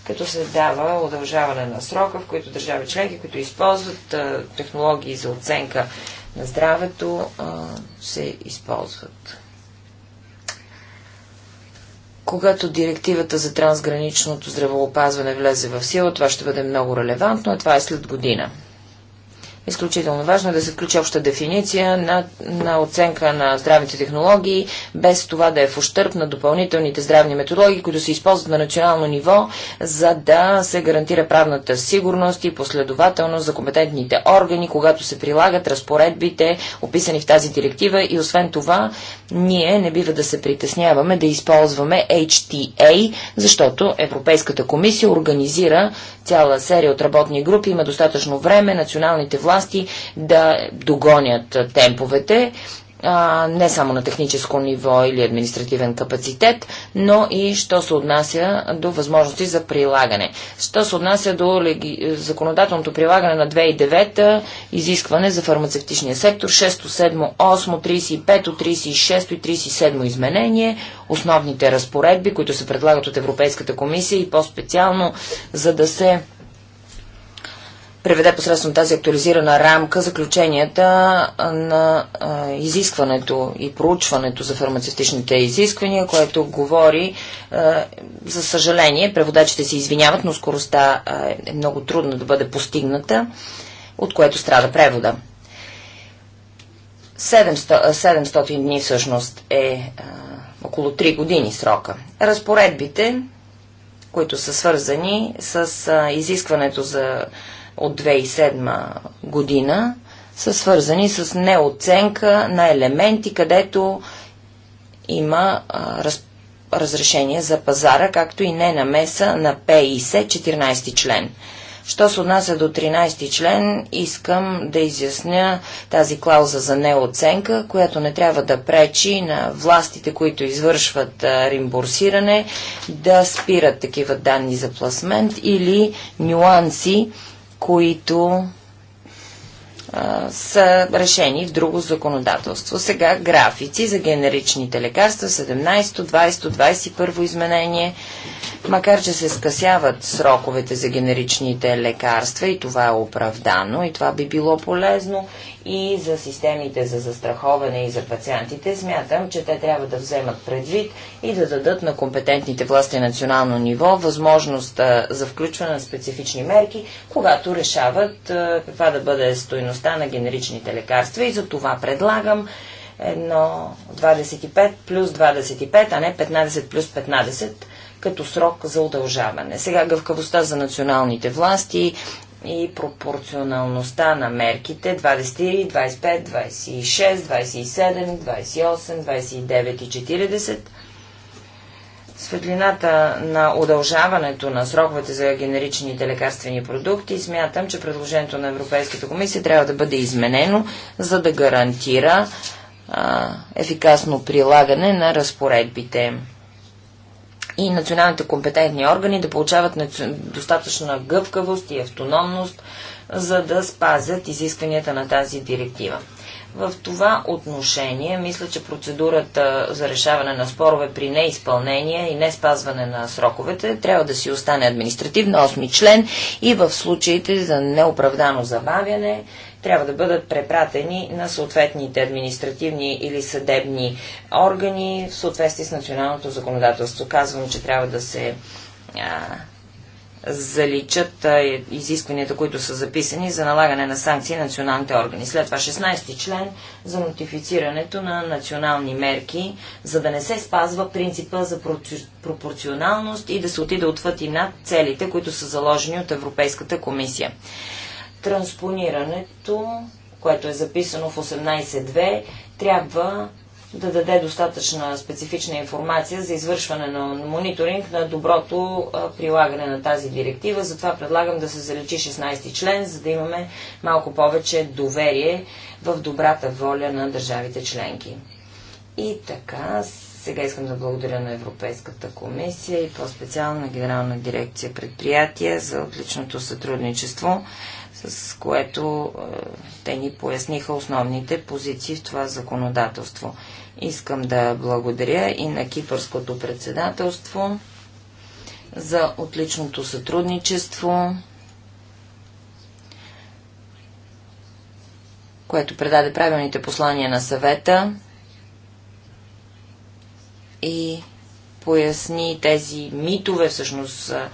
като се дава удължаване на срока, в които държави членки, които използват а, технологии за оценка на здравето, а, се използват. Когато директивата за трансграничното здравоопазване влезе в сила, това ще бъде много релевантно, а това е след година. Изключително важно е да се включи обща дефиниция на, на оценка на здравните технологии, без това да е в ущърп на допълнителните здравни методологии, които се използват на национално ниво, за да се гарантира правната сигурност и последователност за компетентните органи, когато се прилагат разпоредбите, описани в тази директива. И освен това, ние не бива да се притесняваме да използваме HTA, защото Европейската комисия организира цяла серия от работни групи, има достатъчно време, националните власти власти да догонят темповете, не само на техническо ниво или административен капацитет, но и що се отнася до възможности за прилагане. Що се отнася до леги... законодателното прилагане на 2009 изискване за фармацевтичния сектор 6, 7, 8, 35, 36 и 37 изменение, основните разпоредби, които се предлагат от Европейската комисия и по-специално за да се преведе посредством тази актуализирана рамка заключенията на а, изискването и проучването за фармацевтичните изисквания, което говори, а, за съжаление, преводачите се извиняват, но скоростта а, е много трудно да бъде постигната, от което страда превода. 700, дни всъщност е а, около 3 години срока. Разпоредбите, които са свързани с а, изискването за от 2007 година са свързани с неоценка на елементи, където има а, раз, разрешение за пазара, както и не намеса на ПИС 14 член. Що се отнася до 13 член, искам да изясня тази клауза за неоценка, която не трябва да пречи на властите, които извършват реимбурсиране, да спират такива данни за пласмент или нюанси които а, са решени в друго законодателство. Сега графици за генеричните лекарства 17, 20, 21 изменение. Макар, че се скъсяват сроковете за генеричните лекарства и това е оправдано и това би било полезно, и за системите за застраховане и за пациентите, смятам, че те трябва да вземат предвид и да дадат на компетентните власти национално ниво възможност за включване на специфични мерки, когато решават каква да бъде стоеността на генеричните лекарства и за това предлагам едно 25 плюс 25, а не 15 плюс 15 като срок за удължаване. Сега гъвкавостта за националните власти и пропорционалността на мерките 23, 25, 26, 27, 28, 29 и 40. Светлината на удължаването на сроковете за генеричните лекарствени продукти, смятам, че предложението на Европейската комисия трябва да бъде изменено, за да гарантира а, ефикасно прилагане на разпоредбите и националните компетентни органи да получават достатъчна гъвкавост и автономност, за да спазят изискванията на тази директива. В това отношение, мисля, че процедурата за решаване на спорове при неизпълнение и не спазване на сроковете трябва да си остане административно 8 член и в случаите за неоправдано забавяне трябва да бъдат препратени на съответните административни или съдебни органи в съответствие с националното законодателство. Казвам, че трябва да се а, заличат а, изискванията, които са записани за налагане на санкции на националните органи. След това 16 член за нотифицирането на национални мерки, за да не се спазва принципа за пропорционалност и да се отиде отвъд и над целите, които са заложени от Европейската комисия транспонирането, което е записано в 18.2, трябва да даде достатъчна специфична информация за извършване на мониторинг на доброто прилагане на тази директива. Затова предлагам да се заличи 16 ти член, за да имаме малко повече доверие в добрата воля на държавите членки. И така, сега искам да благодаря на Европейската комисия и по-специално на Генерална дирекция предприятия за отличното сътрудничество с което а, е, те ни поясниха основните позиции в това законодателство. Искам да благодаря и на Кипърското председателство за отличното сътрудничество, което предаде правилните послания на съвета и поясни тези митове, всъщност е,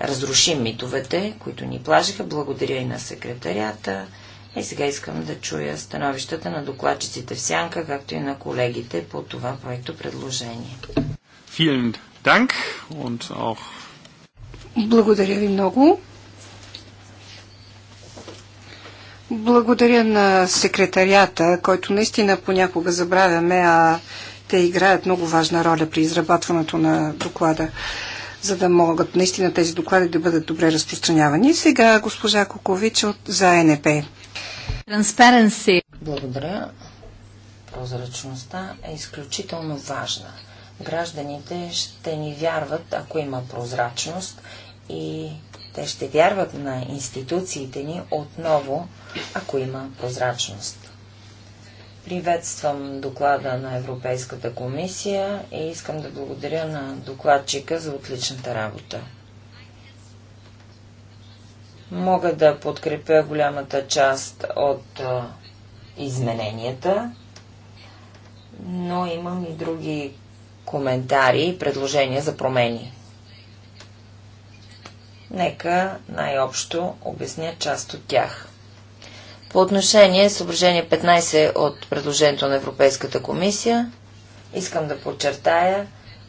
разрушим митовете, които ни плажиха. Благодаря и на секретарията. И сега искам да чуя становищата на докладчиците в Сянка, както и на колегите по това проекто предложение. Благодаря ви много. Благодаря на секретарията, който наистина понякога забравяме, а те играят много важна роля при изработването на доклада за да могат наистина тези доклади да бъдат добре разпространявани. Сега госпожа Кокович от за НП. Transparency. Благодаря. Прозрачността е изключително важна. Гражданите ще ни вярват, ако има прозрачност и те ще вярват на институциите ни отново, ако има прозрачност. Приветствам доклада на Европейската комисия и искам да благодаря на докладчика за отличната работа. Мога да подкрепя голямата част от измененията, но имам и други коментари и предложения за промени. Нека най-общо обясня част от тях. По отношение съображение 15 от предложението на Европейската комисия, искам да подчертая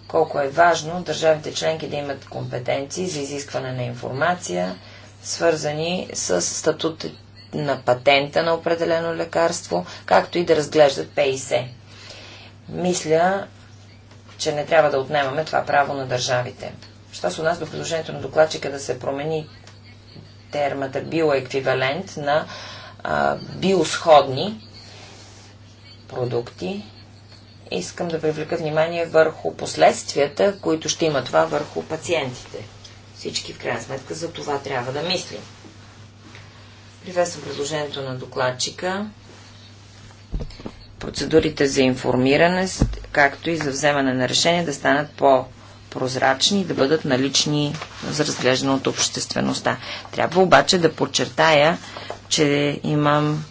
колко е важно държавите членки да имат компетенции за изискване на информация, свързани с статут на патента на определено лекарство, както и да разглеждат ПИС. Мисля, че не трябва да отнемаме това право на държавите. Що се нас до предложението на докладчика да се промени термата биоеквивалент на биосходни продукти, искам да привлека внимание върху последствията, които ще има това върху пациентите. Всички в крайна сметка за това трябва да мислим. Приветствам предложението на докладчика. Процедурите за информиране, както и за вземане на решение да станат по прозрачни и да бъдат налични за разглеждане от обществеността. Трябва обаче да подчертая, че имам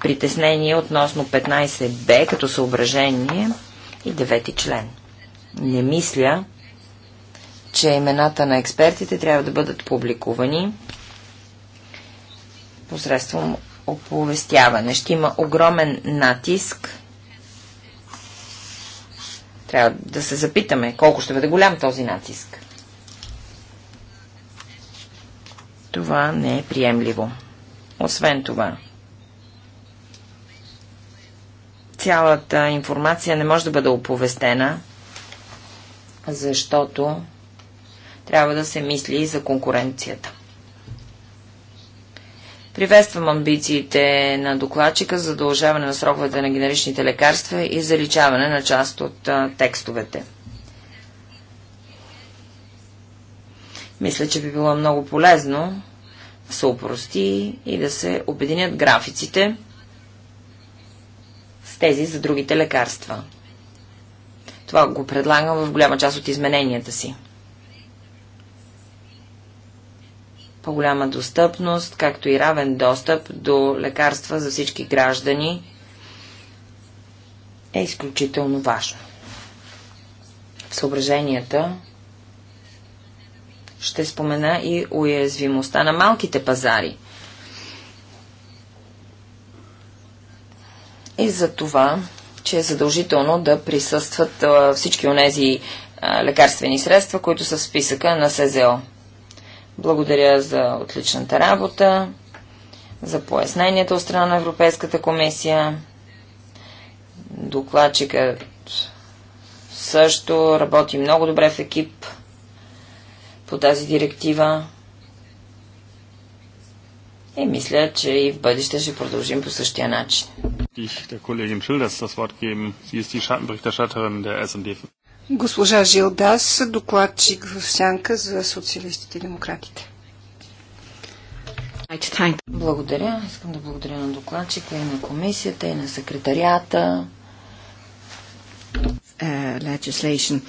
притеснение относно 15б като съображение и 9 член. Не мисля, че имената на експертите трябва да бъдат публикувани посредством оповестяване. Ще има огромен натиск. Трябва да се запитаме колко ще бъде голям този натиск. Това не е приемливо. Освен това, цялата информация не може да бъде оповестена, защото трябва да се мисли и за конкуренцията. Приветствам амбициите на докладчика за удължаване на сроковете на генеричните лекарства и заличаване на част от текстовете. Мисля, че би било много полезно се упрости и да се обединят графиците с тези за другите лекарства. Това го предлагам в голяма част от измененията си. По-голяма достъпност, както и равен достъп до лекарства за всички граждани е изключително важно. В съображенията ще спомена и уязвимостта на малките пазари. И за това, че е задължително да присъстват всички онези а, лекарствени средства, които са в списъка на СЗО. Благодаря за отличната работа, за поясненията от страна на Европейската комисия. Докладчикът също работи много добре в екип по тази директива. И мисля, че и в бъдеще ще продължим по същия начин. Госпожа Жилдас, докладчик в Сянка за социалистите и демократите. Благодаря. Искам да благодаря на докладчика и на комисията и на секретарията. Uh, legislation.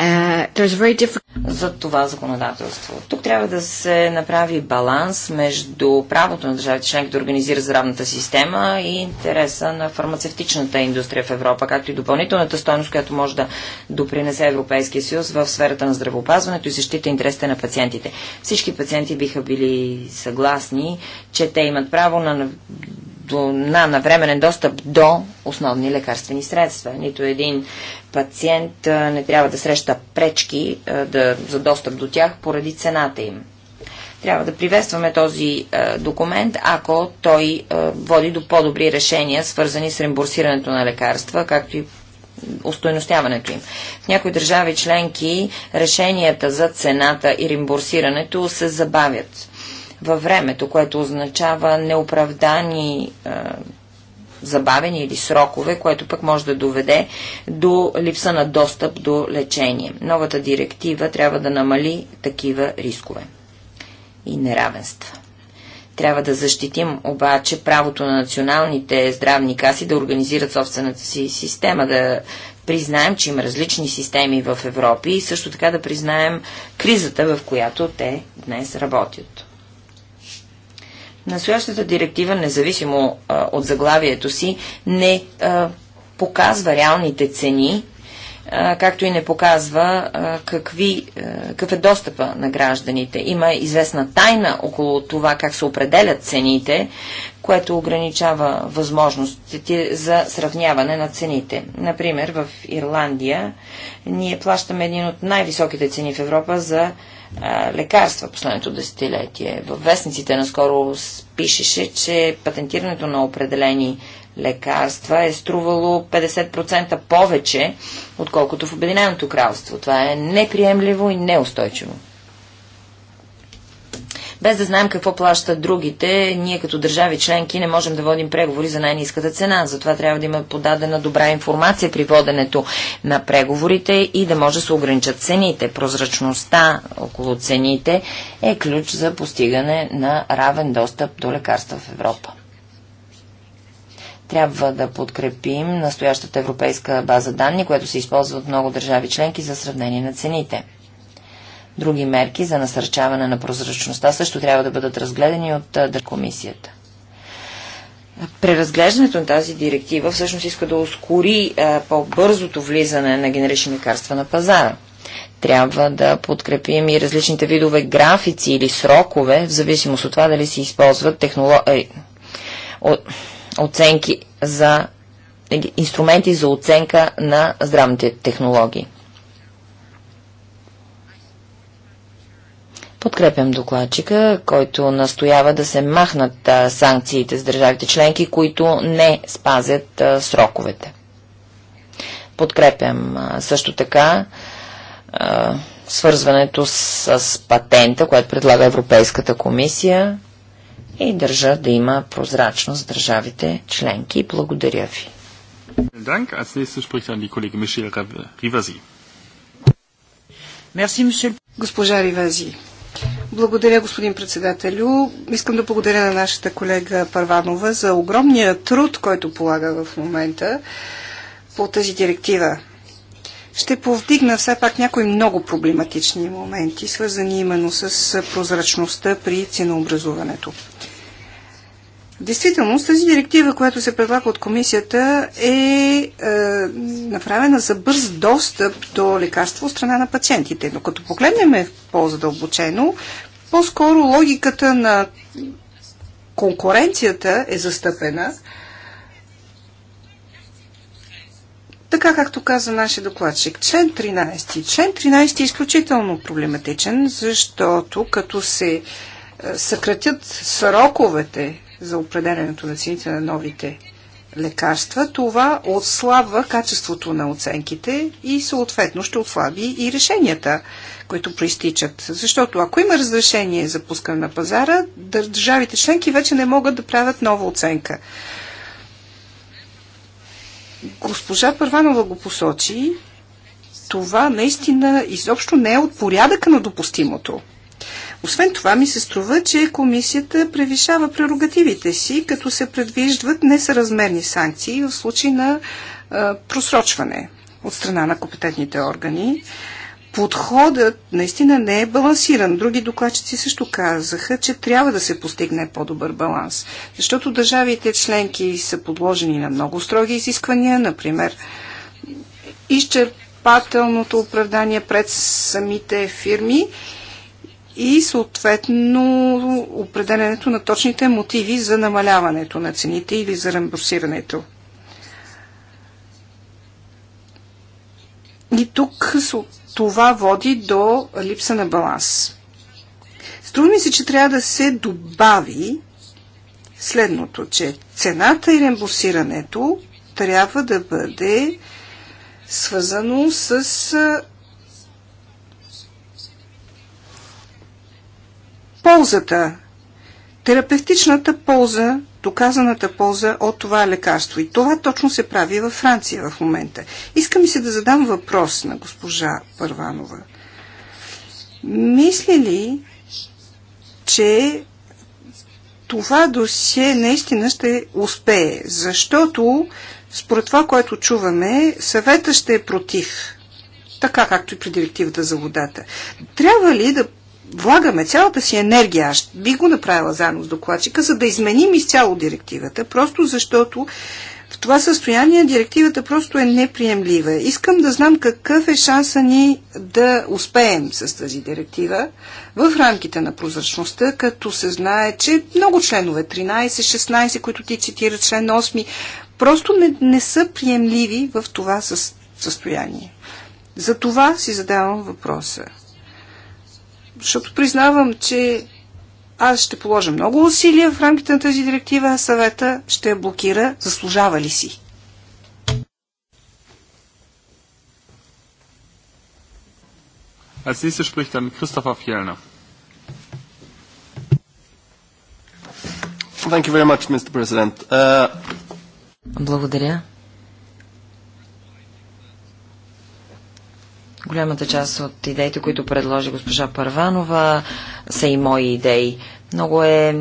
Е, за това законодателство. Тук трябва да се направи баланс между правото на държавите членки да организира здравната система и интереса на фармацевтичната индустрия в Европа, както и допълнителната стойност, която може да допринесе Европейския съюз в сферата на здравеопазването и защита интересите на пациентите. Всички пациенти биха били съгласни, че те имат право на до, на навременен достъп до основни лекарствени средства. Нито един пациент не трябва да среща пречки да, за достъп до тях поради цената им. Трябва да приветстваме този документ, ако той води до по-добри решения, свързани с реимбурсирането на лекарства, както и устойностяването им. В някои държави членки решенията за цената и реимбурсирането се забавят във времето, което означава неоправдани забавени или срокове, което пък може да доведе до липса на достъп до лечение. Новата директива трябва да намали такива рискове и неравенства. Трябва да защитим обаче правото на националните здравни каси да организират собствената си система, да признаем, че има различни системи в Европи и също така да признаем кризата, в която те днес работят. Настоящата директива, независимо а, от заглавието си, не а, показва реалните цени, а, както и не показва а, какви, а, какъв е достъпа на гражданите. Има известна тайна около това как се определят цените, което ограничава възможностите за сравняване на цените. Например, в Ирландия ние плащаме един от най-високите цени в Европа за лекарства последното десетилетие. В вестниците наскоро пишеше, че патентирането на определени лекарства е струвало 50% повече, отколкото в Обединеното кралство. Това е неприемливо и неустойчиво. Без да знаем какво плащат другите, ние като държави членки не можем да водим преговори за най-низката цена. Затова трябва да има подадена добра информация при воденето на преговорите и да може да се ограничат цените. Прозрачността около цените е ключ за постигане на равен достъп до лекарства в Европа трябва да подкрепим настоящата европейска база данни, която се използва от много държави членки за сравнение на цените. Други мерки за насърчаване на прозрачността също трябва да бъдат разгледани от комисията. Преразглеждането на тази директива всъщност иска да ускори по-бързото влизане на генерични лекарства на пазара. Трябва да подкрепим и различните видове графици или срокове, в зависимост от това дали се използват технолог... Е, оценки за инструменти за оценка на здравните технологии. Подкрепям докладчика, който настоява да се махнат а, санкциите с държавите членки, които не спазят а, сроковете. Подкрепям а, също така свързването с, с патента, което предлага Европейската комисия и държа да има прозрачност държавите членки. Благодаря ви. Госпожа Ривази. Благодаря, господин председателю. Искам да благодаря на нашата колега Парванова за огромния труд, който полага в момента по тази директива. Ще повдигна все пак някои много проблематични моменти, свързани именно с прозрачността при ценообразуването. Действително, тази директива, която се предлага от комисията, е, е направена за бърз достъп до лекарство от страна на пациентите. Но като погледнем по-задълбочено, по-скоро логиката на конкуренцията е застъпена. Така както каза нашия докладчик, член 13. Член 13 е изключително проблематичен, защото като се е, съкратят сроковете за определенето на цените на новите лекарства, това отслабва качеството на оценките и съответно ще отслаби и решенията, които проистичат. Защото ако има разрешение за пускане на пазара, държавите членки вече не могат да правят нова оценка. Госпожа Първанова го посочи, това наистина изобщо не е от порядъка на допустимото. Освен това ми се струва, че комисията превишава прерогативите си, като се предвиждат несъразмерни санкции в случай на а, просрочване от страна на компетентните органи. Подходът наистина не е балансиран. Други докладчици също казаха, че трябва да се постигне по-добър баланс, защото държавите членки са подложени на много строги изисквания, например изчерпателното оправдание пред самите фирми и съответно определенето на точните мотиви за намаляването на цените или за рембурсирането. И тук това води до липса на баланс. Струва ми се, че трябва да се добави следното, че цената и рембурсирането трябва да бъде свързано с ползата, терапевтичната полза, доказаната полза от това лекарство. И това точно се прави във Франция в момента. Искам и се да задам въпрос на госпожа Първанова. Мисли ли, че това досие наистина ще успее, защото според това, което чуваме, съвета ще е против, така както и при директивата за водата. Трябва ли да влагаме цялата си енергия, аз би го направила заедно с докладчика, за да изменим изцяло директивата, просто защото в това състояние директивата просто е неприемлива. Искам да знам какъв е шанса ни да успеем с тази директива в рамките на прозрачността, като се знае, че много членове, 13, 16, които ти цитира, член 8, просто не, не са приемливи в това състояние. За това си задавам въпроса. Защото признавам, че аз ще положа много усилия в рамките на тази директива, а съвета ще я блокира, заслужава ли си. Als nächstes spricht dann Christopher Fjellner. Thank you very much, Mr. President. Uh... Благодаря. Голямата част от идеите, които предложи госпожа Първанова, са и мои идеи. Много е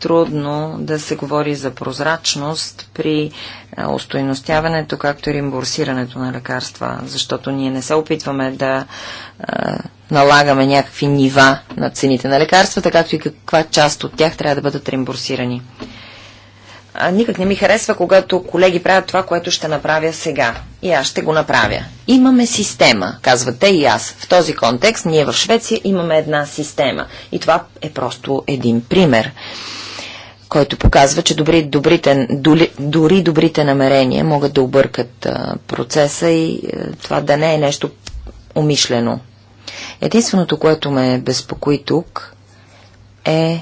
трудно да се говори за прозрачност при устойностяването, както и реимбурсирането на лекарства, защото ние не се опитваме да налагаме някакви нива на цените на лекарствата, както и каква част от тях трябва да бъдат реимбурсирани а, никак не ми харесва, когато колеги правят това, което ще направя сега. И аз ще го направя. Имаме система, казват те и аз. В този контекст ние в Швеция имаме една система. И това е просто един пример който показва, че добри, добрите, доли, дори добрите намерения могат да объркат а, процеса и а, това да не е нещо умишлено. Единственото, което ме безпокои тук е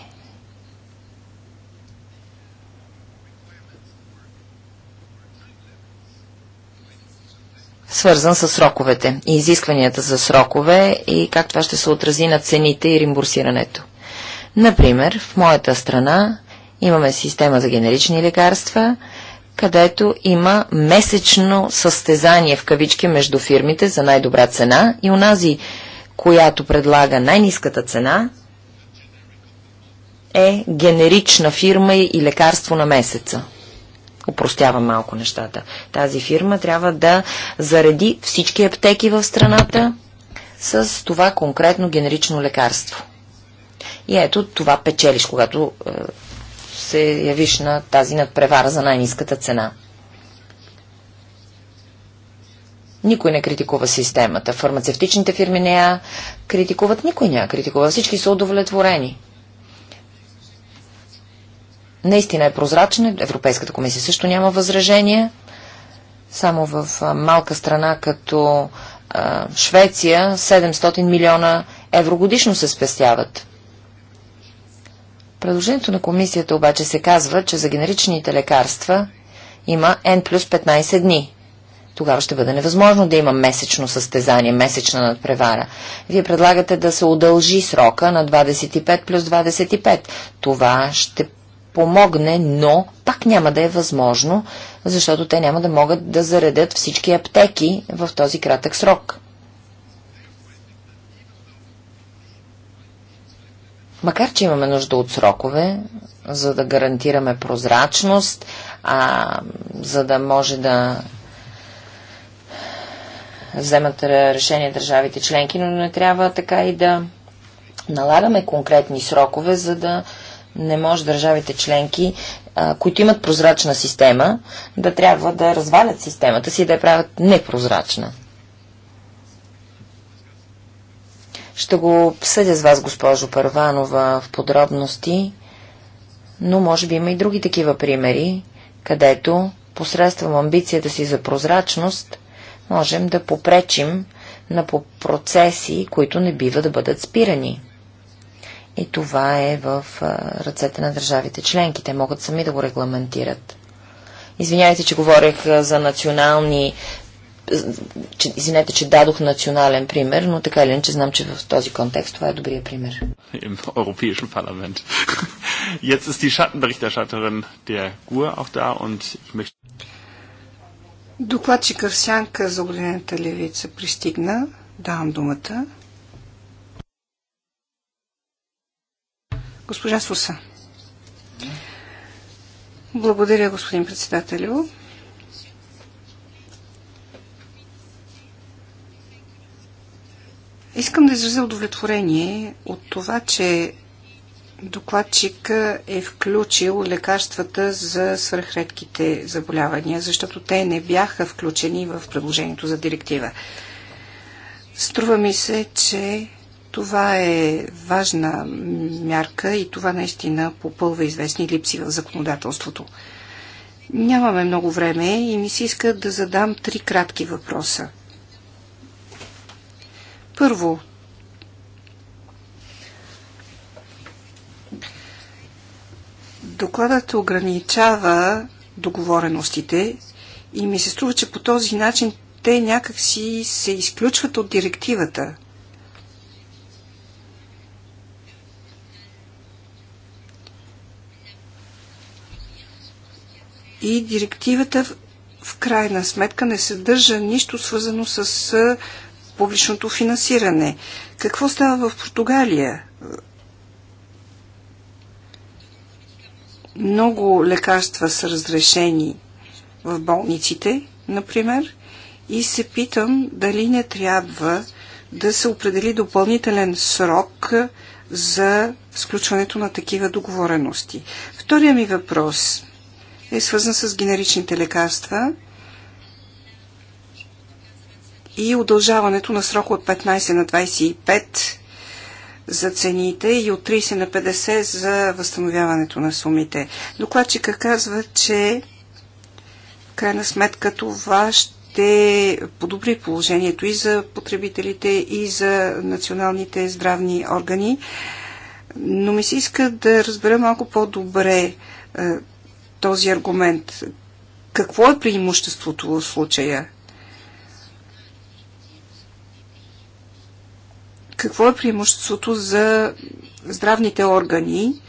свързан с сроковете и изискванията за срокове и как това ще се отрази на цените и реимбурсирането. Например, в моята страна имаме система за генерични лекарства, където има месечно състезание в кавички между фирмите за най-добра цена и унази, която предлага най-низката цена, е генерична фирма и лекарство на месеца упростява малко нещата. Тази фирма трябва да зареди всички аптеки в страната с това конкретно генерично лекарство. И ето това печелиш, когато е, се явиш на тази надпревара за най-низката цена. Никой не критикува системата. Фармацевтичните фирми не я критикуват. Никой не я критикува. Всички са удовлетворени наистина е прозрачен. Европейската комисия също няма възражения. Само в малка страна като Швеция 700 милиона евро годишно се спестяват. Предложението на комисията обаче се казва, че за генеричните лекарства има N плюс 15 дни. Тогава ще бъде невъзможно да има месечно състезание, месечна надпревара. Вие предлагате да се удължи срока на 25 плюс 25. Това ще помогне, но пак няма да е възможно, защото те няма да могат да заредят всички аптеки в този кратък срок. Макар, че имаме нужда от срокове, за да гарантираме прозрачност, а, за да може да вземат решение държавите членки, но не трябва така и да налагаме конкретни срокове, за да не може държавите членки, а, които имат прозрачна система, да трябва да развалят системата си и да я правят непрозрачна. Ще го обсъдя с вас, госпожо Първанова, в подробности, но може би има и други такива примери, където посредством амбицията си за прозрачност можем да попречим на процеси, които не бива да бъдат спирани. И това е в ръцете на държавите членки. Те могат сами да го регламентират. Извинявайте, че говорех за национални че, извинете, че дадох национален пример, но така или иначе знам, че в този контекст това е добрия пример. Im Europäischen Parlament. Jetzt ist die Schattenberichterstatterin der GUR auch da und ich möchte... Докладчика сянка за Обединената левица пристигна. Давам думата. Госпожа Суса. Благодаря, господин председателю. Искам да изразя удовлетворение от това, че докладчика е включил лекарствата за свръхредките заболявания, защото те не бяха включени в предложението за директива. Струва ми се, че това е важна мярка и това наистина попълва известни липси в законодателството. Нямаме много време и ми се иска да задам три кратки въпроса. Първо, докладът ограничава договореностите и ми се струва, че по този начин те някакси се изключват от директивата. И директивата в крайна сметка не съдържа нищо свързано с публичното финансиране. Какво става в Португалия? Много лекарства са разрешени в болниците, например, и се питам дали не трябва да се определи допълнителен срок за сключването на такива договорености. Втория ми въпрос е свързан с генеричните лекарства и удължаването на срока от 15 на 25 за цените и от 30 на 50 за възстановяването на сумите. Докладчика казва, че в крайна сметка това ще подобри положението и за потребителите, и за националните здравни органи. Но ми се иска да разбера малко по-добре е, този аргумент. Какво е преимуществото в случая? Какво е преимуществото за здравните органи?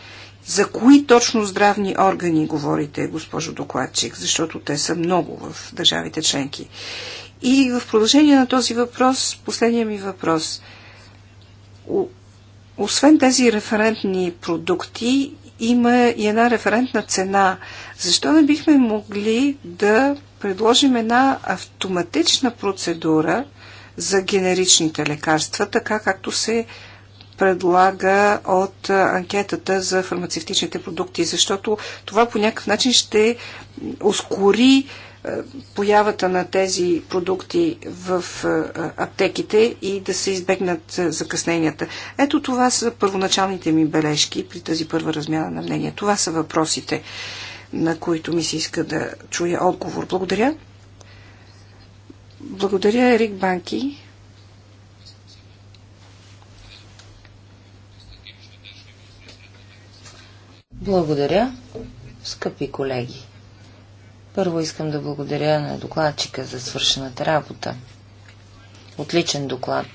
За кои точно здравни органи говорите, госпожо докладчик? Защото те са много в държавите членки. И в продължение на този въпрос, последния ми въпрос. Освен тези референтни продукти, има и една референтна цена – защо не бихме могли да предложим една автоматична процедура за генеричните лекарства, така както се предлага от анкетата за фармацевтичните продукти, защото това по някакъв начин ще ускори появата на тези продукти в аптеките и да се избегнат закъсненията. Ето това са първоначалните ми бележки при тази първа размяна на мнение. Това са въпросите на които ми се иска да чуя отговор. Благодаря. Благодаря, Ерик Банки. Благодаря, скъпи колеги. Първо искам да благодаря на докладчика за свършената работа. Отличен доклад.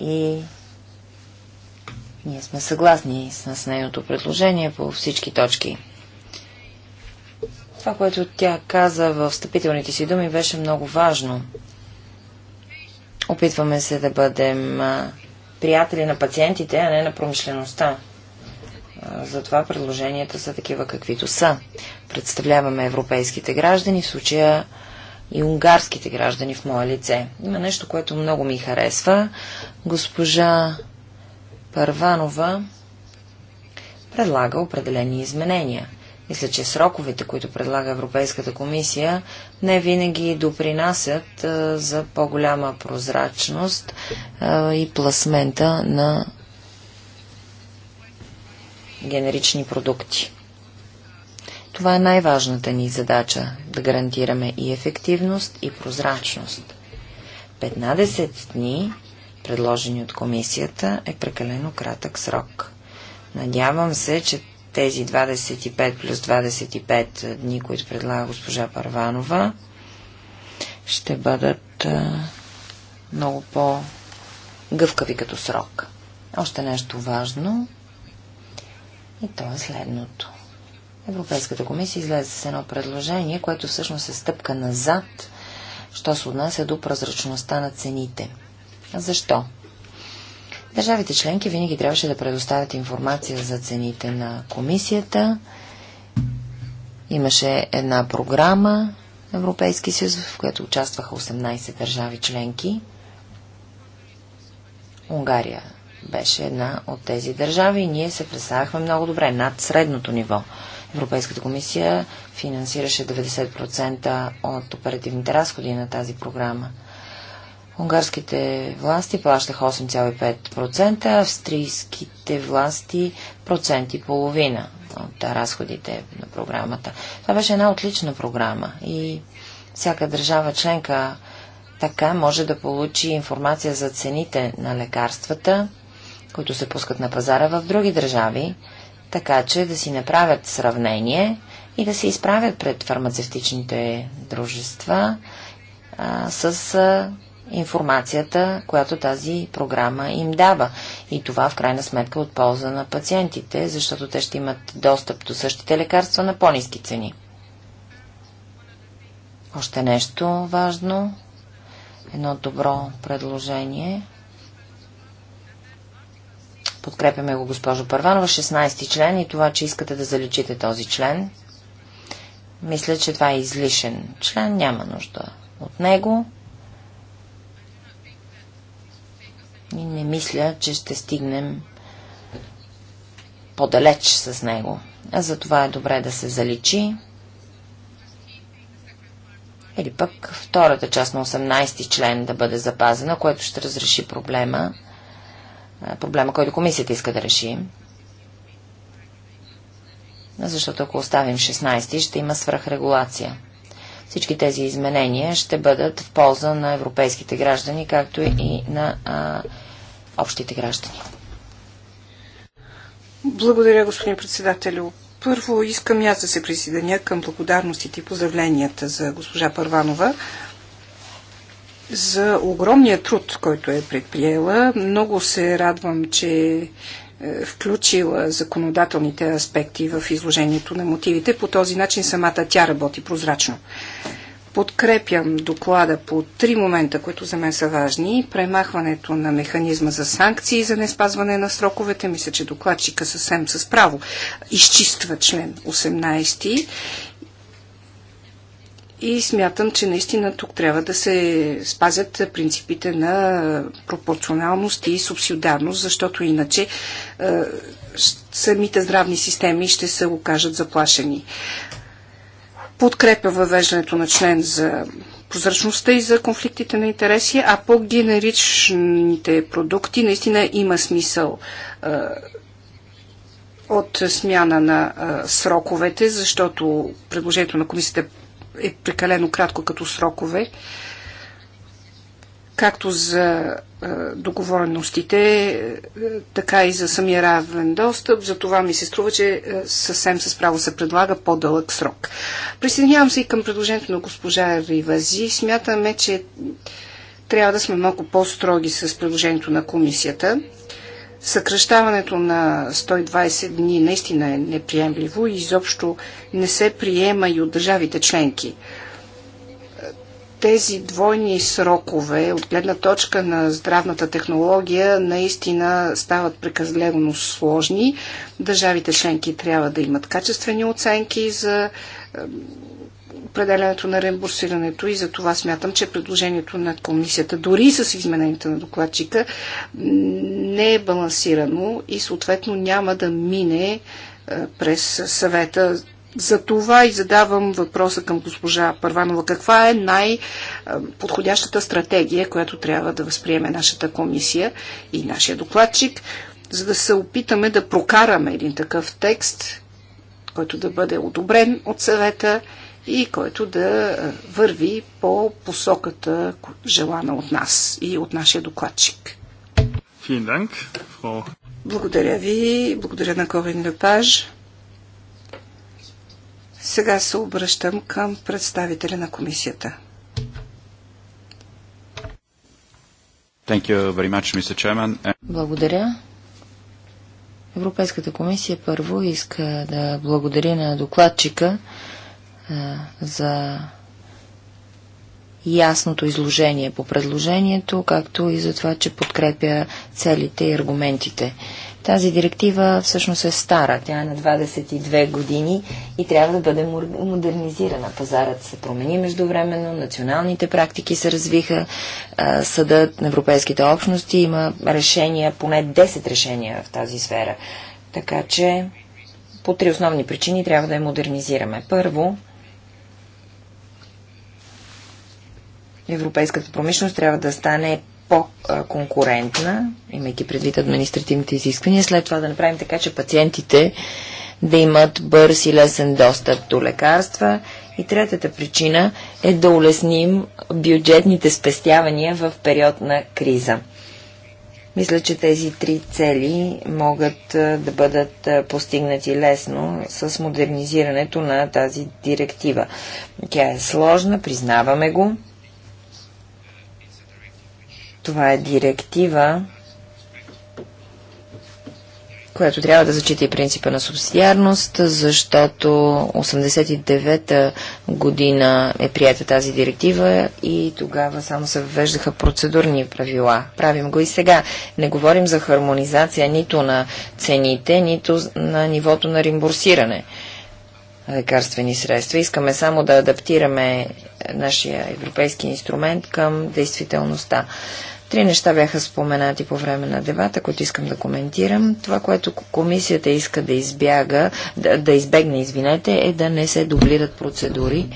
И ние сме съгласни с нейното предложение по всички точки. Това, което тя каза в встъпителните си думи, беше много важно. Опитваме се да бъдем приятели на пациентите, а не на промишлеността. Затова предложенията са такива каквито са. Представляваме европейските граждани, в случая и унгарските граждани в мое лице. Има нещо, което много ми харесва. Госпожа Парванова предлага определени изменения – мисля, че сроковете, които предлага Европейската комисия, не винаги допринасят за по-голяма прозрачност и пласмента на генерични продукти. Това е най-важната ни задача да гарантираме и ефективност, и прозрачност. 15 дни, предложени от комисията, е прекалено кратък срок. Надявам се, че тези 25 плюс 25 дни, които предлага госпожа Парванова, ще бъдат много по-гъвкави като срок. Още нещо важно и то е следното. Европейската комисия излезе с едно предложение, което всъщност е стъпка назад, що се отнася до прозрачността на цените. Защо? Държавите членки винаги трябваше да предоставят информация за цените на комисията. Имаше една програма Европейски съюз, в която участваха 18 държави членки. Унгария беше една от тези държави и ние се представяхме много добре, над средното ниво. Европейската комисия финансираше 90% от оперативните разходи на тази програма – Унгарските власти плащаха 8,5%, австрийските власти процент и половина от разходите на програмата. Това беше една отлична програма и всяка държава членка така може да получи информация за цените на лекарствата, които се пускат на пазара в други държави, така че да си направят сравнение и да се изправят пред фармацевтичните дружества а, с а, информацията, която тази програма им дава. И това в крайна сметка от полза на пациентите, защото те ще имат достъп до същите лекарства на по-низки цени. Още нещо важно, едно добро предложение. Подкрепяме го, госпожо Първанова, 16 член и това, че искате да заличите този член. Мисля, че това е излишен член, няма нужда от него. И не мисля, че ще стигнем по-далеч с него. А за това е добре да се заличи. Или пък втората част на 18 ти член да бъде запазена, което ще разреши проблема, проблема, който комисията иска да реши. Защото ако оставим 16, ти ще има свръхрегулация. Всички тези изменения ще бъдат в полза на европейските граждани, както и на а, общите граждани. Благодаря, господин председателю. Първо искам и аз да се присъединя към благодарностите и поздравленията за госпожа Първанова за огромния труд, който е предприела. Много се радвам, че е включила законодателните аспекти в изложението на мотивите. По този начин самата тя работи прозрачно. Подкрепям доклада по три момента, които за мен са важни. Премахването на механизма за санкции за не спазване на сроковете. Мисля, че докладчика съвсем с право изчиства член 18 и смятам, че наистина тук трябва да се спазят принципите на пропорционалност и субсидарност, защото иначе е, самите здравни системи ще се окажат заплашени подкрепя въвеждането на член за прозрачността и за конфликтите на интереси, а по генеричните продукти наистина има смисъл а, от смяна на а, сроковете, защото предложението на комисията е прекалено кратко като срокове. А, както за договореностите, така и за самия равен достъп. За това ми се струва, че съвсем с право се предлага по-дълъг срок. Присъединявам се и към предложението на госпожа Ривази. Смятаме, че трябва да сме малко по-строги с предложението на комисията. Съкръщаването на 120 дни наистина е неприемливо и изобщо не се приема и от държавите членки тези двойни срокове от гледна точка на здравната технология наистина стават прекалено сложни. Държавите членки трябва да имат качествени оценки за определянето на реимбурсирането и за това смятам, че предложението на комисията, дори с измененията на докладчика, не е балансирано и съответно няма да мине е, през съвета за това и задавам въпроса към госпожа Първанова. Каква е най-подходящата е, стратегия, която трябва да възприеме нашата комисия и нашия докладчик, за да се опитаме да прокараме един такъв текст, който да бъде одобрен от съвета и който да е, върви по посоката желана от нас и от нашия докладчик. Благодаря ви. Благодаря на Корин Лепаж. Сега се обръщам към представителя на комисията. Much, Благодаря. Европейската комисия първо иска да благодари на докладчика а, за ясното изложение по предложението, както и за това, че подкрепя целите и аргументите тази директива всъщност е стара, тя е на 22 години и трябва да бъде модернизирана. Пазарът се промени междувременно, националните практики се развиха, съдът на европейските общности има решения, поне 10 решения в тази сфера. Така че по три основни причини трябва да я модернизираме. Първо, европейската промишленост трябва да стане по-конкурентна, имайки предвид административните изисквания, след това да направим така, че пациентите да имат бърз и лесен достъп до лекарства. И третата причина е да улесним бюджетните спестявания в период на криза. Мисля, че тези три цели могат да бъдат постигнати лесно с модернизирането на тази директива. Тя е сложна, признаваме го. Това е директива, която трябва да зачита и принципа на субсидиарност, защото 89-та година е прията тази директива и тогава само се въвеждаха процедурни правила. Правим го и сега. Не говорим за хармонизация нито на цените, нито на нивото на реимбурсиране лекарствени средства. Искаме само да адаптираме нашия европейски инструмент към действителността. Три неща бяха споменати по време на дебата, които искам да коментирам. Това, което комисията иска да избяга, да, да избегне, извинете, е да не се дублират процедури.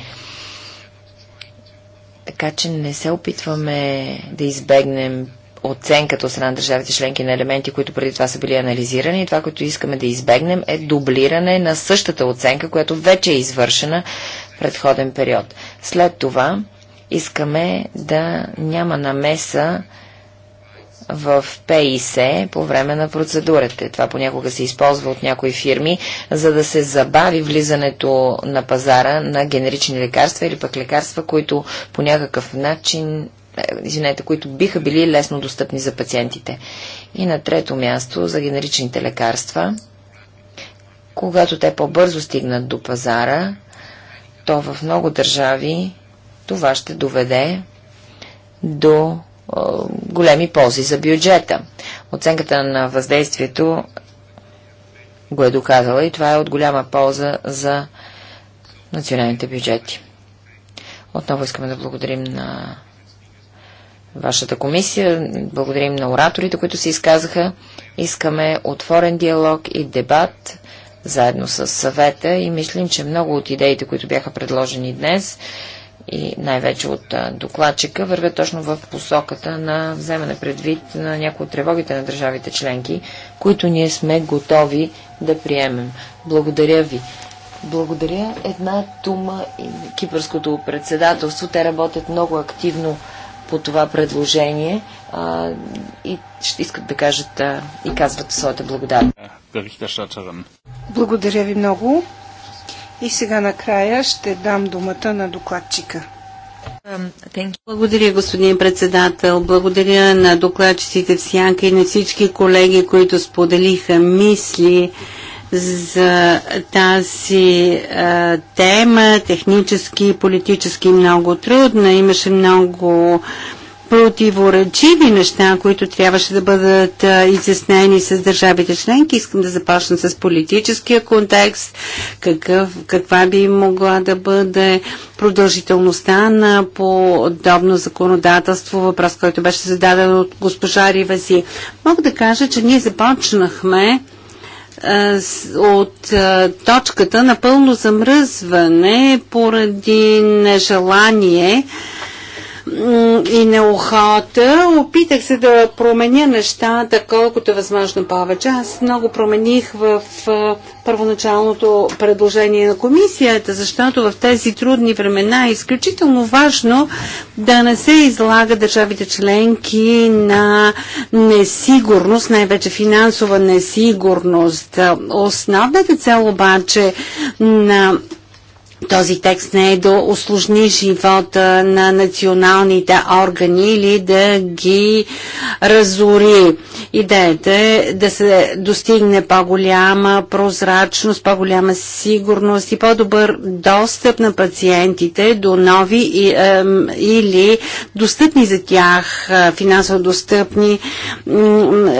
Така че не се опитваме да избегнем оценката от страна на държавите членки на елементи, които преди това са били анализирани. И това, което искаме да избегнем е дублиране на същата оценка, която вече е извършена в предходен период. След това искаме да няма намеса в ПИС по време на процедурите. Това понякога се използва от някои фирми, за да се забави влизането на пазара на генерични лекарства или пък лекарства, които по някакъв начин е, извинете, които биха били лесно достъпни за пациентите. И на трето място за генеричните лекарства. Когато те по-бързо стигнат до пазара, то в много държави това ще доведе до големи ползи за бюджета. Оценката на въздействието го е доказала и това е от голяма полза за националните бюджети. Отново искаме да благодарим на вашата комисия, благодарим на ораторите, които се изказаха. Искаме отворен диалог и дебат заедно с съвета и мислим, че много от идеите, които бяха предложени днес, и най-вече от докладчика, вървят точно в посоката на вземане предвид на някои от тревогите на държавите членки, които ние сме готови да приемем. Благодаря ви. Благодаря. Една тума и кипърското председателство. Те работят много активно по това предложение а, и ще искат да кажат а, и казват своята благодарност. Благодаря ви много. И сега накрая ще дам думата на докладчика. Um, Благодаря, господин председател. Благодаря на докладчиците в Сянка и на всички колеги, които споделиха мисли за тази а, тема, технически и политически много трудна. Имаше много противоречиви неща, които трябваше да бъдат изяснени с държавите членки. Искам да започна с политическия контекст, какъв, каква би могла да бъде продължителността на подобно законодателство, въпрос, който беше зададен от госпожа Риваси. Мога да кажа, че ние започнахме от точката на пълно замръзване поради нежелание и неохота. Опитах се да променя нещата колкото е възможно повече. Аз много промених в първоначалното предложение на комисията, защото в тези трудни времена е изключително важно да не се излага държавите членки на несигурност, най-вече финансова несигурност. Основната цел обаче на този текст не е да осложни живота на националните органи или да ги разори. Идеята е да се достигне по-голяма прозрачност, по-голяма сигурност и по-добър достъп на пациентите до нови и, е, или достъпни за тях е, финансово достъпни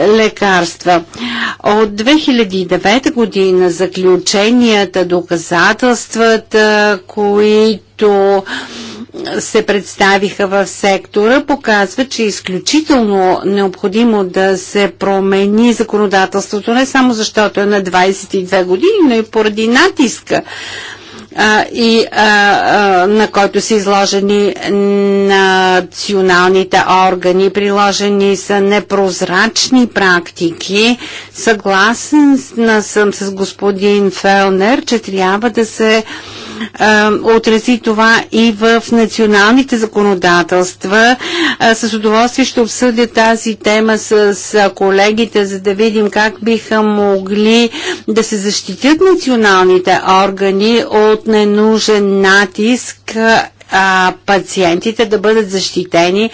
лекарства. От 2009 година заключенията, доказателствата, които които се представиха в сектора, показва, че е изключително необходимо да се промени законодателството, не само защото е на 22 години, но и поради натиска а, и а, а, на който са изложени националните органи. Приложени са непрозрачни практики. Съгласен съм с господин Фелнер, че трябва да се а, отрази това и в националните законодателства. С удоволствие ще обсъдя тази тема с колегите, за да видим как биха могли да се защитят националните органи от ненужен натиск пациентите да бъдат защитени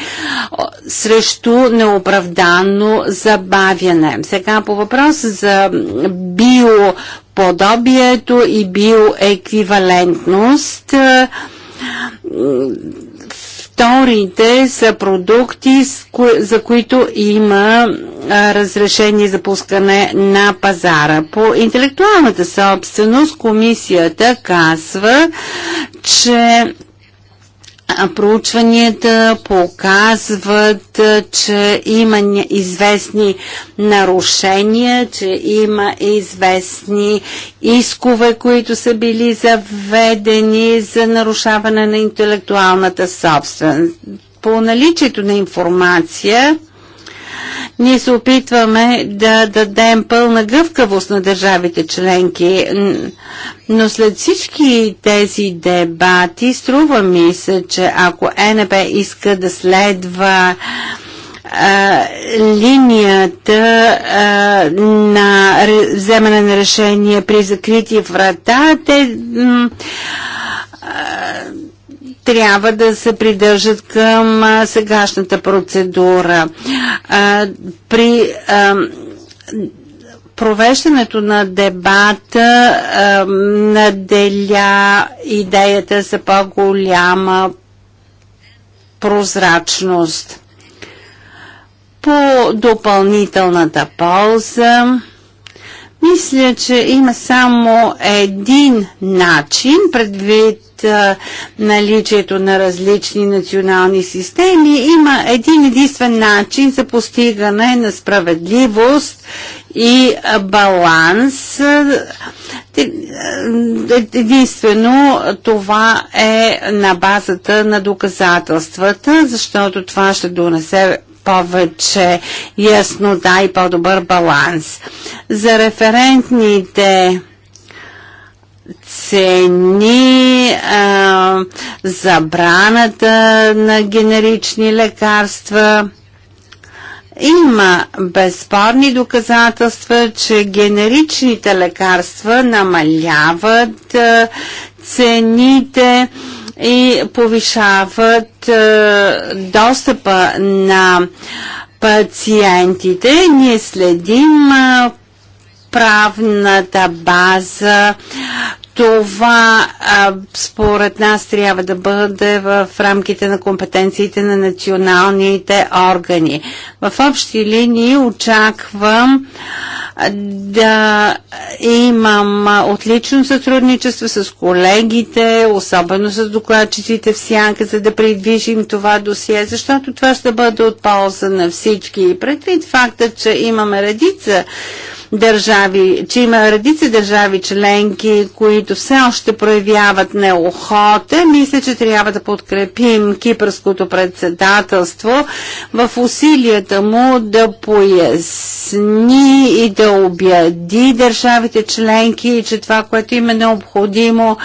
срещу неоправдано забавяне. Сега по въпрос за био подобието и биоеквивалентност. Е, вторите са продукти, за които има разрешение за пускане на пазара. По интелектуалната собственост комисията казва, че проучванията показват, че има известни нарушения, че има известни искове, които са били заведени за нарушаване на интелектуалната собственост. По наличието на информация, ние се опитваме да дадем пълна гъвкавост на държавите членки, но след всички тези дебати струва ми се, че ако ЕНП иска да следва а, линията а, на вземане на решение при закрити врата, те а, трябва да се придържат към сегашната процедура. При провеждането на дебата наделя идеята за по-голяма прозрачност. По допълнителната полза, мисля, че има само един начин, предвид наличието на различни национални системи. Има един единствен начин за постигане на справедливост и баланс. Единствено това е на базата на доказателствата, защото това ще донесе повече яснота да, и по-добър баланс. За референтните цени а, забраната на генерични лекарства. Има безспорни доказателства, че генеричните лекарства намаляват а, цените и повишават а, достъпа на пациентите. Ние следим а, правната база, това а, според нас трябва да бъде в рамките на компетенциите на националните органи. В общи линии очаквам да имам отлично сътрудничество с колегите, особено с докладчиците в сянка, за да придвижим това досие, защото това ще бъде от полза на всички. И предвид факта, че имаме редица държави, че има редица държави членки, които които все още проявяват неохота, мисля, че трябва да подкрепим кипърското председателство в усилията му да поясни и да обяди държавите членки, че това, което им е необходимо,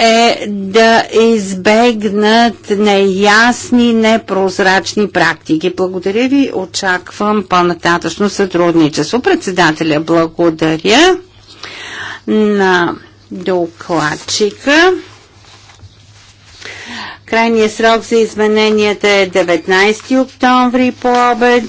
е да избегнат неясни, непрозрачни практики. Благодаря ви, очаквам по-нататъчно сътрудничество. Председателя, благодаря на докладчика. Крайният срок за измененията е 19 октомври по обед.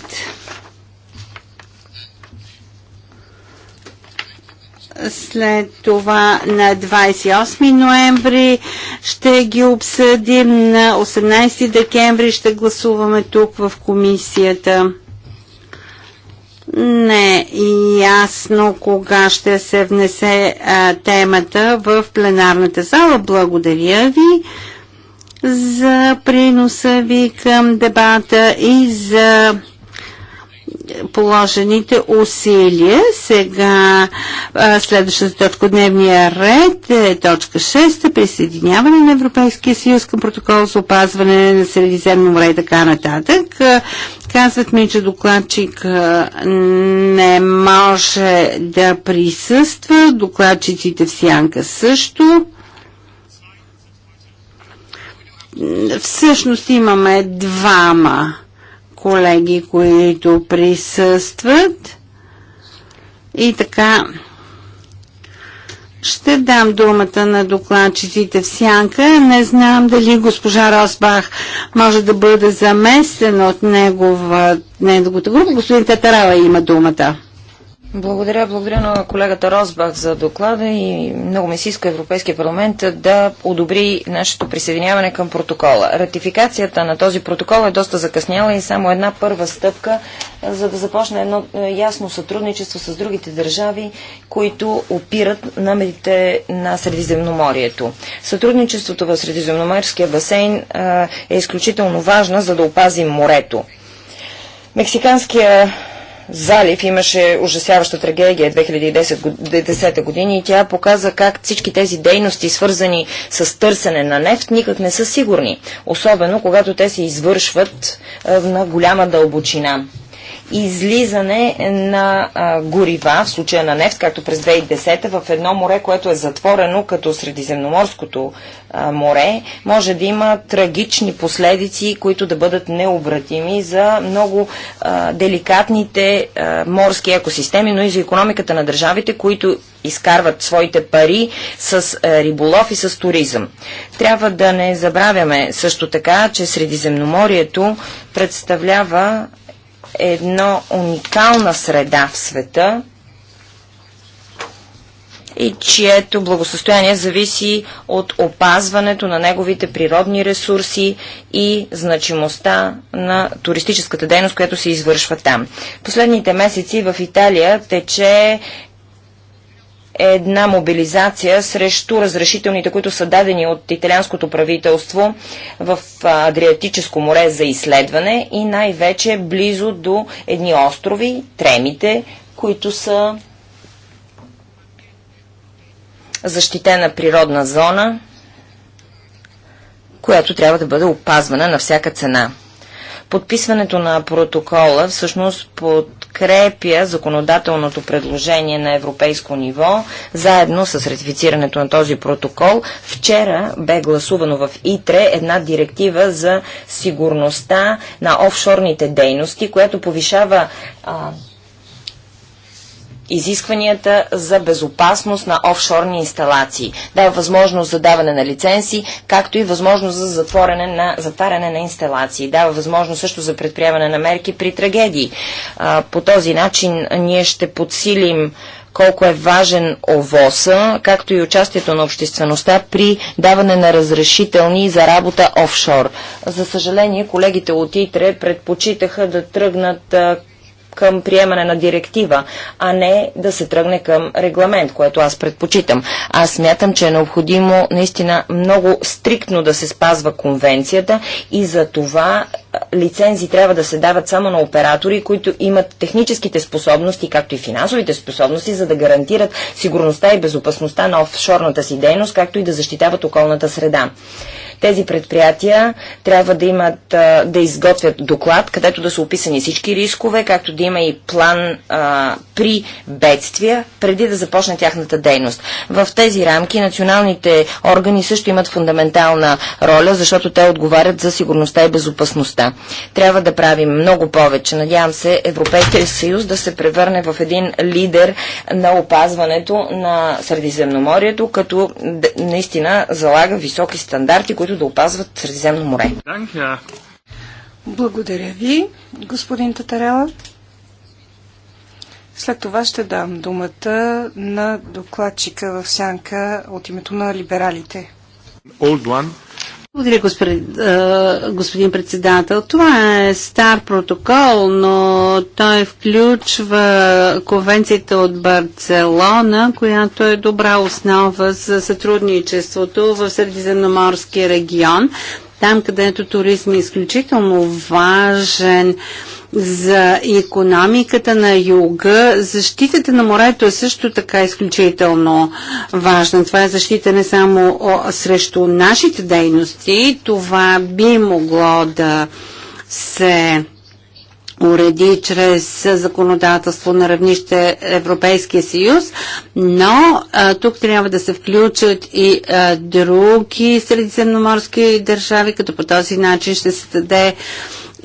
След това на 28 ноември ще ги обсъдим. На 18 декември ще гласуваме тук в комисията не е ясно кога ще се внесе а, темата в пленарната зала. Благодаря ви за приноса ви към дебата и за положените усилия. Сега следващата точка от дневния ред е точка 6. Присъединяване на Европейския съюз към протокол за опазване на Средиземно море и така нататък. Казват ми, че докладчик не може да присъства, докладчиците в сянка също. Всъщност имаме двама колеги, които присъстват. И така, ще дам думата на докладчиците в сянка. Не знам дали госпожа Росбах може да бъде заместена от негова, неговата група. Господин Татарала има думата. Благодаря, благодаря на колегата Розбах за доклада и много ми се иска Европейския парламент да одобри нашето присъединяване към протокола. Ратификацията на този протокол е доста закъсняла и само една първа стъпка, за да започне едно е, ясно сътрудничество с другите държави, които опират намерите на Средиземноморието. Сътрудничеството в Средиземноморския басейн е, е изключително важно, за да опазим морето. Мексиканския залив имаше ужасяваща трагедия 2010 години и тя показа как всички тези дейности, свързани с търсене на нефт, никак не са сигурни, особено когато те се извършват на голяма дълбочина излизане на а, горива, в случая на нефт, както през 2010 в едно море, което е затворено като Средиземноморското а, море, може да има трагични последици, които да бъдат необратими за много а, деликатните а, морски екосистеми, но и за економиката на държавите, които изкарват своите пари с а, риболов и с туризъм. Трябва да не забравяме също така, че Средиземноморието представлява една уникална среда в света и чието благосостояние зависи от опазването на неговите природни ресурси и значимостта на туристическата дейност, която се извършва там. Последните месеци в Италия тече една мобилизация срещу разрешителните, които са дадени от италианското правителство в Адриатическо море за изследване и най-вече близо до едни острови, Тремите, които са защитена природна зона, която трябва да бъде опазвана на всяка цена. Подписването на протокола всъщност под подкрепя законодателното предложение на европейско ниво, заедно с ратифицирането на този протокол. Вчера бе гласувано в ИТРЕ една директива за сигурността на офшорните дейности, която повишава а, изискванията за безопасност на офшорни инсталации. Дава възможност за даване на лицензи, както и възможност за затворене на, затваряне на инсталации. Дава възможност също за предприемане на мерки при трагедии. А, по този начин ние ще подсилим колко е важен ОВОСа, както и участието на обществеността при даване на разрешителни за работа офшор. За съжаление, колегите от ИТРЕ предпочитаха да тръгнат към приемане на директива, а не да се тръгне към регламент, което аз предпочитам. Аз смятам, че е необходимо наистина много стриктно да се спазва конвенцията и за това лицензи трябва да се дават само на оператори, които имат техническите способности, както и финансовите способности, за да гарантират сигурността и безопасността на офшорната си дейност, както и да защитават околната среда. Тези предприятия трябва да имат, да изготвят доклад, където да са описани всички рискове, както да има и план а, при бедствия, преди да започне тяхната дейност. В тези рамки националните органи също имат фундаментална роля, защото те отговарят за сигурността и безопасността. Трябва да правим много повече. Надявам се Европейския съюз да се превърне в един лидер на опазването на Средиземноморието, като наистина залага високи стандарти, които да опазват Средиземно море. Благодаря ви, господин Татарела. След това ще дам думата на докладчика в сянка от името на либералите. Old one. Благодаря, господин, председател. Това е стар протокол, но той включва конвенцията от Барселона, която е добра основа за сътрудничеството в Средиземноморския регион, там където туризм е изключително важен за економиката на юга. Защитата на морето е също така изключително важна. Това е защита не само срещу нашите дейности, това би могло да се уреди чрез законодателство на равнище Европейския съюз, но а, тук трябва да се включат и а, други средиземноморски държави, като по този начин ще се даде а,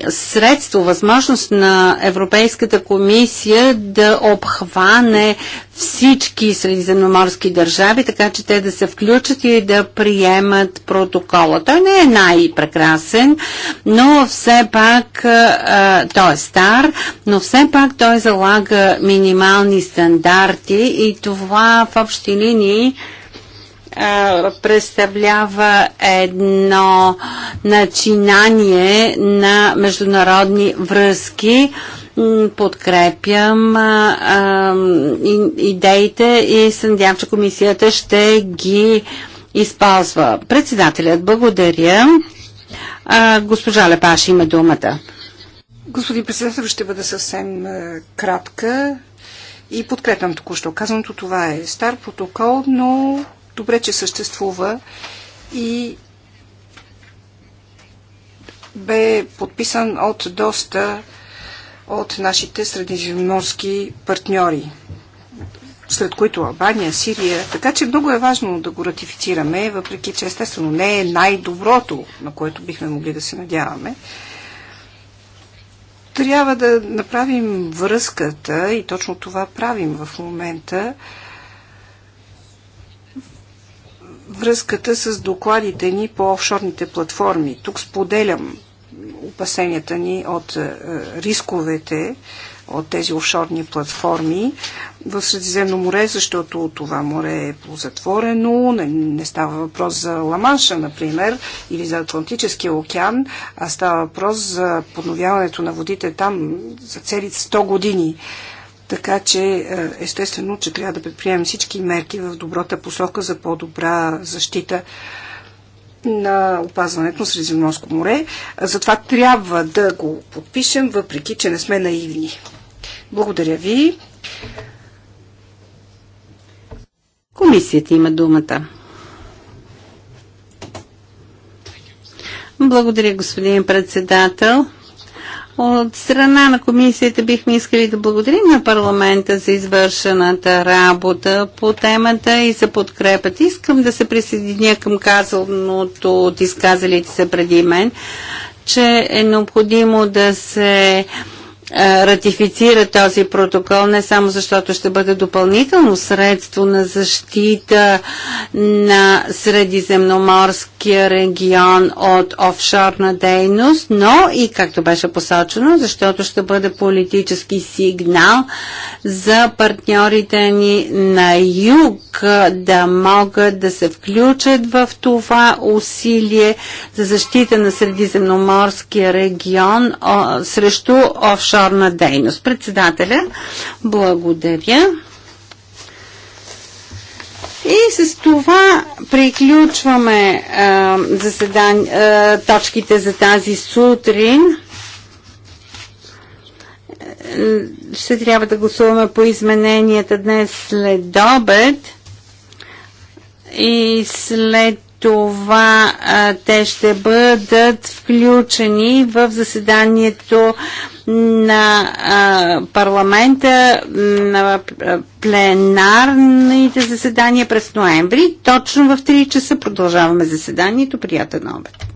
средство, възможност на Европейската комисия да обхване всички средиземноморски държави, така че те да се включат и да приемат протокола. Той не е най-прекрасен, но все пак а, той е стар, но все пак той залага минимални стандарти и това в общи линии представлява едно начинание на международни връзки. Подкрепям а, а, идеите и се надявам, че комисията ще ги използва. Председателят, благодаря. А, госпожа Лепаш има думата. Господин председател, ще бъда съвсем кратка и подкрепям току-що. Казаното това е стар протокол, но добре, че съществува и бе подписан от доста от нашите средиземноморски партньори, след които Албания, Сирия. Така че много е важно да го ратифицираме, въпреки че естествено не е най-доброто, на което бихме могли да се надяваме. Трябва да направим връзката и точно това правим в момента връзката с докладите ни по офшорните платформи. Тук споделям опасенията ни от е, рисковете от тези офшорни платформи в Средиземно море, защото това море е ползатворено, не, не става въпрос за Ламанша, например, или за Атлантическия океан, а става въпрос за подновяването на водите там за цели 100 години. Така че е, естествено, че трябва да предприемем всички мерки в добрата посока за по-добра защита на опазването на Средиземноморско море. Затова трябва да го подпишем, въпреки че не сме наивни. Благодаря ви. Комисията има думата. Благодаря, господин председател. От страна на комисията бихме искали да благодарим на парламента за извършената работа по темата и за подкрепата. Искам да се присъединя към казаното от изказалите се преди мен, че е необходимо да се е, ратифицира този протокол, не само защото ще бъде допълнително средство на защита на средиземноморския регион от офшорна дейност, но и, както беше посочено, защото ще бъде политически сигнал за партньорите ни на юг да могат да се включат в това усилие за защита на средиземноморския регион срещу офшорна надзорна дейност. Председателя, благодаря. И с това приключваме а, заседан, а, точките за тази сутрин. Ще трябва да гласуваме по измененията днес след обед и след това а, те ще бъдат включени в заседанието на а, парламента на пленарните заседания през ноември. Точно в 3 часа продължаваме заседанието. Приятен обед!